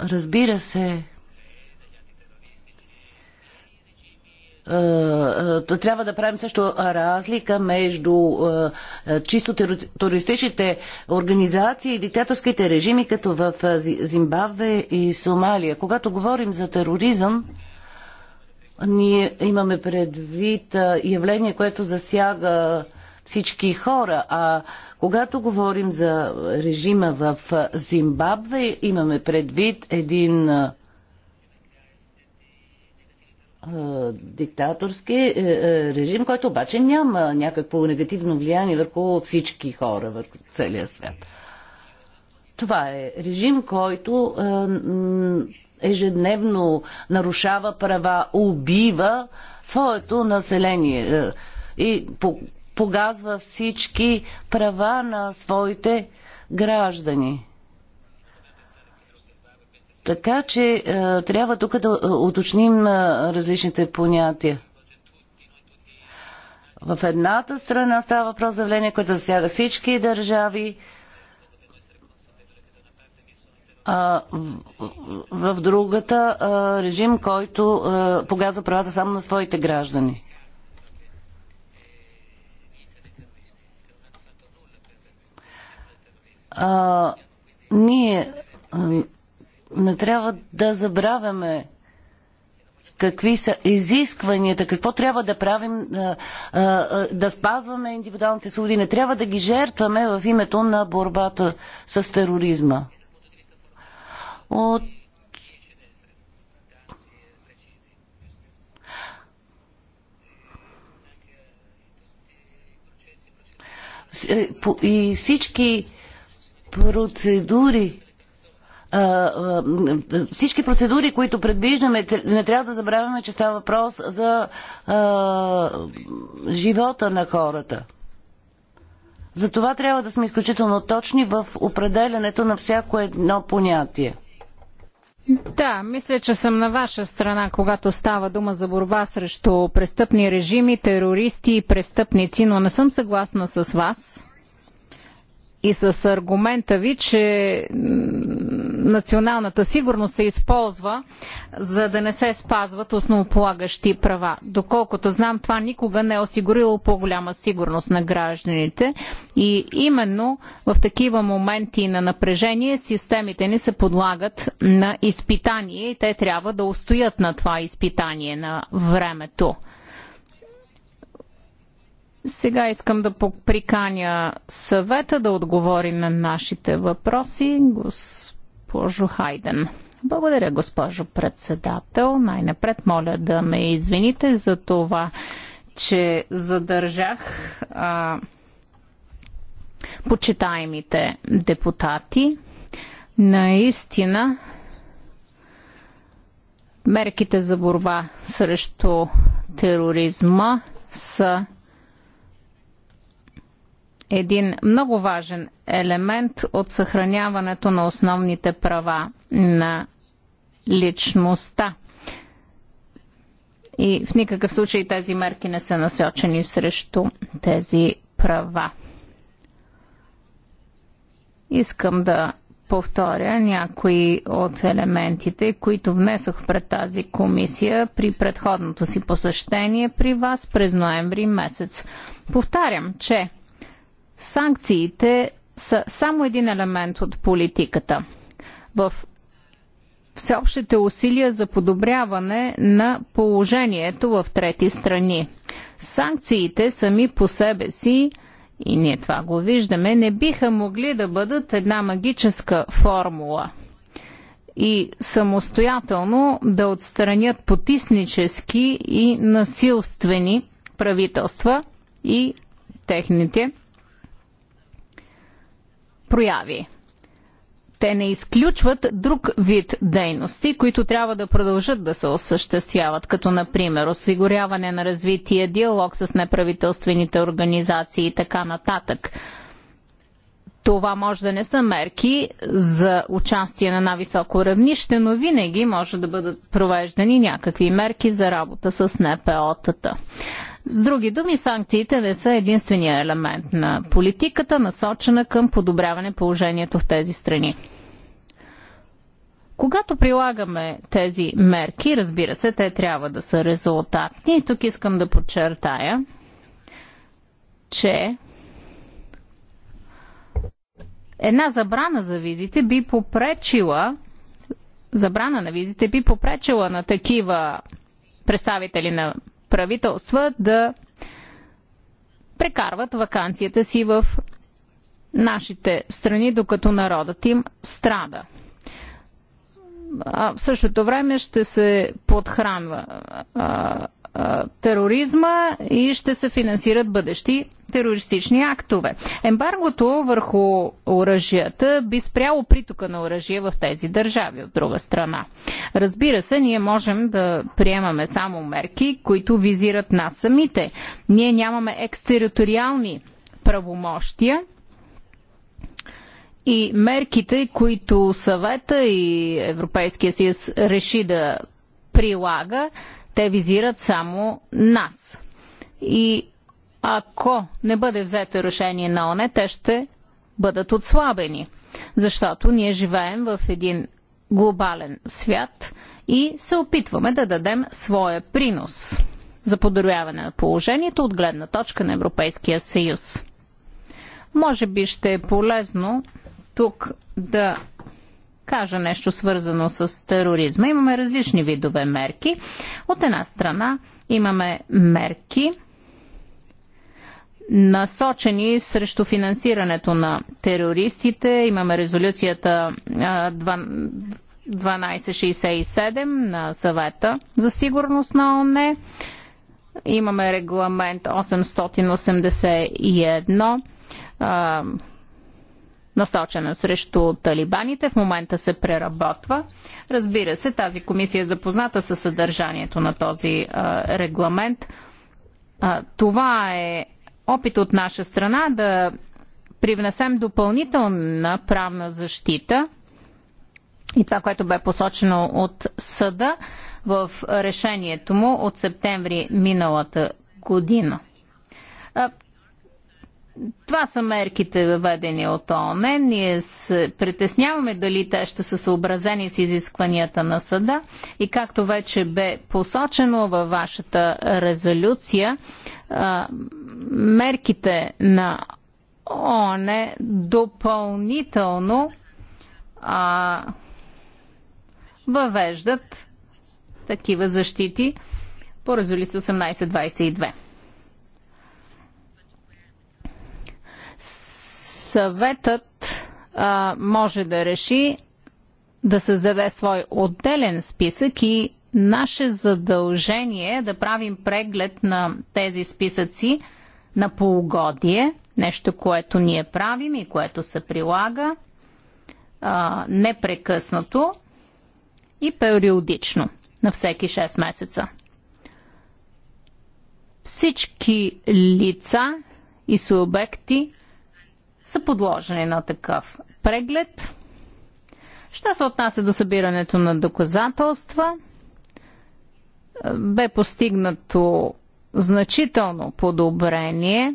Разбира се, е, е, трябва да правим също разлика между чисто терористичните организации и диктаторските режими, като в Зимбабве и Сомалия. Когато говорим за тероризъм, ние имаме предвид явление, което засяга всички хора, а когато говорим за режима в Зимбабве, имаме предвид един диктаторски е, е, режим, който обаче няма някакво негативно влияние върху всички хора, върху целия свят. Това е режим, който е, ежедневно нарушава права, убива своето население е, и погазва всички права на своите граждани. Така че е, трябва тук да е, уточним различните понятия. В едната страна става въпрос за явление, което засяга всички държави, а, в, в другата а, режим, който а, погазва правата само на своите граждани. А, ние а, не трябва да забравяме какви са изискванията, какво трябва да правим, да спазваме индивидуалните свободи. Не трябва да ги жертваме в името на борбата с тероризма от е, и всички процедури всички процедури, които предвиждаме, не трябва да забравяме, че става въпрос за а, живота на хората. Затова трябва да сме изключително точни в определянето на всяко едно понятие. Да, мисля, че съм на ваша страна, когато става дума за борба срещу престъпни режими, терористи и престъпници, но не съм съгласна с вас и с аргумента ви, че националната сигурност се използва, за да не се спазват основополагащи права. Доколкото знам, това никога не е осигурило по-голяма сигурност на гражданите и именно в такива моменти на напрежение системите ни се подлагат на изпитание и те трябва да устоят на това изпитание на времето. Сега искам да приканя съвета да отговори на нашите въпроси. Гос госпожо Хайден. Благодаря, госпожо председател. Най-напред моля да ме извините за това, че задържах а, почитаемите депутати. Наистина, мерките за борба срещу тероризма са един много важен елемент от съхраняването на основните права на личността. И в никакъв случай тези мерки не са насочени срещу тези права. Искам да повторя някои от елементите, които внесох пред тази комисия при предходното си посещение при вас през ноември месец. Повтарям, че Санкциите са само един елемент от политиката. В всеобщите усилия за подобряване на положението в трети страни. Санкциите сами по себе си, и ние това го виждаме, не биха могли да бъдат една магическа формула и самостоятелно да отстранят потиснически и насилствени правителства и техните прояви. Те не изключват друг вид дейности, които трябва да продължат да се осъществяват, като например осигуряване на развитие, диалог с неправителствените организации и така нататък. Това може да не са мерки за участие на най-високо равнище, но винаги може да бъдат провеждани някакви мерки за работа с НПО-тата. С други думи, санкциите не са единствения елемент на политиката, насочена към подобряване положението в тези страни. Когато прилагаме тези мерки, разбира се, те трябва да са резултатни. И тук искам да подчертая, че една забрана за визите би попречила забрана на визите би попречила на такива представители на правителства да прекарват вакансията си в нашите страни, докато народът им страда. А в същото време ще се подхранва а, тероризма и ще се финансират бъдещи терористични актове. Ембаргото върху оръжията би спряло притока на оръжие в тези държави, от друга страна. Разбира се, ние можем да приемаме само мерки, които визират нас самите. Ние нямаме екстериториални правомощия и мерките, които съвета и Европейския съюз реши да прилага, те визират само нас. И ако не бъде взето решение на ОНЕ, те ще бъдат отслабени. Защото ние живеем в един глобален свят и се опитваме да дадем своя принос за подаряване на положението от гледна точка на Европейския съюз. Може би ще е полезно тук да кажа нещо свързано с тероризма. Имаме различни видове мерки. От една страна имаме мерки, насочени срещу финансирането на терористите. Имаме резолюцията 1267 на съвета за сигурност на ОНЕ. Имаме регламент 881 насочена срещу талибаните. В момента се преработва. Разбира се, тази комисия е запозната със съдържанието на този а, регламент. А, това е опит от наша страна да привнесем допълнителна правна защита и това, което бе посочено от съда в решението му от септември миналата година. Това са мерките въведени от ООН. Ние се притесняваме дали те ще са съобразени с изискванията на съда и както вече бе посочено във вашата резолюция, мерките на ООН допълнително въвеждат такива защити по резолюция 1822. съветът а, може да реши да създаде свой отделен списък и наше задължение е да правим преглед на тези списъци на полугодие, нещо, което ние правим и което се прилага а, непрекъснато и периодично, на всеки 6 месеца. Всички лица и субекти са подложени на такъв преглед. Що се отнася до събирането на доказателства, е, бе постигнато значително подобрение, е,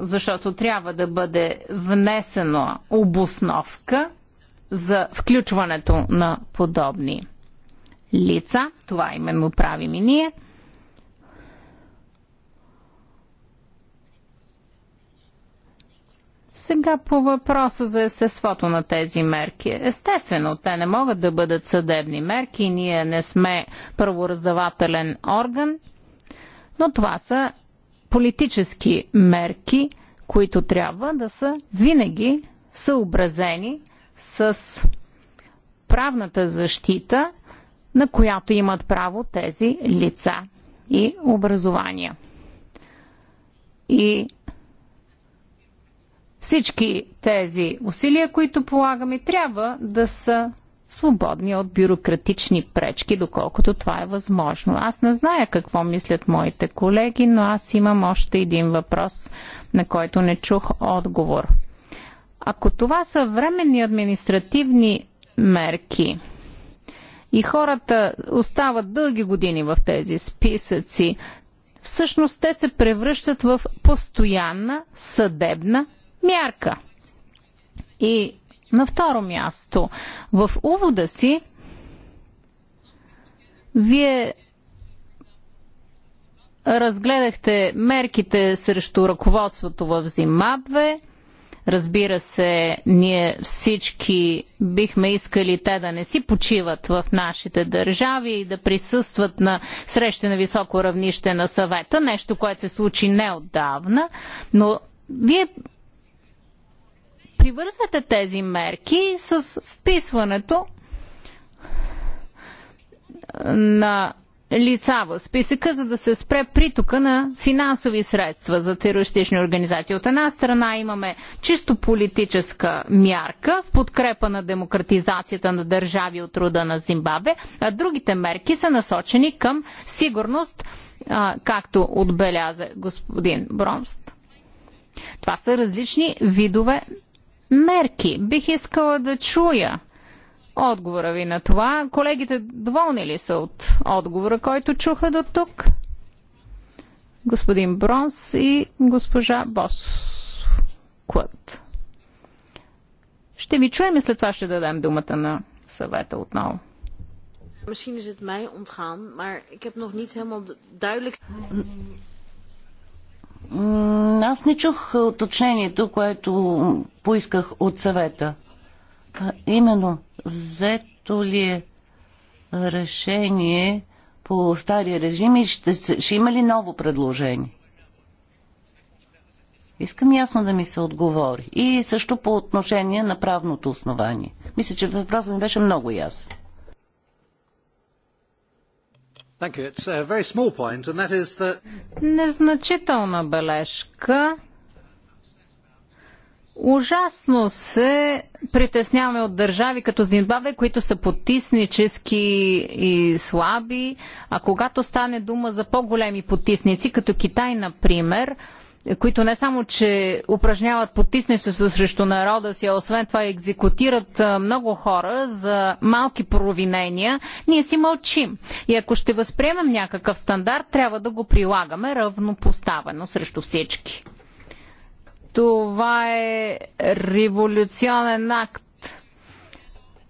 защото трябва да бъде внесена обосновка за включването на подобни лица. Това именно правим и ние – Сега по въпроса за естеството на тези мерки. Естествено, те не могат да бъдат съдебни мерки, ние не сме правораздавателен орган, но това са политически мерки, които трябва да са винаги съобразени с правната защита, на която имат право тези лица и образования. И всички тези усилия, които полагаме, трябва да са свободни от бюрократични пречки, доколкото това е възможно. Аз не зная какво мислят моите колеги, но аз имам още един въпрос, на който не чух отговор. Ако това са временни административни мерки и хората остават дълги години в тези списъци, всъщност те се превръщат в постоянна съдебна мярка. И на второ място, в увода си, вие разгледахте мерките срещу ръководството в Зимабве. Разбира се, ние всички бихме искали те да не си почиват в нашите държави и да присъстват на среща на високо равнище на съвета, нещо, което се случи неотдавна, но вие привързвате тези мерки с вписването на лица в списъка, за да се спре притока на финансови средства за терористични организации. От една страна имаме чисто политическа мярка в подкрепа на демократизацията на държави от рода на Зимбабве, а другите мерки са насочени към сигурност, както отбеляза господин Бромст. Това са различни видове мерки. Бих искала да чуя отговора ви на това. Колегите доволни ли са от отговора, който чуха до тук? Господин Бронс и госпожа Бос Клът. Ще ви чуем и след това ще дадем думата на съвета отново. Misschien is het mij ontgaan, maar ik heb nog niet helemaal duidelijk. Аз не чух уточнението, което поисках от съвета. именно, взето ли е решение по стария режим и ще, ще има ли ново предложение? Искам ясно да ми се отговори. И също по отношение на правното основание. Мисля, че въпросът ми беше много ясен. Незначителна бележка. Ужасно се притесняваме от държави като Зимбабве, които са потиснически и слаби, а когато стане дума за по-големи потисници, като Китай, например, които не само, че упражняват потисничество срещу народа си, а освен това екзекутират много хора за малки провинения, ние си мълчим. И ако ще възприемем някакъв стандарт, трябва да го прилагаме равнопоставено срещу всички. Това е революционен акт.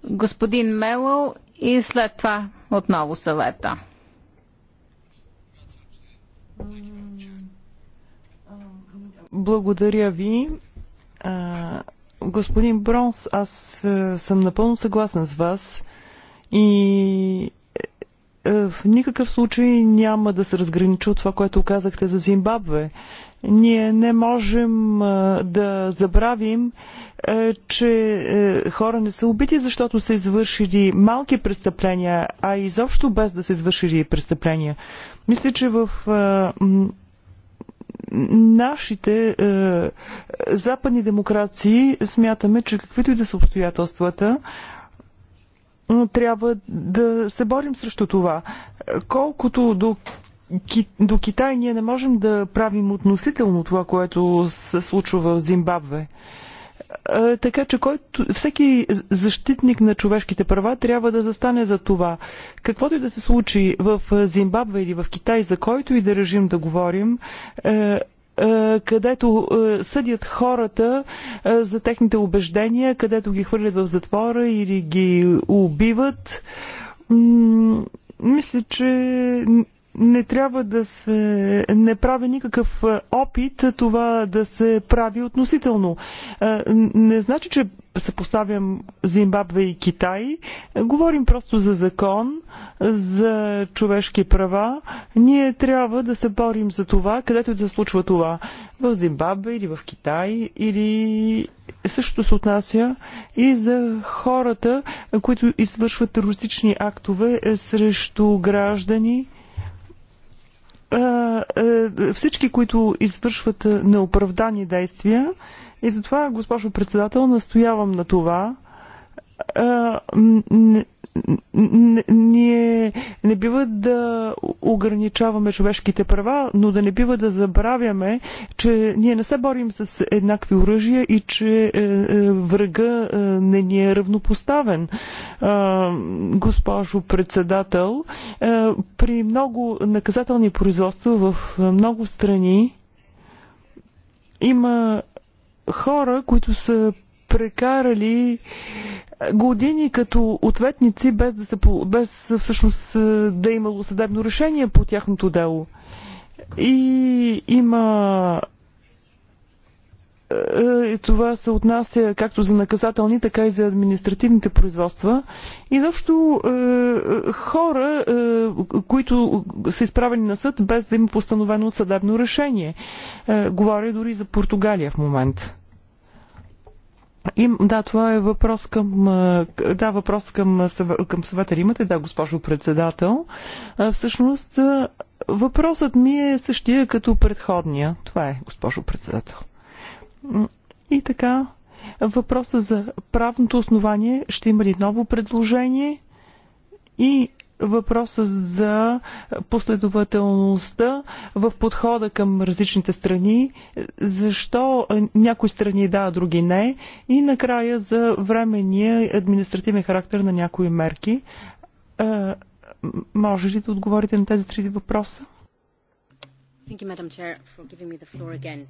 Господин Мелъл и след това отново съвета. Благодаря ви. Господин Бронс, аз съм напълно съгласен с вас и в никакъв случай няма да се разграничи от това, което казахте за Зимбабве. Ние не можем да забравим, че хора не са убити, защото са извършили малки престъпления, а изобщо без да са извършили престъпления. Мисля, че в нашите е, западни демокрации смятаме, че каквито и да са обстоятелствата, трябва да се борим срещу това. Колкото до до Китай ние не можем да правим относително това, което се случва в Зимбабве така че който, всеки защитник на човешките права трябва да застане за това. Каквото и да се случи в Зимбабве или в Китай, за който и да режим да говорим, е, е, където е, съдят хората за техните убеждения, където ги хвърлят в затвора или ги убиват. Мисля, че не трябва да се не прави никакъв е, опит това да се прави относително. Е, не значи, че съпоставям Зимбабве и Китай. Говорим просто за закон, за човешки права. Ние трябва да се борим за това, където да случва това. В Зимбабве или в Китай или също се отнася и за хората, които извършват терористични актове срещу граждани е, всички, които извършват е, неоправдани действия. И затова, госпожо председател, настоявам на това ние не бива да ограничаваме човешките права, но да не бива да забравяме, че ние не се борим с еднакви оръжия и че е, е, врага е, не ни е равнопоставен. Госпожо председател, при много наказателни производства в много страни има хора, които са прекарали години като ответници, без, да се, без всъщност да е имало съдебно решение по тяхното дело. И има и това се отнася както за наказателни, така и за административните производства. И защо е, хора, е, които са изправени на съд, без да им постановено съдебно решение. Е, говоря дори за Португалия в момента. Им, да, това е въпрос към, да, въпрос към, към съвета имате, да, госпожо председател. Всъщност, въпросът ми е същия като предходния. Това е, госпожо председател. И така, въпросът за правното основание ще има ли ново предложение и въпроса за последователността в подхода към различните страни, защо някои страни да, а други не и накрая за временния административен характер на някои мерки. Може ли да отговорите на тези три въпроса? Thank you, Madam Chair, for giving me the floor again.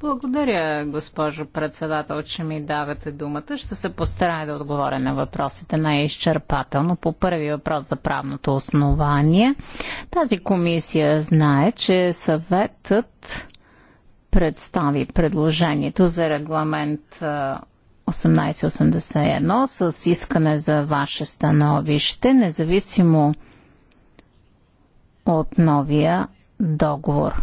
Благодаря, госпожо председател, че ми давате думата. Ще се постарая да отговоря на въпросите най-изчерпателно. По първи въпрос за правното основание. Тази комисия знае, че съветът представи предложението за регламент 1881 с искане за ваше становище, независимо от новия договор.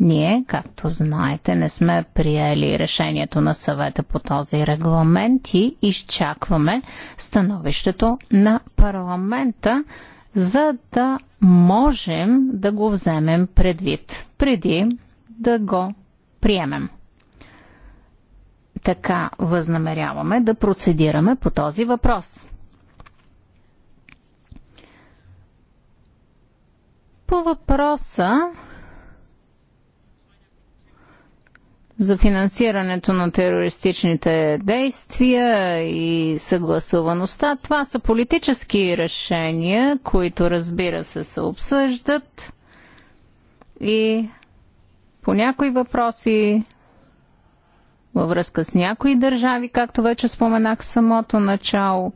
Ние, както знаете, не сме приели решението на съвета по този регламент и изчакваме становището на парламента, за да можем да го вземем предвид, преди да го приемем. Така възнамеряваме да процедираме по този въпрос. По въпроса за финансирането на терористичните действия и съгласуваността. Това са политически решения, които разбира се се обсъждат и по някои въпроси във връзка с някои държави, както вече споменах в самото начало,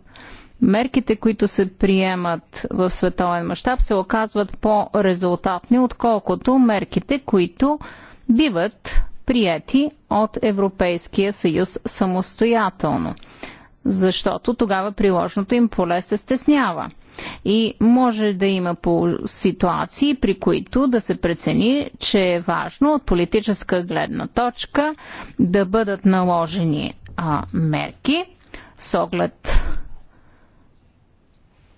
мерките, които се приемат в световен мащаб, се оказват по-резултатни, отколкото мерките, които биват прияти от Европейския съюз самостоятелно, защото тогава приложното им поле се стеснява. И може да има по ситуации, при които да се прецени, че е важно от политическа гледна точка да бъдат наложени а, мерки с оглед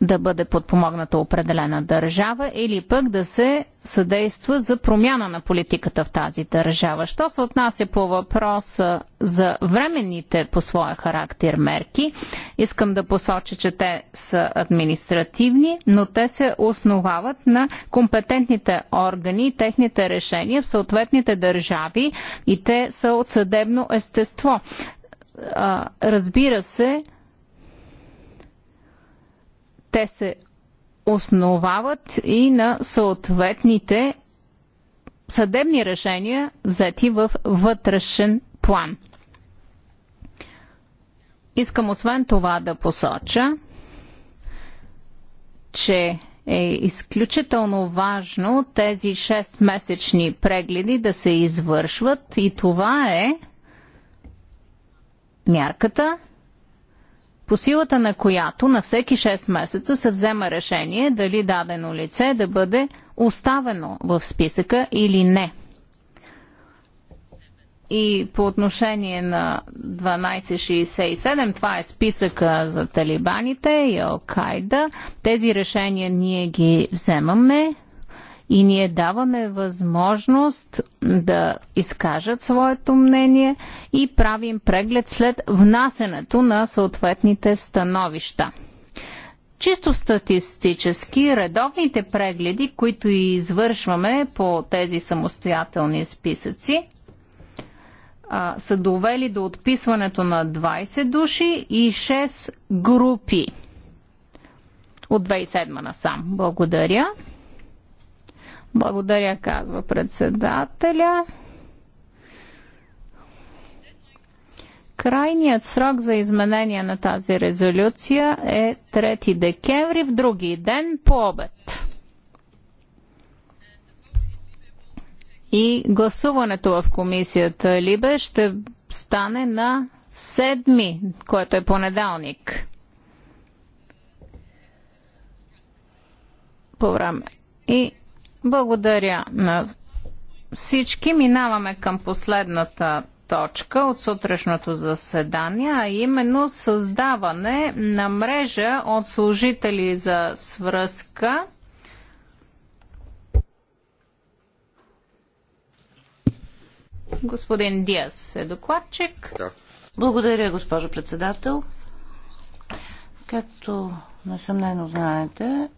да бъде подпомогната определена държава или пък да се съдейства за промяна на политиката в тази държава. Що се отнася по въпроса за временните по своя характер мерки, искам да посоча, че те са административни, но те се основават на компетентните органи и техните решения в съответните държави и те са от съдебно естество разбира се, те се основават и на съответните съдебни решения, взети в вътрешен план. Искам освен това да посоча, че е изключително важно тези 6-месечни прегледи да се извършват и това е мярката, по силата на която на всеки 6 месеца се взема решение дали дадено лице да бъде оставено в списъка или не. И по отношение на 1267, това е списъка за талибаните и Алкайда, тези решения ние ги вземаме и ние даваме възможност да изкажат своето мнение и правим преглед след внасенето на съответните становища. Чисто статистически, редовните прегледи, които извършваме по тези самостоятелни списъци, са довели до отписването на 20 души и 6 групи от 27 насам. Благодаря. Благодаря, казва председателя. Крайният срок за изменение на тази резолюция е 3 декември в други ден по обед. И гласуването в комисията Либе ще стане на 7, което е понеделник. По време. И благодаря на всички. Минаваме към последната точка от сутрешното заседание, а именно създаване на мрежа от служители за свръзка. Господин Диас е докладчик. Да. Благодаря, госпожо председател. Както несъмнено знаете,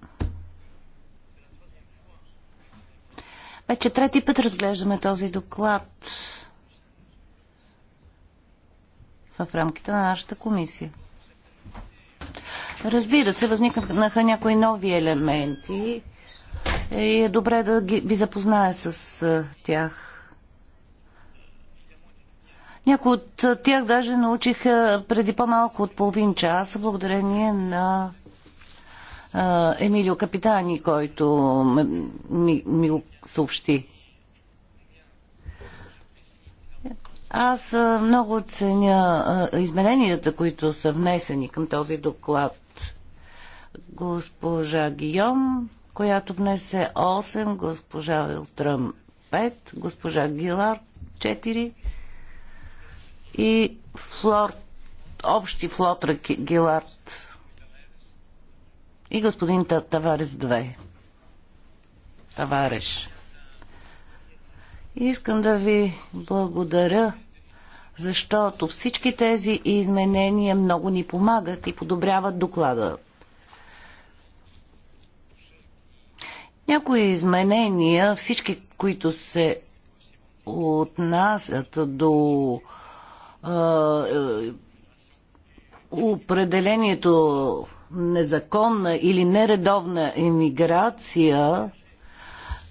Вече трети път разглеждаме този доклад в рамките на нашата комисия. Разбира се, възникнаха някои нови елементи и е добре да ги, ви запозная с тях. Някои от тях даже научиха преди по-малко от половин час, благодарение на Емилио Капитани, който ми, ми го съобщи. Аз много ценя измененията, които са внесени към този доклад. Госпожа Гийом, която внесе 8, госпожа Вилтръм 5, госпожа Гилар 4 и Флор, общи Флотра Гилард и господин Таварес 2. Тавареш. Искам да ви благодаря, защото всички тези изменения много ни помагат и подобряват доклада. Някои изменения, всички, които се отнасят до е, е, определението незаконна или нередовна емиграция,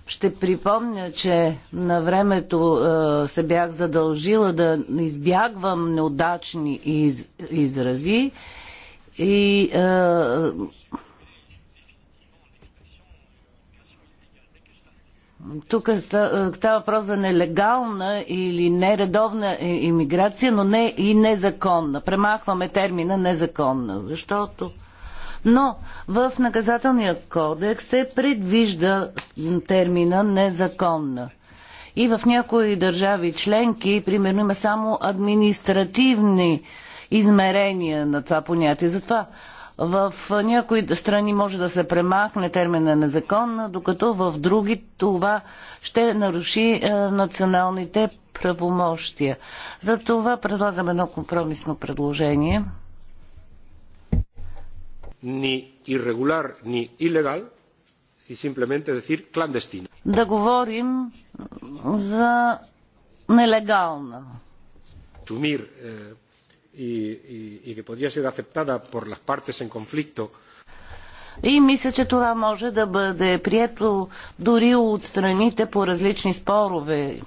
ще припомня, че на времето е, се бях задължила да избягвам неудачни из, изрази и е, Тук е, става въпрос за нелегална или нередовна иммиграция, но не и незаконна. Премахваме термина незаконна, защото но в наказателния кодекс се предвижда термина незаконна. И в някои държави членки, примерно, има само административни измерения на това понятие. Затова в някои страни може да се премахне термина незаконна, докато в други това ще наруши е, националните правомощия. Затова предлагам едно компромисно предложение – ni irregular ni ilegal y simplemente decir clandestina. Да говорим за нелегална. Asumir eh, y, y, y que podría ser aceptada por las partes en conflicto. И мисля, че това може да бъде прието дори от страните по различни спорове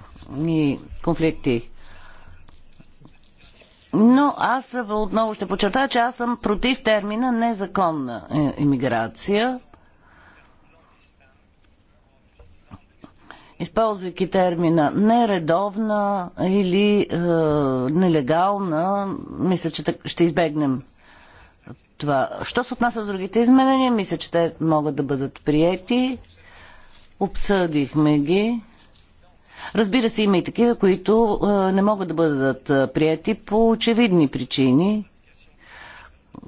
и конфликти. Но аз отново ще подчертая, че аз съм против термина незаконна е, иммиграция. използвайки термина нередовна или е, нелегална, мисля, че ще избегнем това. Що се отнася до другите изменения, мисля, че те могат да бъдат приети. Обсъдихме ги. Разбира се, има и такива, които не могат да бъдат прияти по очевидни причини,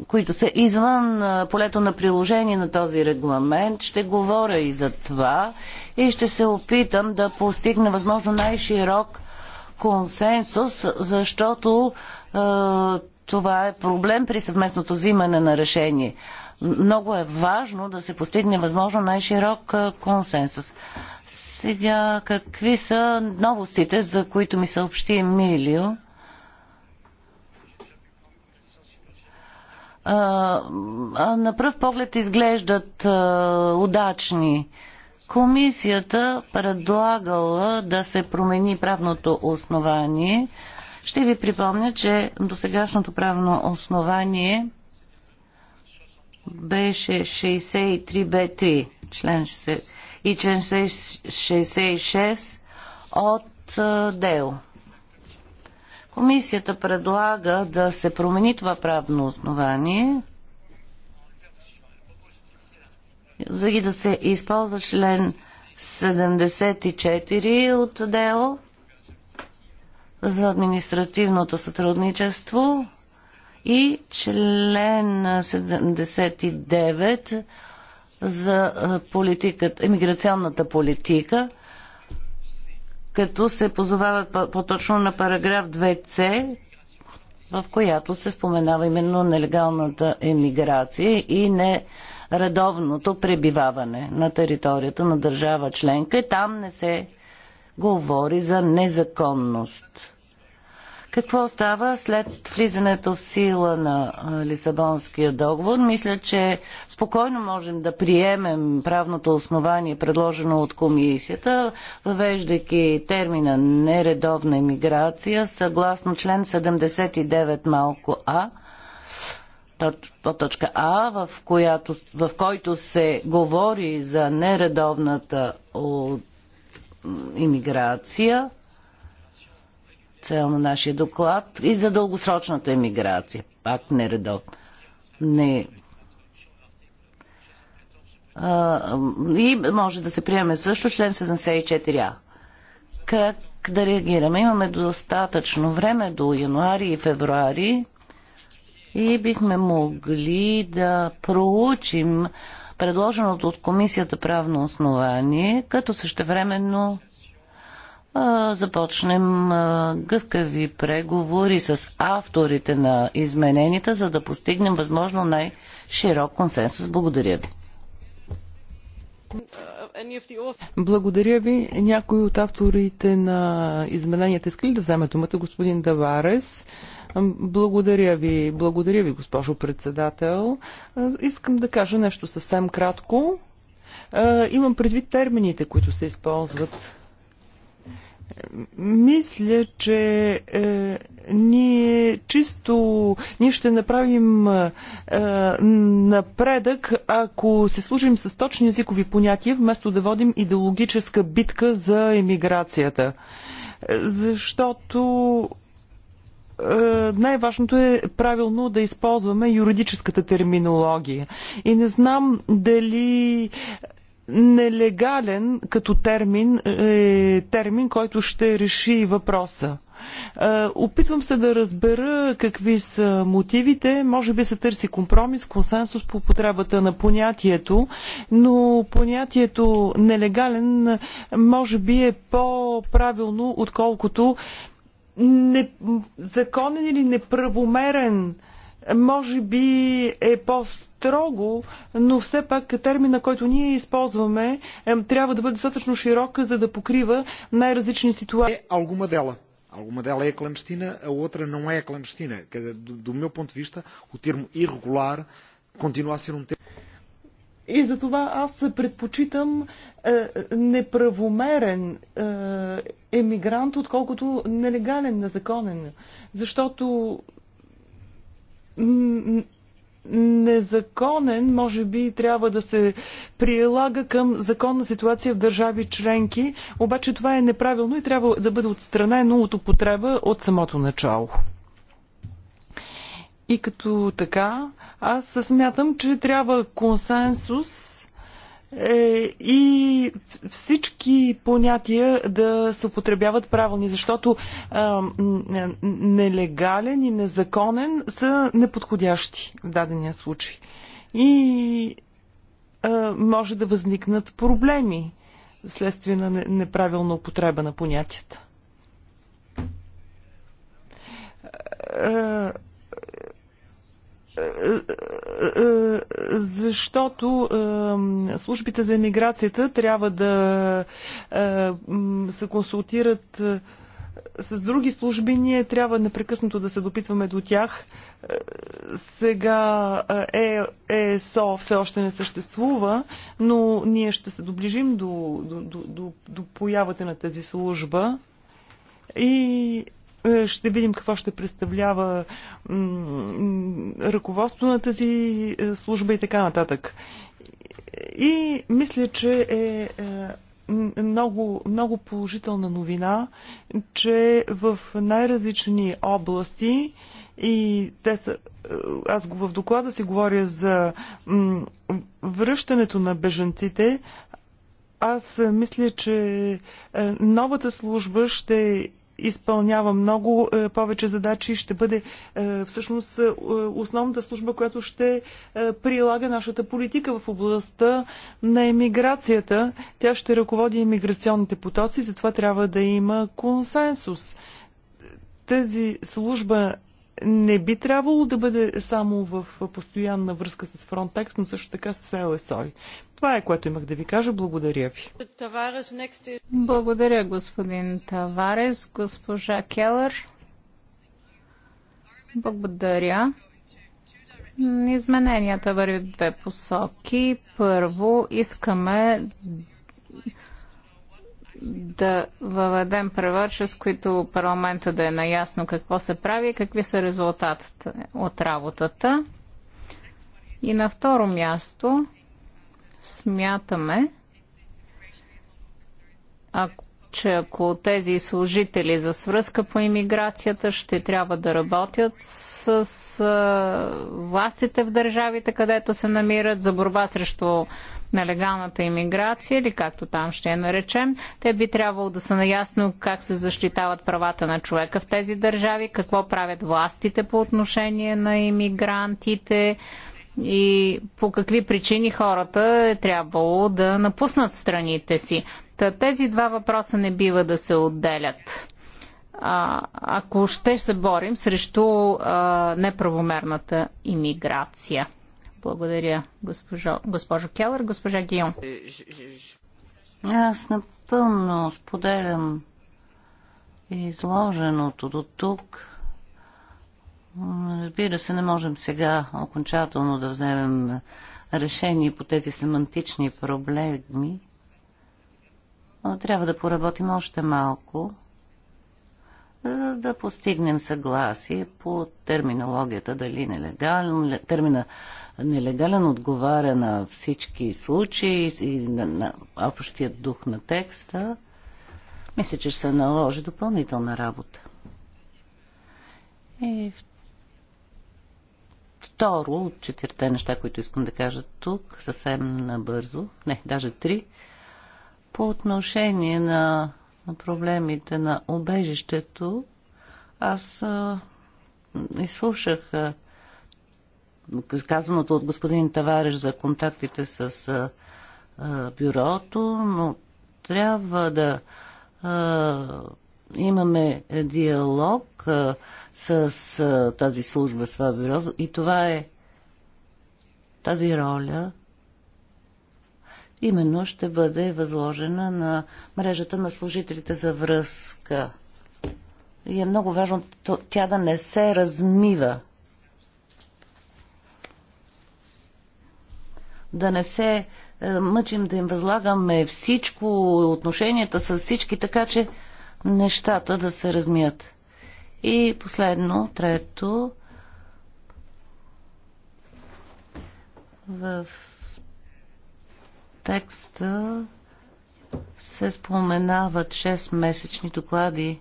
които са извън полето на приложение на този регламент. Ще говоря и за това и ще се опитам да постигна възможно най-широк консенсус, защото е, това е проблем при съвместното взимане на решение. Много е важно да се постигне възможно най-широк консенсус. Сега, какви са новостите, за които ми съобщи Емилио? А, на пръв поглед изглеждат а, удачни. Комисията предлагала да се промени правното основание. Ще ви припомня, че досегашното правно основание беше 63 Б3, член и член 66 от ДЕО. Комисията предлага да се промени това правно основание, за да се използва член 74 от ДЕО за административното сътрудничество и член 79 за политиката, иммиграционната политика, като се позовават по-точно на параграф 2c, в която се споменава именно нелегалната емиграция и нередовното пребиваване на територията на държава членка. и Там не се говори за незаконност. Какво става след влизането в сила на Лисабонския договор? Мисля, че спокойно можем да приемем правното основание, предложено от комисията, въвеждайки термина нередовна емиграция, съгласно член 79 малко А, точка А, в, която, в който се говори за нередовната имиграция цел на нашия доклад и за дългосрочната емиграция. Пак не редо. Не. А, и може да се приеме също член 74а. Как да реагираме? Имаме достатъчно време до януари и февруари и бихме могли да проучим предложеното от комисията правно основание, като същевременно започнем гъвкави преговори с авторите на измененията, за да постигнем възможно най-широк консенсус. Благодаря ви. Благодаря ви. Някой от авторите на измененията искали да вземе думата? Господин Даварес. Благодаря ви, благодаря ви, госпожо председател. Искам да кажа нещо съвсем кратко. Имам предвид термините, които се използват мисля, че е, ние чисто ние ще направим е, напредък, ако се служим с точни езикови понятия, вместо да водим идеологическа битка за емиграцията. Защото е, най-важното е правилно да използваме юридическата терминология. И не знам дали Нелегален като термин е термин, който ще реши въпроса. Е, опитвам се да разбера какви са мотивите. Може би се търси компромис, консенсус по потребата на понятието, но понятието нелегален може би е по-правилно, отколкото незаконен или неправомерен. Може би е по-строг строго, но все пак термина, който ние използваме, е, трябва да бъде достатъчно широка, за да покрива най-различни ситуации. Alguma dela. Alguma dela é clandestina, a outra não é clandestina. Do, до meu ponto de vista, o termo irregular continua a ser um termo. И за това аз предпочитам е, неправомерен е, емигрант, отколкото нелегален, незаконен. Защото незаконен, може би трябва да се прилага към законна ситуация в държави членки, обаче това е неправилно и трябва да бъде отстранено от употреба от самото начало. И като така, аз смятам, че трябва консенсус е, и всички понятия да се употребяват правилни, защото е, нелегален и незаконен са неподходящи в дадения случай. И е, може да възникнат проблеми вследствие на неправилна употреба на понятията защото службите за емиграцията трябва да се консултират с други служби. Ние трябва непрекъснато да се допитваме до тях. Сега ЕСО е все още не съществува, но ние ще се доближим до, до, до, до, до появата на тази служба. И е, ще видим какво ще представлява ръководство на тази е, служба и така нататък. И мисля, че е, е много, много положителна новина, че в най-различни области и те са, аз в доклада си говоря за връщането на бежанците, аз мисля, че новата служба ще изпълнява много е, повече задачи, ще бъде е, всъщност е, основната служба, която ще прилага нашата политика в областта на емиграцията. Тя ще ръководи емиграционните потоци, затова трябва да има консенсус. Тази служба не би трябвало да бъде само в постоянна връзка с Frontex, но също така с LSOI. Това е което имах да ви кажа. Благодаря ви. Благодаря, господин Таварес. Госпожа Келър. Благодаря. Измененията вървят в две посоки. Първо, искаме да въведем права, с които парламента да е наясно какво се прави и какви са резултатите от работата. И на второ място смятаме, ако че ако тези служители за свръзка по иммиграцията ще трябва да работят с, с властите в държавите, където се намират за борба срещу нелегалната иммиграция или както там ще я наречем, те би трябвало да са наясно как се защитават правата на човека в тези държави, какво правят властите по отношение на иммигрантите и по какви причини хората е трябвало да напуснат страните си. Та тези два въпроса не бива да се отделят. А, ако ще се борим срещу а, неправомерната иммиграция. Благодаря, госпожо, госпожо Келър. Госпожа Гион. Аз напълно споделям изложеното до тук. Разбира се, не можем сега окончателно да вземем решение по тези семантични проблеми, но трябва да поработим още малко, за да постигнем съгласие по терминологията, дали нелегално, е термина нелегален отговаря на всички случаи и на, на общия дух на текста, мисля, че ще се наложи допълнителна работа. И второ от четирите неща, които искам да кажа тук, съвсем набързо, не, даже три, по отношение на, на проблемите на обежището, аз а, изслушах а, казаното от господин Тавареш за контактите с бюрото, но трябва да имаме диалог с тази служба, с това бюро и това е тази роля именно ще бъде възложена на мрежата на служителите за връзка. И е много важно тя да не се размива да не се е, мъчим да им възлагаме всичко, отношенията с всички, така че нещата да се размият. И последно, трето, в текста се споменават 6-месечни доклади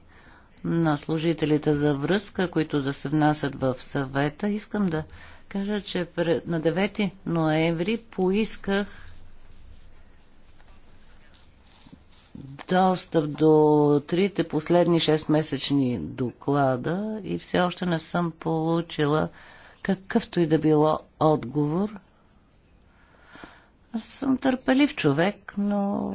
на служителите за връзка, които да се внасят в съвета. Искам да кажа, че на 9 ноември поисках достъп до трите последни 6-месечни доклада и все още не съм получила какъвто и да било отговор. Аз съм търпелив човек, но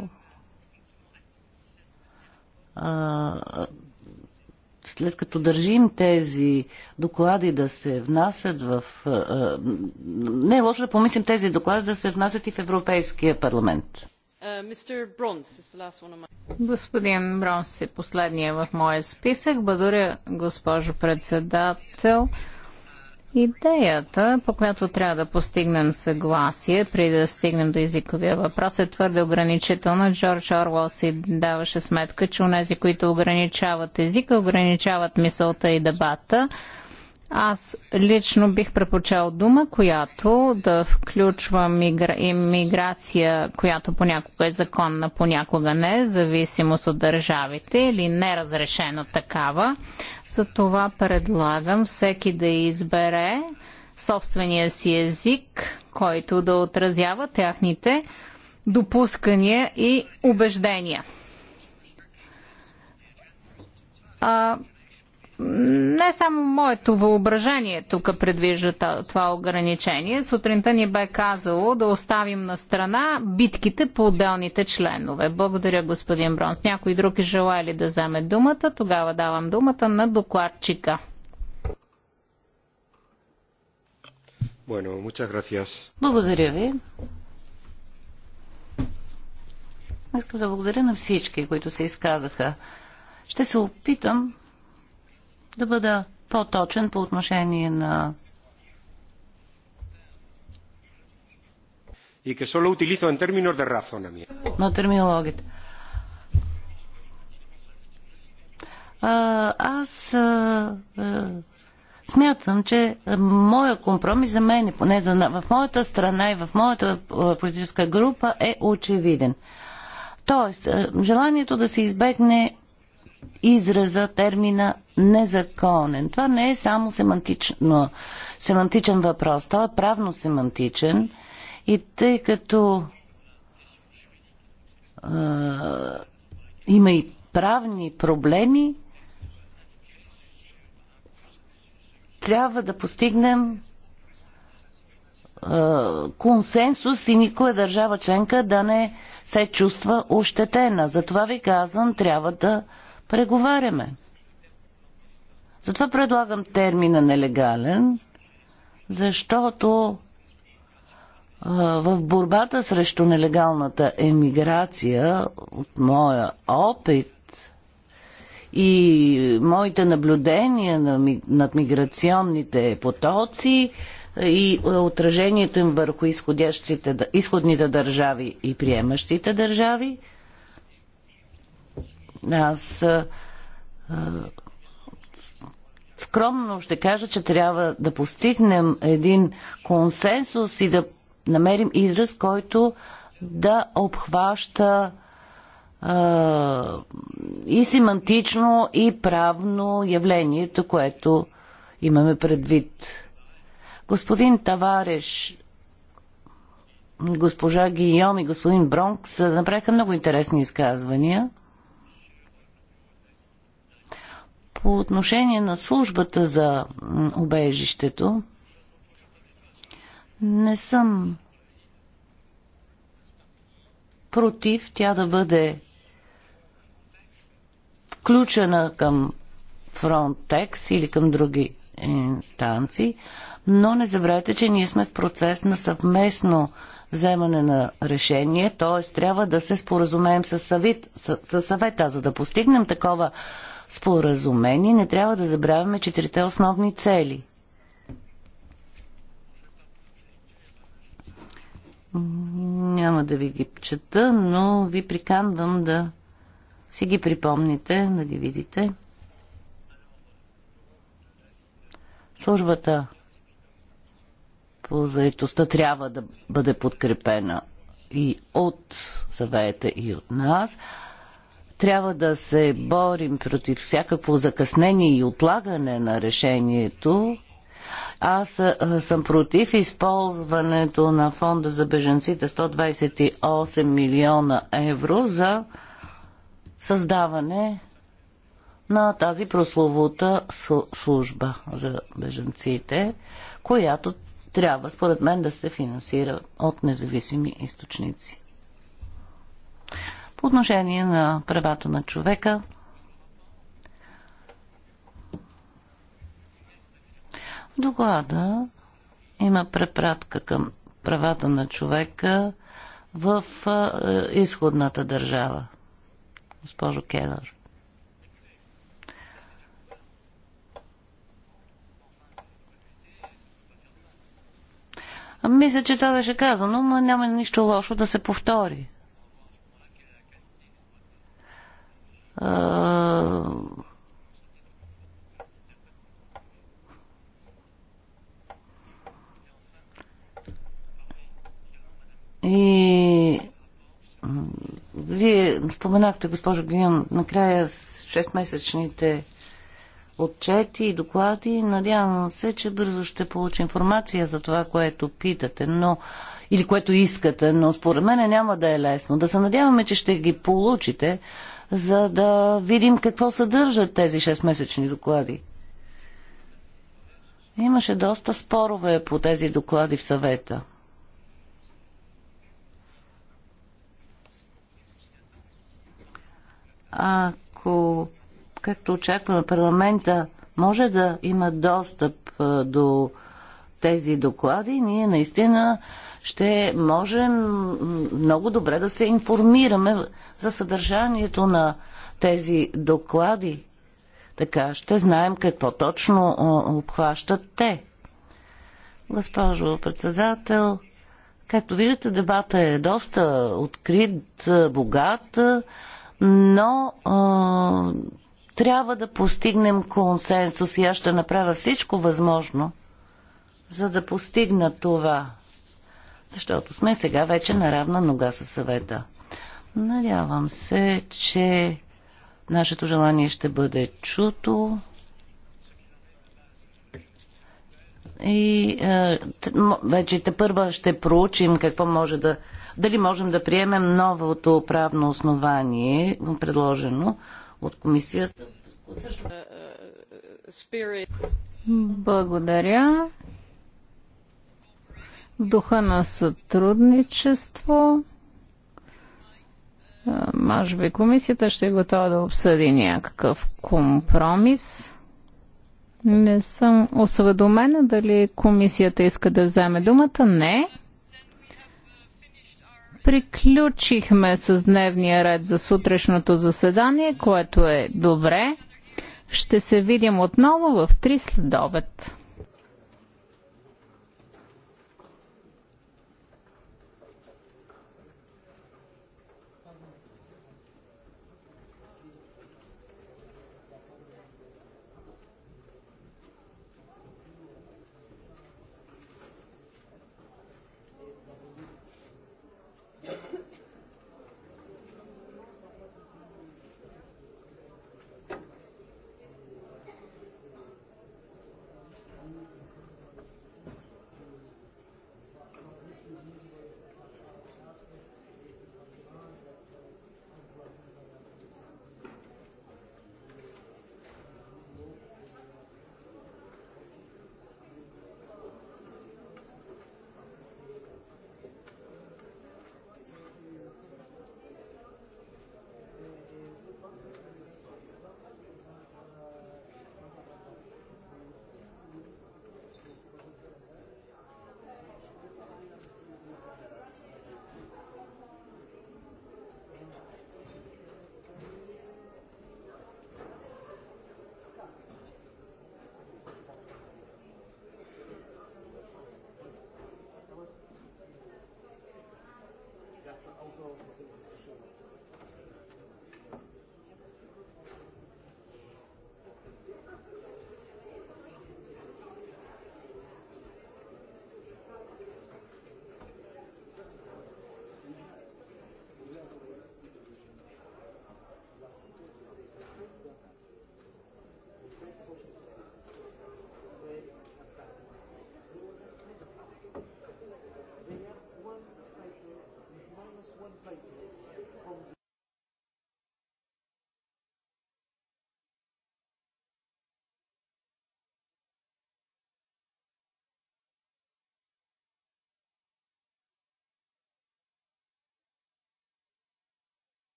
след като държим тези доклади да се внасят в... Не е лошо да помислим тези доклади да се внасят и в Европейския парламент. Е, Господин Бронс е последния в моя списък. Благодаря, госпожо председател. Идеята, по която трябва да постигнем съгласие, преди да стигнем до езиковия въпрос, е твърде ограничителна. Джордж Орвал си даваше сметка, че онези, които ограничават езика, ограничават мисълта и дебата. Аз лично бих препочел дума, която да включва миграция, която понякога е законна, понякога не, зависимост от държавите или неразрешена такава. За това предлагам всеки да избере собствения си език, който да отразява тяхните допускания и убеждения. А, не само моето въображение тук предвижда това ограничение. Сутринта ни бе казало да оставим на страна битките по отделните членове. Благодаря, господин Бронс. Някой друг е желая ли да вземе думата? Тогава давам думата на докладчика. Bueno, благодаря ви. Искам да благодаря на всички, които се изказаха. Ще се опитам да бъда по-точен по отношение на И que solo utilizo en términos de razonamiento. No терминологията. Аз а, а, смятам, че моя компромис за мен, поне за, в моята страна и в моята политическа група е очевиден. Тоест, желанието да се избегне израза, термина незаконен. Това не е само семантично, семантичен въпрос, той е правно семантичен и тъй като е, има и правни проблеми, трябва да постигнем консенсус и никоя държава членка да не се чувства ощетена. Затова ви казвам, трябва да преговаряме. Затова предлагам термина нелегален, защото в борбата срещу нелегалната емиграция, от моя опит и моите наблюдения над миграционните потоци и отражението им върху изходните държави и приемащите държави, аз а, скромно ще кажа, че трябва да постигнем един консенсус и да намерим израз, който да обхваща а, и семантично, и правно явлението, което имаме предвид. Господин Тавареш, госпожа Гийом и господин Бронкс направиха много интересни изказвания – По отношение на службата за убежището, не съм против тя да бъде включена към Frontex или към други инстанции, но не забравяйте, че ние сме в процес на съвместно вземане на решение, т.е. трябва да се споразумеем с, съвет, с, с съвета, за да постигнем такова споразумение, не трябва да забравяме четирите основни цели. Няма да ви ги чета, но ви приканвам да си ги припомните, да ги видите. Службата по заедостта трябва да бъде подкрепена и от съвета, и от нас. Трябва да се борим против всякакво закъснение и отлагане на решението. Аз съм против използването на фонда за беженците 128 милиона евро за създаване на тази прословута служба за беженците, която трябва, според мен, да се финансира от независими източници по отношение на правата на човека. В доклада има препратка към правата на човека в изходната държава. Госпожо Келър. Мисля, че това беше казано, но няма нищо лошо да се повтори. споменахте, госпожо Гион, накрая с 6-месечните отчети и доклади. Надявам се, че бързо ще получи информация за това, което питате, но или което искате, но според мен няма да е лесно. Да се надяваме, че ще ги получите, за да видим какво съдържат тези 6-месечни доклади. Имаше доста спорове по тези доклади в съвета. ако, както очакваме, парламента може да има достъп до тези доклади, ние наистина ще можем много добре да се информираме за съдържанието на тези доклади. Така ще знаем какво точно обхващат те. Госпожо председател, както виждате, дебата е доста открит, богат но а, трябва да постигнем консенсус и аз ще направя всичко възможно, за да постигна това. Защото сме сега вече на равна нога със съвета. Надявам се, че нашето желание ще бъде чуто. И е, вече те първа ще проучим какво може да дали можем да приемем новото правно основание, предложено от комисията. Благодаря. В духа на сътрудничество, може би комисията ще е готова да обсъди някакъв компромис. Не съм осведомена дали комисията иска да вземе думата. Не. Приключихме с дневния ред за сутрешното заседание, което е добре. Ще се видим отново в 3 следобед.